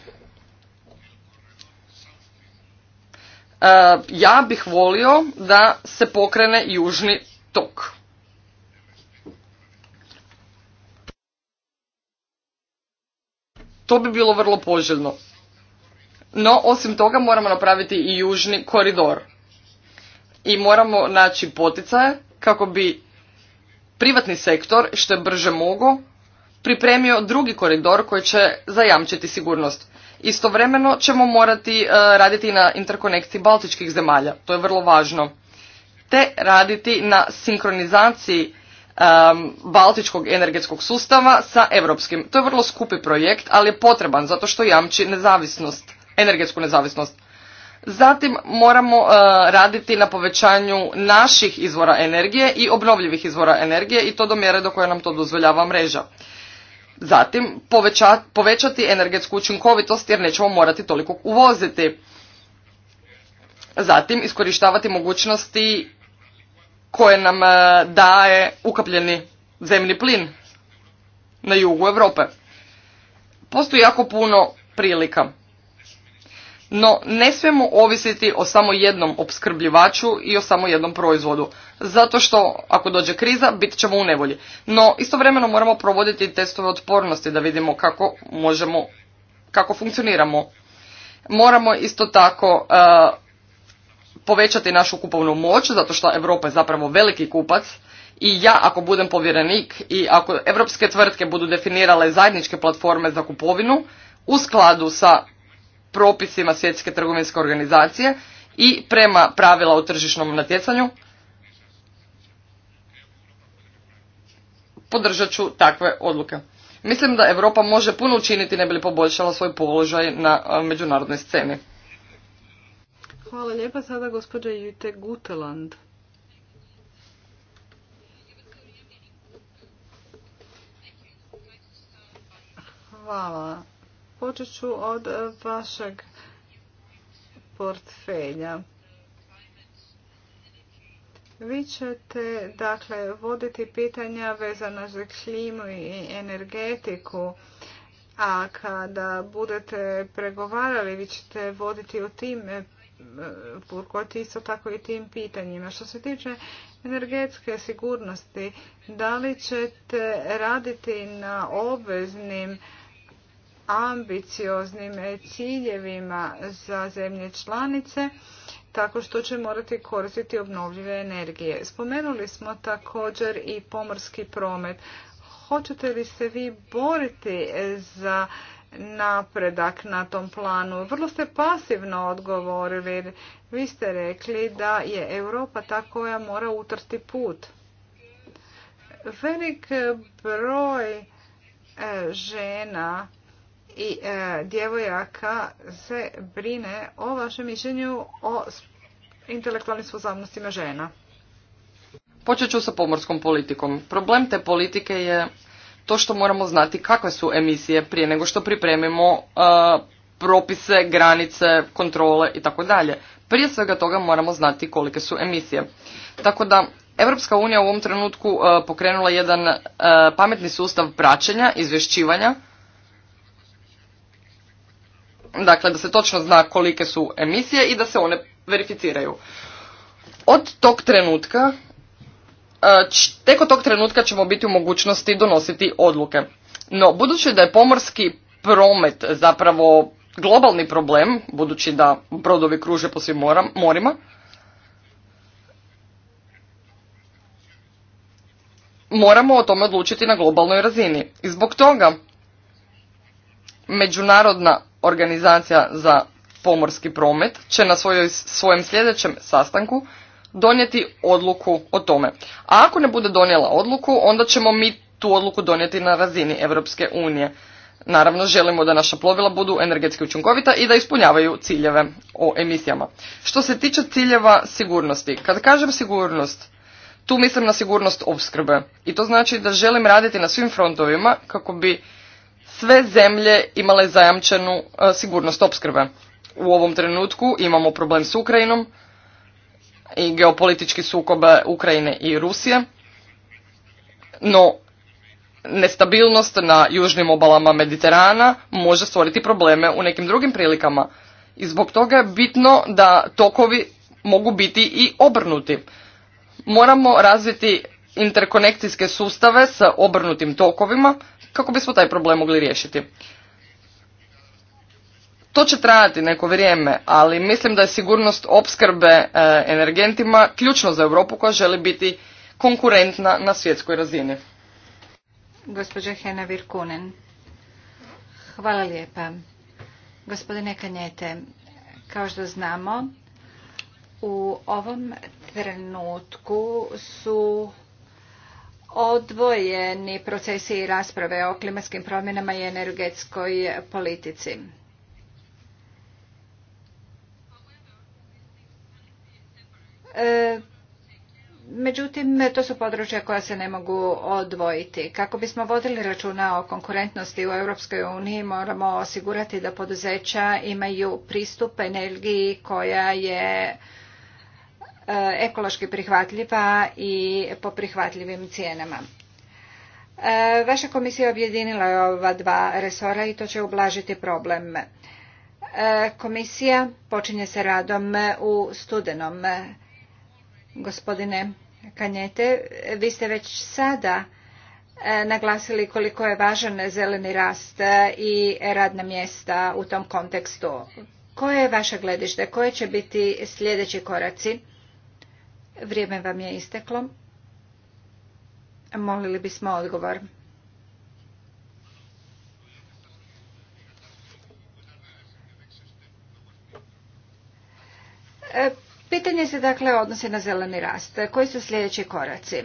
Speaker 2: ja bih volio da se pokrene južni tok. To bi bilo vrlo poželjno. No, osim toga moramo napraviti i južni koridor i moramo naći poticaje kako bi privatni sektor što je brže mogu pripremio drugi koridor koji će zajamčiti sigurnost. Istovremeno ćemo morati e, raditi na interkonekciji baltičkih zemalja, to je vrlo važno, te raditi na sinkronizaciji e, baltičkog energetskog sustava sa europskim. To je vrlo skupi projekt, ali je potreban zato što jamči nezavisnost, energetsku nezavisnost. Zatim moramo e, raditi na povećanju naših izvora energije i obnovljivih izvora energije i to do mjere do koje nam to dozvoljava mreža. Zatim povećati energetsku učinkovitost jer nećemo morati toliko uvoziti. Zatim iskorištavati mogućnosti koje nam e, daje ukapljeni zemni plin na jugu Europe. Postoji jako puno prilika no, ne smijemo ovisiti o samo jednom opskrbljivaču i o samo jednom proizvodu, zato što ako dođe kriza, bit ćemo u nevolji. No, istovremeno moramo provoditi testove otpornosti da vidimo kako možemo, kako funkcioniramo. Moramo isto tako e, povećati našu kupovnu moć, zato što Europa je zapravo veliki kupac i ja ako budem povjerenik i ako evropske tvrtke budu definirale zajedničke platforme za kupovinu u skladu sa propisima Svjetske trgovinske organizacije i prema pravila o tržišnom natjecanju podržat ću takve odluke. Mislim da Europa može puno učiniti ne bi li poboljšala svoj položaj na međunarodnoj sceni.
Speaker 1: Hvala lijepa sada gospođa Jute Guteland. Hvala. Počet ću od e, vašeg portfelja. Vi ćete dakle voditi pitanja vezana za klimu i energetiku, a kada budete pregovarali vi ćete voditi o tim purkoti e, isto tako i tim pitanjima. Što se tiče energetske sigurnosti, da li ćete raditi na obveznim ambicioznim ciljevima za zemlje članice tako što će morati koristiti obnovljive energije. Spomenuli smo također i pomorski promet. Hoćete li se vi boriti za napredak na tom planu? Vrlo ste pasivno odgovorili. Vi ste rekli da je Europa ta koja mora utrti put. Velik broj e, žena i e, djevojaka se brine o vašem mišljenju o intelektualnim sposobnostima žena.
Speaker 2: Počet ću sa pomorskom politikom. Problem te politike je to što moramo znati kakve su emisije prije nego što pripremimo e, propise, granice, kontrole i tako dalje. Prije svega toga moramo znati kolike su emisije. Tako da Europska unija u ovom trenutku e, pokrenula jedan pametni sustav praćenja, izvješćivanja Dakle, da se točno zna kolike su emisije i da se one verificiraju. Od tog trenutka, e, teko od tog trenutka ćemo biti u mogućnosti donositi odluke. No, budući da je pomorski promet zapravo globalni problem, budući da brodovi kruže po svim morima, moramo o tome odlučiti na globalnoj razini. I zbog toga međunarodna organizacija za pomorski promet će na svojoj, svojem sljedećem sastanku donijeti odluku o tome. A ako ne bude donijela odluku, onda ćemo mi tu odluku donijeti na razini Europske unije. Naravno, želimo da naša plovila budu energetski učinkovita i da ispunjavaju ciljeve o emisijama. Što se tiče ciljeva sigurnosti, kad kažem sigurnost, tu mislim na sigurnost opskrbe. I to znači da želim raditi na svim frontovima kako bi sve zemlje imale zajamčenu e, sigurnost opskrbe. U ovom trenutku imamo problem s Ukrajinom i geopolitički sukobe Ukrajine i Rusije, no nestabilnost na južnim obalama Mediterana može stvoriti probleme u nekim drugim prilikama i zbog toga je bitno da tokovi mogu biti i obrnuti. Moramo razviti interkonekcijske sustave sa obrnutim tokovima kako bismo taj problem mogli riješiti. To će trajati neko vrijeme, ali mislim da je sigurnost opskrbe e, energentima ključno za Europu koja želi biti konkurentna na svjetskoj razini.
Speaker 3: Gospođa Hena Virkunen. Hvala lijepa. Gospodine Kanjete, kao što znamo, u ovom trenutku su odvojeni procesi i rasprave o klimatskim promjenama i energetskoj politici. E, međutim, to su područja koja se ne mogu odvojiti. Kako bismo vodili računa o konkurentnosti u Europskoj uniji, moramo osigurati da poduzeća imaju pristup energiji koja je E, ekološki prihvatljiva i po prihvatljivim cijenama. E, vaša komisija objedinila je ova dva resora i to će ublažiti problem. E, komisija počinje se radom u studenom. Gospodine Kanjete, vi ste već sada naglasili koliko je važan zeleni rast i radna mjesta u tom kontekstu. Koje je vaše gledište? Koje će biti sljedeći koraci Vrijeme vam je isteklo. Molili bismo odgovor. E, pitanje se dakle odnosi na zeleni rast. Koji su sljedeći koraci?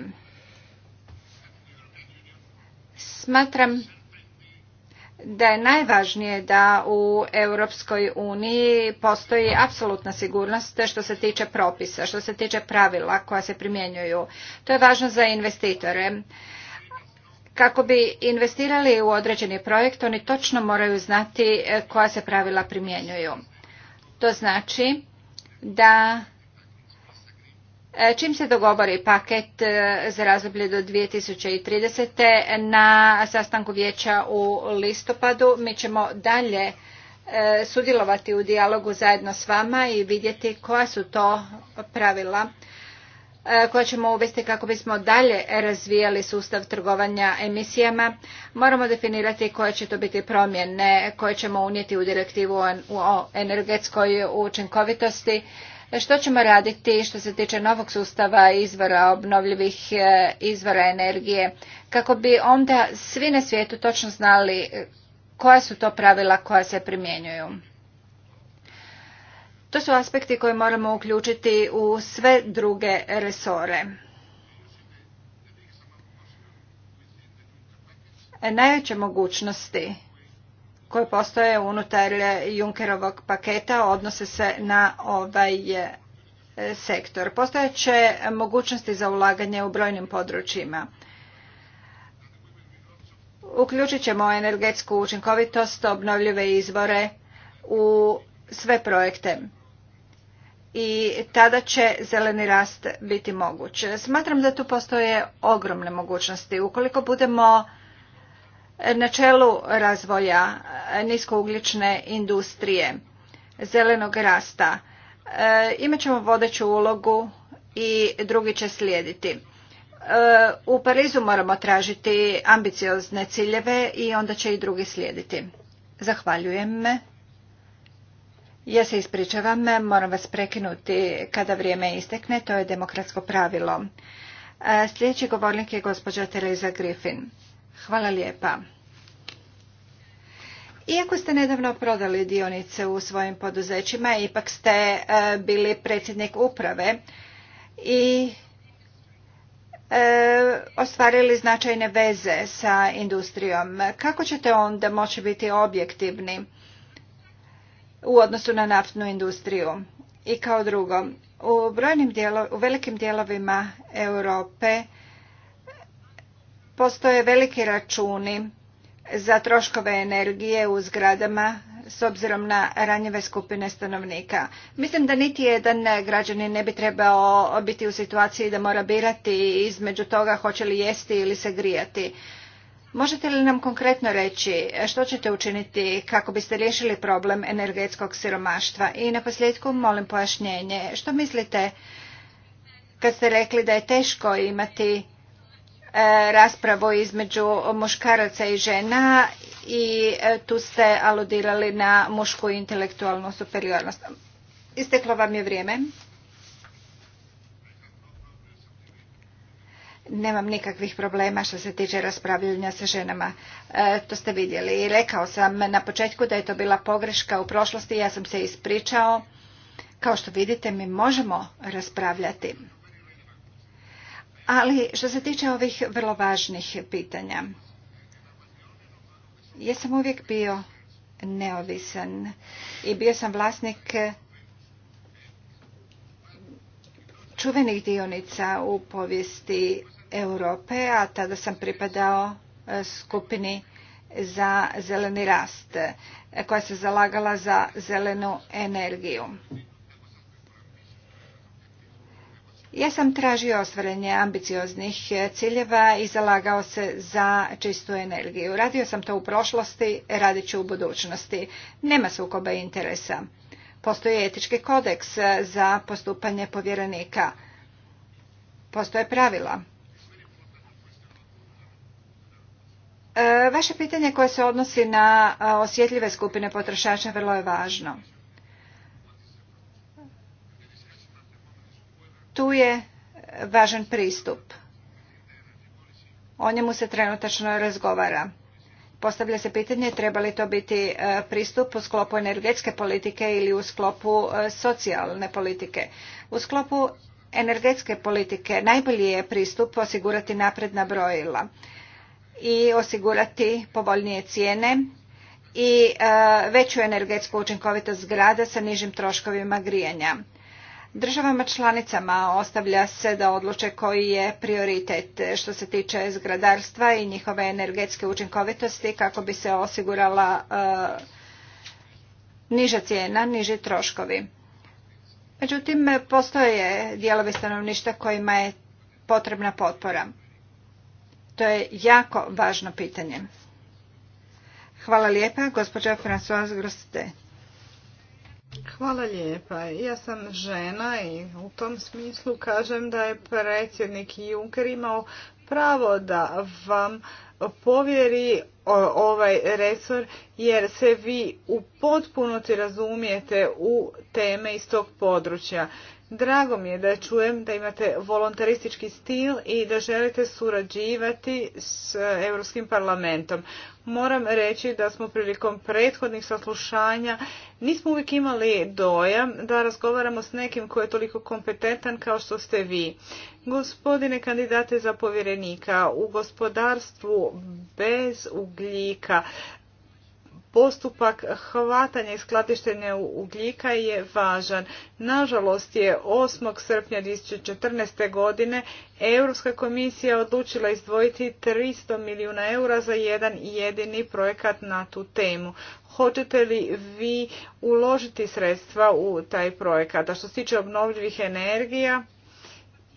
Speaker 3: Smatram da je najvažnije da u Europskoj uniji postoji apsolutna sigurnost što se tiče propisa, što se tiče pravila koja se primjenjuju. To je važno za investitore. Kako bi investirali u određeni projekt, oni točno moraju znati e, koja se pravila primjenjuju. To znači da E, čim se dogovori paket e, za razdoblje do 2030. na sastanku vijeća u listopadu, mi ćemo dalje e, sudjelovati u dijalogu zajedno s vama i vidjeti koja su to pravila koja ćemo uvesti kako bismo dalje razvijali sustav trgovanja emisijama. Moramo definirati koje će to biti promjene koje ćemo unijeti u direktivu o energetskoj učinkovitosti što ćemo raditi što se tiče novog sustava izvora obnovljivih e, izvora energije kako bi onda svi na svijetu točno znali e, koja su to pravila koja se primjenjuju. To su aspekti koje moramo uključiti u sve druge resore. Najveće mogućnosti koje postoje unutar Junkerovog paketa odnose se na ovaj e, sektor. će mogućnosti za ulaganje u brojnim područjima. Uključit ćemo energetsku učinkovitost, obnovljive izvore u sve projekte i tada će zeleni rast biti moguć. Smatram da tu postoje ogromne mogućnosti. Ukoliko budemo na čelu razvoja niskougljične industrije, zelenog rasta. E, imat ćemo vodeću ulogu i drugi će slijediti. E, u Parizu moramo tražiti ambiciozne ciljeve i onda će i drugi slijediti. Zahvaljujem. Ja se ispričavam, moram vas prekinuti kada vrijeme istekne, to je demokratsko pravilo. E, sljedeći govornik je gospođa Teresa Griffin. Hvala lijepa. Iako ste nedavno prodali dionice u svojim poduzećima, ipak ste e, bili predsjednik uprave i e, ostvarili značajne veze sa industrijom. Kako ćete onda moći biti objektivni u odnosu na naftnu industriju? I kao drugo, u, u velikim dijelovima Europe Postoje veliki računi za troškove energije u zgradama s obzirom na ranjive skupine stanovnika. Mislim da niti jedan građanin ne bi trebao biti u situaciji da mora birati između toga hoće li jesti ili se grijati. Možete li nam konkretno reći što ćete učiniti kako biste riješili problem energetskog siromaštva? I na posljedku molim pojašnjenje. Što mislite kad ste rekli da je teško imati E, raspravu između muškaraca i žena i e, tu ste aludirali na mušku intelektualnu superiornost. Isteklo vam je vrijeme. Nemam nikakvih problema što se tiče raspravljanja sa ženama. E, to ste vidjeli. I rekao sam na početku da je to bila pogreška u prošlosti. Ja sam se ispričao. Kao što vidite, mi možemo raspravljati. Ali što se tiče ovih vrlo važnih pitanja, ja sam uvijek bio neovisan i bio sam vlasnik čuvenih dionica u povijesti Europe, a tada sam pripadao e, skupini za zeleni rast e, koja se zalagala za zelenu energiju. Ja sam tražio ostvarenje ambicioznih ciljeva i zalagao se za čistu energiju. Radio sam to u prošlosti, radit ću u budućnosti. Nema sukoba interesa. Postoji etički kodeks za postupanje povjerenika. Postoje pravila. E, vaše pitanje koje se odnosi na osjetljive skupine potrošača vrlo je važno. Tu je e, važan pristup. O njemu se trenutačno razgovara. Postavlja se pitanje treba li to biti e, pristup u sklopu energetske politike ili u sklopu e, socijalne politike. U sklopu energetske politike najbolji je pristup osigurati napredna brojila i osigurati povoljnije cijene i veću energetsku učinkovitost zgrada sa nižim troškovima grijanja. Državama članicama ostavlja se da odluče koji je prioritet što se tiče zgradarstva i njihove energetske učinkovitosti kako bi se osigurala e, niža cijena, niži troškovi. Međutim, postoje dijelovi stanovništva kojima je potrebna potpora. To je jako važno pitanje. Hvala lijepa, gospođa Françoise Groste.
Speaker 1: Hvala lijepa. Ja sam žena i u tom smislu kažem da je predsjednik Juncker imao pravo da vam povjeri ovaj resor jer se vi u potpunosti razumijete u teme iz tog područja. Drago mi je da čujem da imate volontaristički stil i da želite surađivati s Europskim parlamentom. Moram reći da smo prilikom prethodnih saslušanja nismo uvijek imali dojam da razgovaramo s nekim koji je toliko kompetentan kao što ste vi. Gospodine kandidate za povjerenika, u gospodarstvu bez ugljika postupak hvatanja i skladištenja ugljika je važan. Nažalost je 8. srpnja 2014. godine Europska komisija odlučila izdvojiti 300 milijuna eura za jedan jedini projekat na tu temu. Hoćete li vi uložiti sredstva u taj projekat? A što se tiče obnovljivih energija,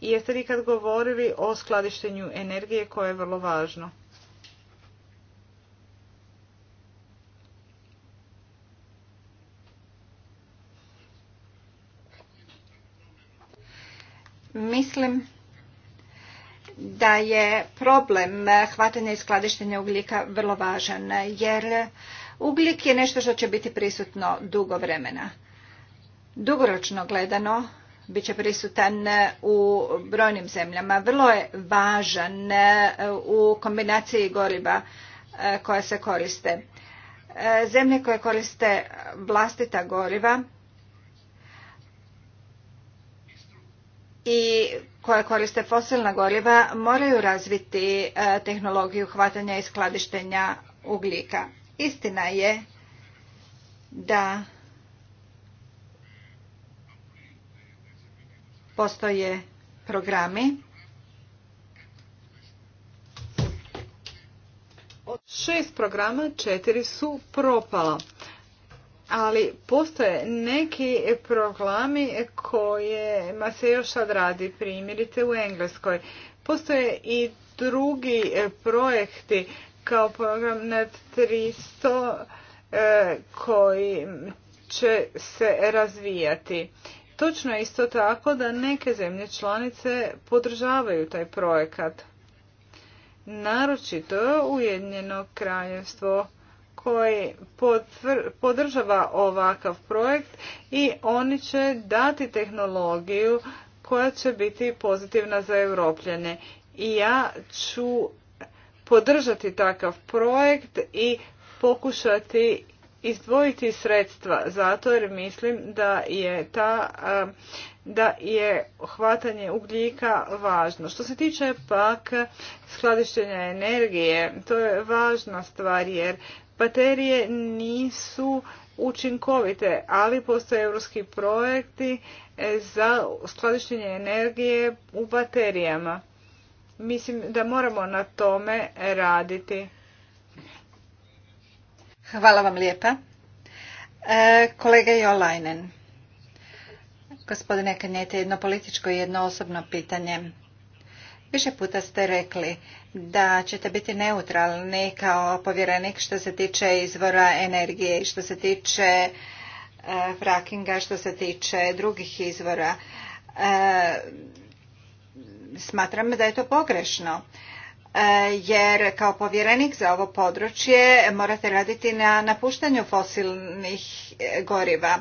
Speaker 1: jeste li kad govorili o skladištenju energije koje je vrlo važno?
Speaker 3: Mislim da je problem hvatanja i skladištenja ugljika vrlo važan, jer ugljik je nešto što će biti prisutno dugo vremena. Dugoročno gledano, bit će prisutan u brojnim zemljama. Vrlo je važan u kombinaciji goriva e, koja se koriste. E, zemlje koje koriste vlastita goriva i koje koriste fosilna goriva moraju razviti e, tehnologiju hvatanja i skladištenja ugljika. Istina je da postoje programi
Speaker 1: Od šest programa četiri su propala ali postoje neki programi kojima se još sad radi, primjerice u Engleskoj. Postoje i drugi e, projekti kao program net 300 e, koji će se razvijati. Točno je isto tako da neke zemlje članice podržavaju taj projekat. Naročito Ujedinjeno kraljevstvo koji podržava ovakav projekt i oni će dati tehnologiju koja će biti pozitivna za europljane. I ja ću podržati takav projekt i pokušati izdvojiti sredstva zato jer mislim da je ta da je hvatanje ugljika važno. Što se tiče pak skladištenja energije, to je važna stvar jer baterije nisu učinkovite, ali postoje europski projekti e, za skladištenje energije u baterijama. Mislim da moramo na tome raditi. Hvala vam lijepa. E, kolega Jolajnen,
Speaker 3: gospodine Kanjete, jedno političko i jedno osobno pitanje. Više puta ste rekli da ćete biti neutralni kao povjerenik što se tiče izvora energije i što se tiče e, frackinga, što se tiče drugih izvora. E, smatram da je to pogrešno e, jer kao povjerenik za ovo područje morate raditi na napuštanju fosilnih goriva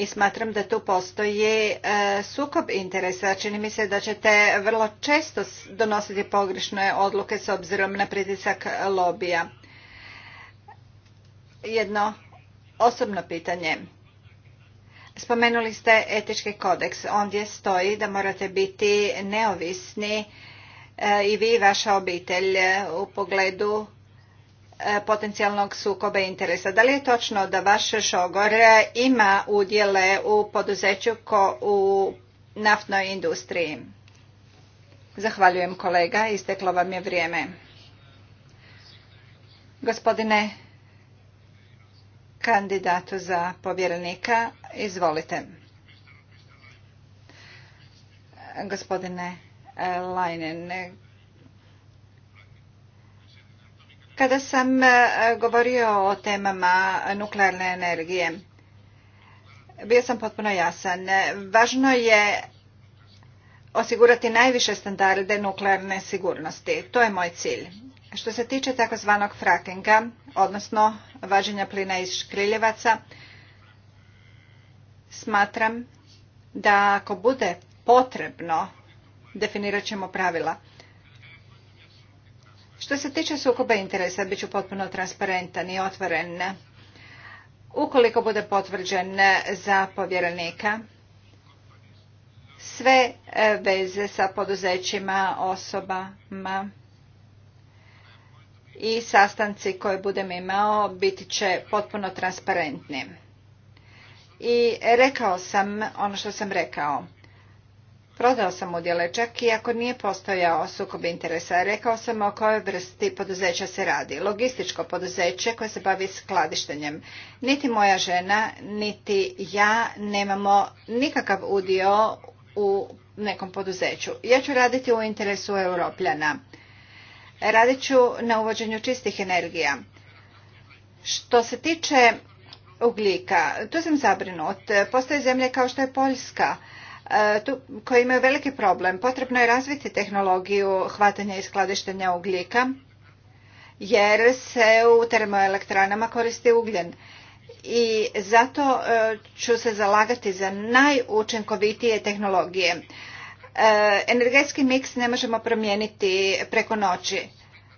Speaker 3: i smatram da tu postoji e, sukob interesa. Čini mi se da ćete vrlo često donositi pogrešne odluke s obzirom na pritisak lobija. Jedno osobno pitanje. Spomenuli ste etički kodeks. Ondje stoji da morate biti neovisni e, i vi i vaša obitelj u pogledu E, potencijalnog sukoba interesa. Da li je točno da vaš šogor ima udjele u poduzeću ko u naftnoj industriji? Zahvaljujem kolega, isteklo vam je vrijeme. Gospodine kandidatu za povjerenika, izvolite. Gospodine Lajnen, kada sam e, govorio o temama nuklearne energije. Bio sam potpuno jasan. Važno je osigurati najviše standarde nuklearne sigurnosti. To je moj cilj. Što se tiče takozvanog frackinga, odnosno vađenja plina iz škriljevaca, smatram da ako bude potrebno, definirat ćemo pravila. Što se tiče sukoba interesa, bit ću potpuno transparentan i otvoren. Ukoliko bude potvrđen za povjerenika, sve e, veze sa poduzećima, osobama i sastanci koje budem imao biti će potpuno transparentni. I rekao sam ono što sam rekao. Prodao sam udjele čak i ako nije postojao sukob interesa. Rekao sam o kojoj vrsti poduzeća se radi. Logističko poduzeće koje se bavi skladištenjem. Niti moja žena, niti ja nemamo nikakav udio u nekom poduzeću. Ja ću raditi u interesu europljana. Radit ću na uvođenju čistih energija. Što se tiče ugljika, tu sam zabrinut. Postoje zemlje kao što je Poljska E, koji imaju veliki problem. Potrebno je razviti tehnologiju hvatanja i skladištenja ugljika jer se u termoelektranama koristi ugljen. I zato e, ću se zalagati za najučinkovitije tehnologije. E, energetski miks ne možemo promijeniti preko noći.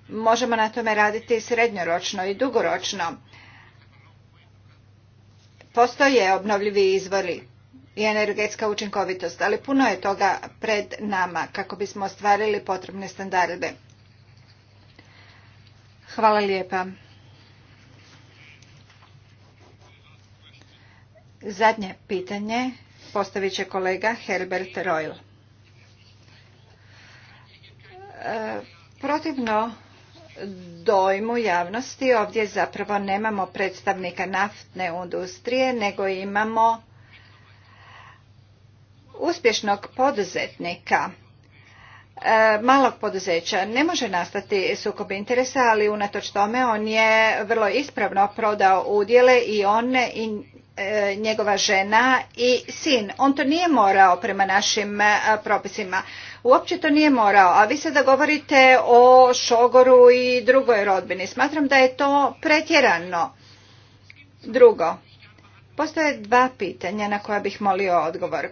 Speaker 3: Možemo na tome raditi srednjoročno i dugoročno. Postoje obnovljivi izvori i energetska učinkovitost, ali puno je toga pred nama kako bismo ostvarili potrebne standarde. Hvala lijepa. Zadnje pitanje postavit će kolega Herbert Royal. E, protivno dojmu javnosti ovdje zapravo nemamo predstavnika naftne industrije, nego imamo uspješnog poduzetnika e, malog poduzeća ne može nastati sukob interesa, ali unatoč tome on je vrlo ispravno prodao udjele i on i e, njegova žena i sin. On to nije morao prema našim e, propisima. Uopće to nije morao, a vi da govorite o šogoru i drugoj rodbini. Smatram da je to pretjerano. Drugo, postoje dva pitanja na koja bih molio odgovor.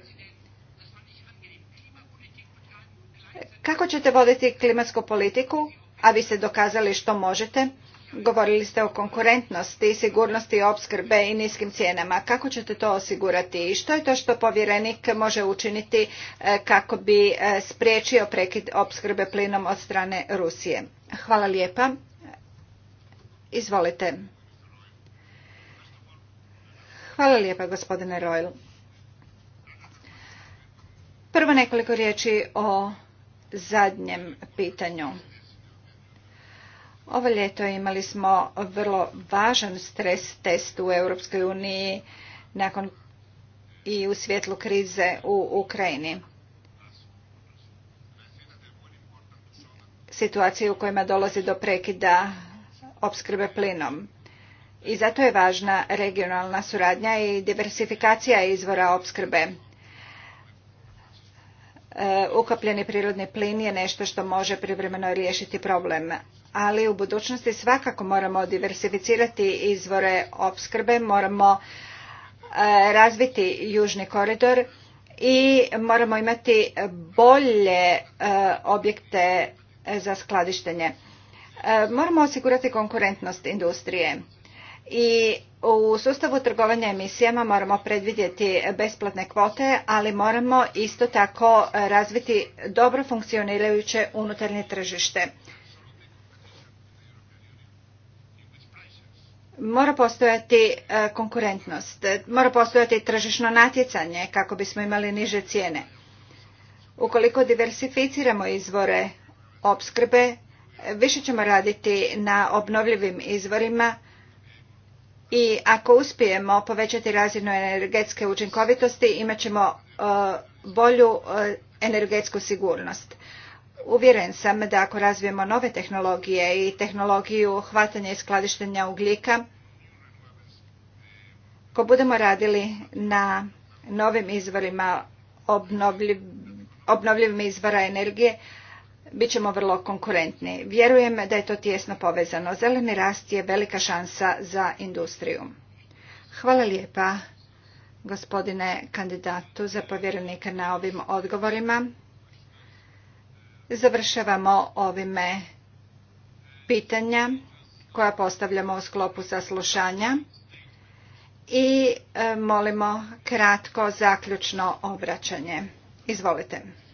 Speaker 3: Kako ćete voditi klimatsku politiku, a vi ste dokazali što možete? Govorili ste o konkurentnosti, sigurnosti opskrbe i niskim cijenama. Kako ćete to osigurati i što je to što povjerenik može učiniti e, kako bi e, spriječio prekid opskrbe plinom od strane Rusije? Hvala lijepa. Izvolite. Hvala lijepa gospodine Royal. Prvo nekoliko riječi o zadnjem pitanju. Ovo ljeto imali smo vrlo važan stres test u Europskoj uniji nakon i u svjetlu krize u Ukrajini. Situacije u kojima dolazi do prekida opskrbe plinom. I zato je važna regionalna suradnja i diversifikacija izvora opskrbe E, ukapljeni prirodni plin je nešto što može privremeno riješiti problem ali u budućnosti svakako moramo diversificirati izvore opskrbe moramo e, razviti južni koridor i moramo imati bolje e, objekte za skladištenje moramo osigurati konkurentnost industrije i u sustavu trgovanja emisijama moramo predvidjeti besplatne kvote, ali moramo isto tako e, razviti dobro funkcionirajuće unutarnje tržište. Mora postojati e, konkurentnost, mora postojati tržišno natjecanje kako bismo imali niže cijene. Ukoliko diversificiramo izvore opskrbe, više ćemo raditi na obnovljivim izvorima, i ako uspijemo povećati razinu energetske učinkovitosti imat ćemo e, bolju e, energetsku sigurnost. Uvjeren sam da ako razvijemo nove tehnologije i tehnologiju hvatanja i skladištenja ugljika, ako budemo radili na novim izvorima obnovljivim izvora energije, bit ćemo vrlo konkurentni. Vjerujem da je to tjesno povezano. Zeleni rast je velika šansa za industriju. Hvala lijepa gospodine kandidatu za povjerenika na ovim odgovorima. Završavamo ovime pitanja koja postavljamo u sklopu saslušanja i e, molimo kratko zaključno obraćanje. Izvolite.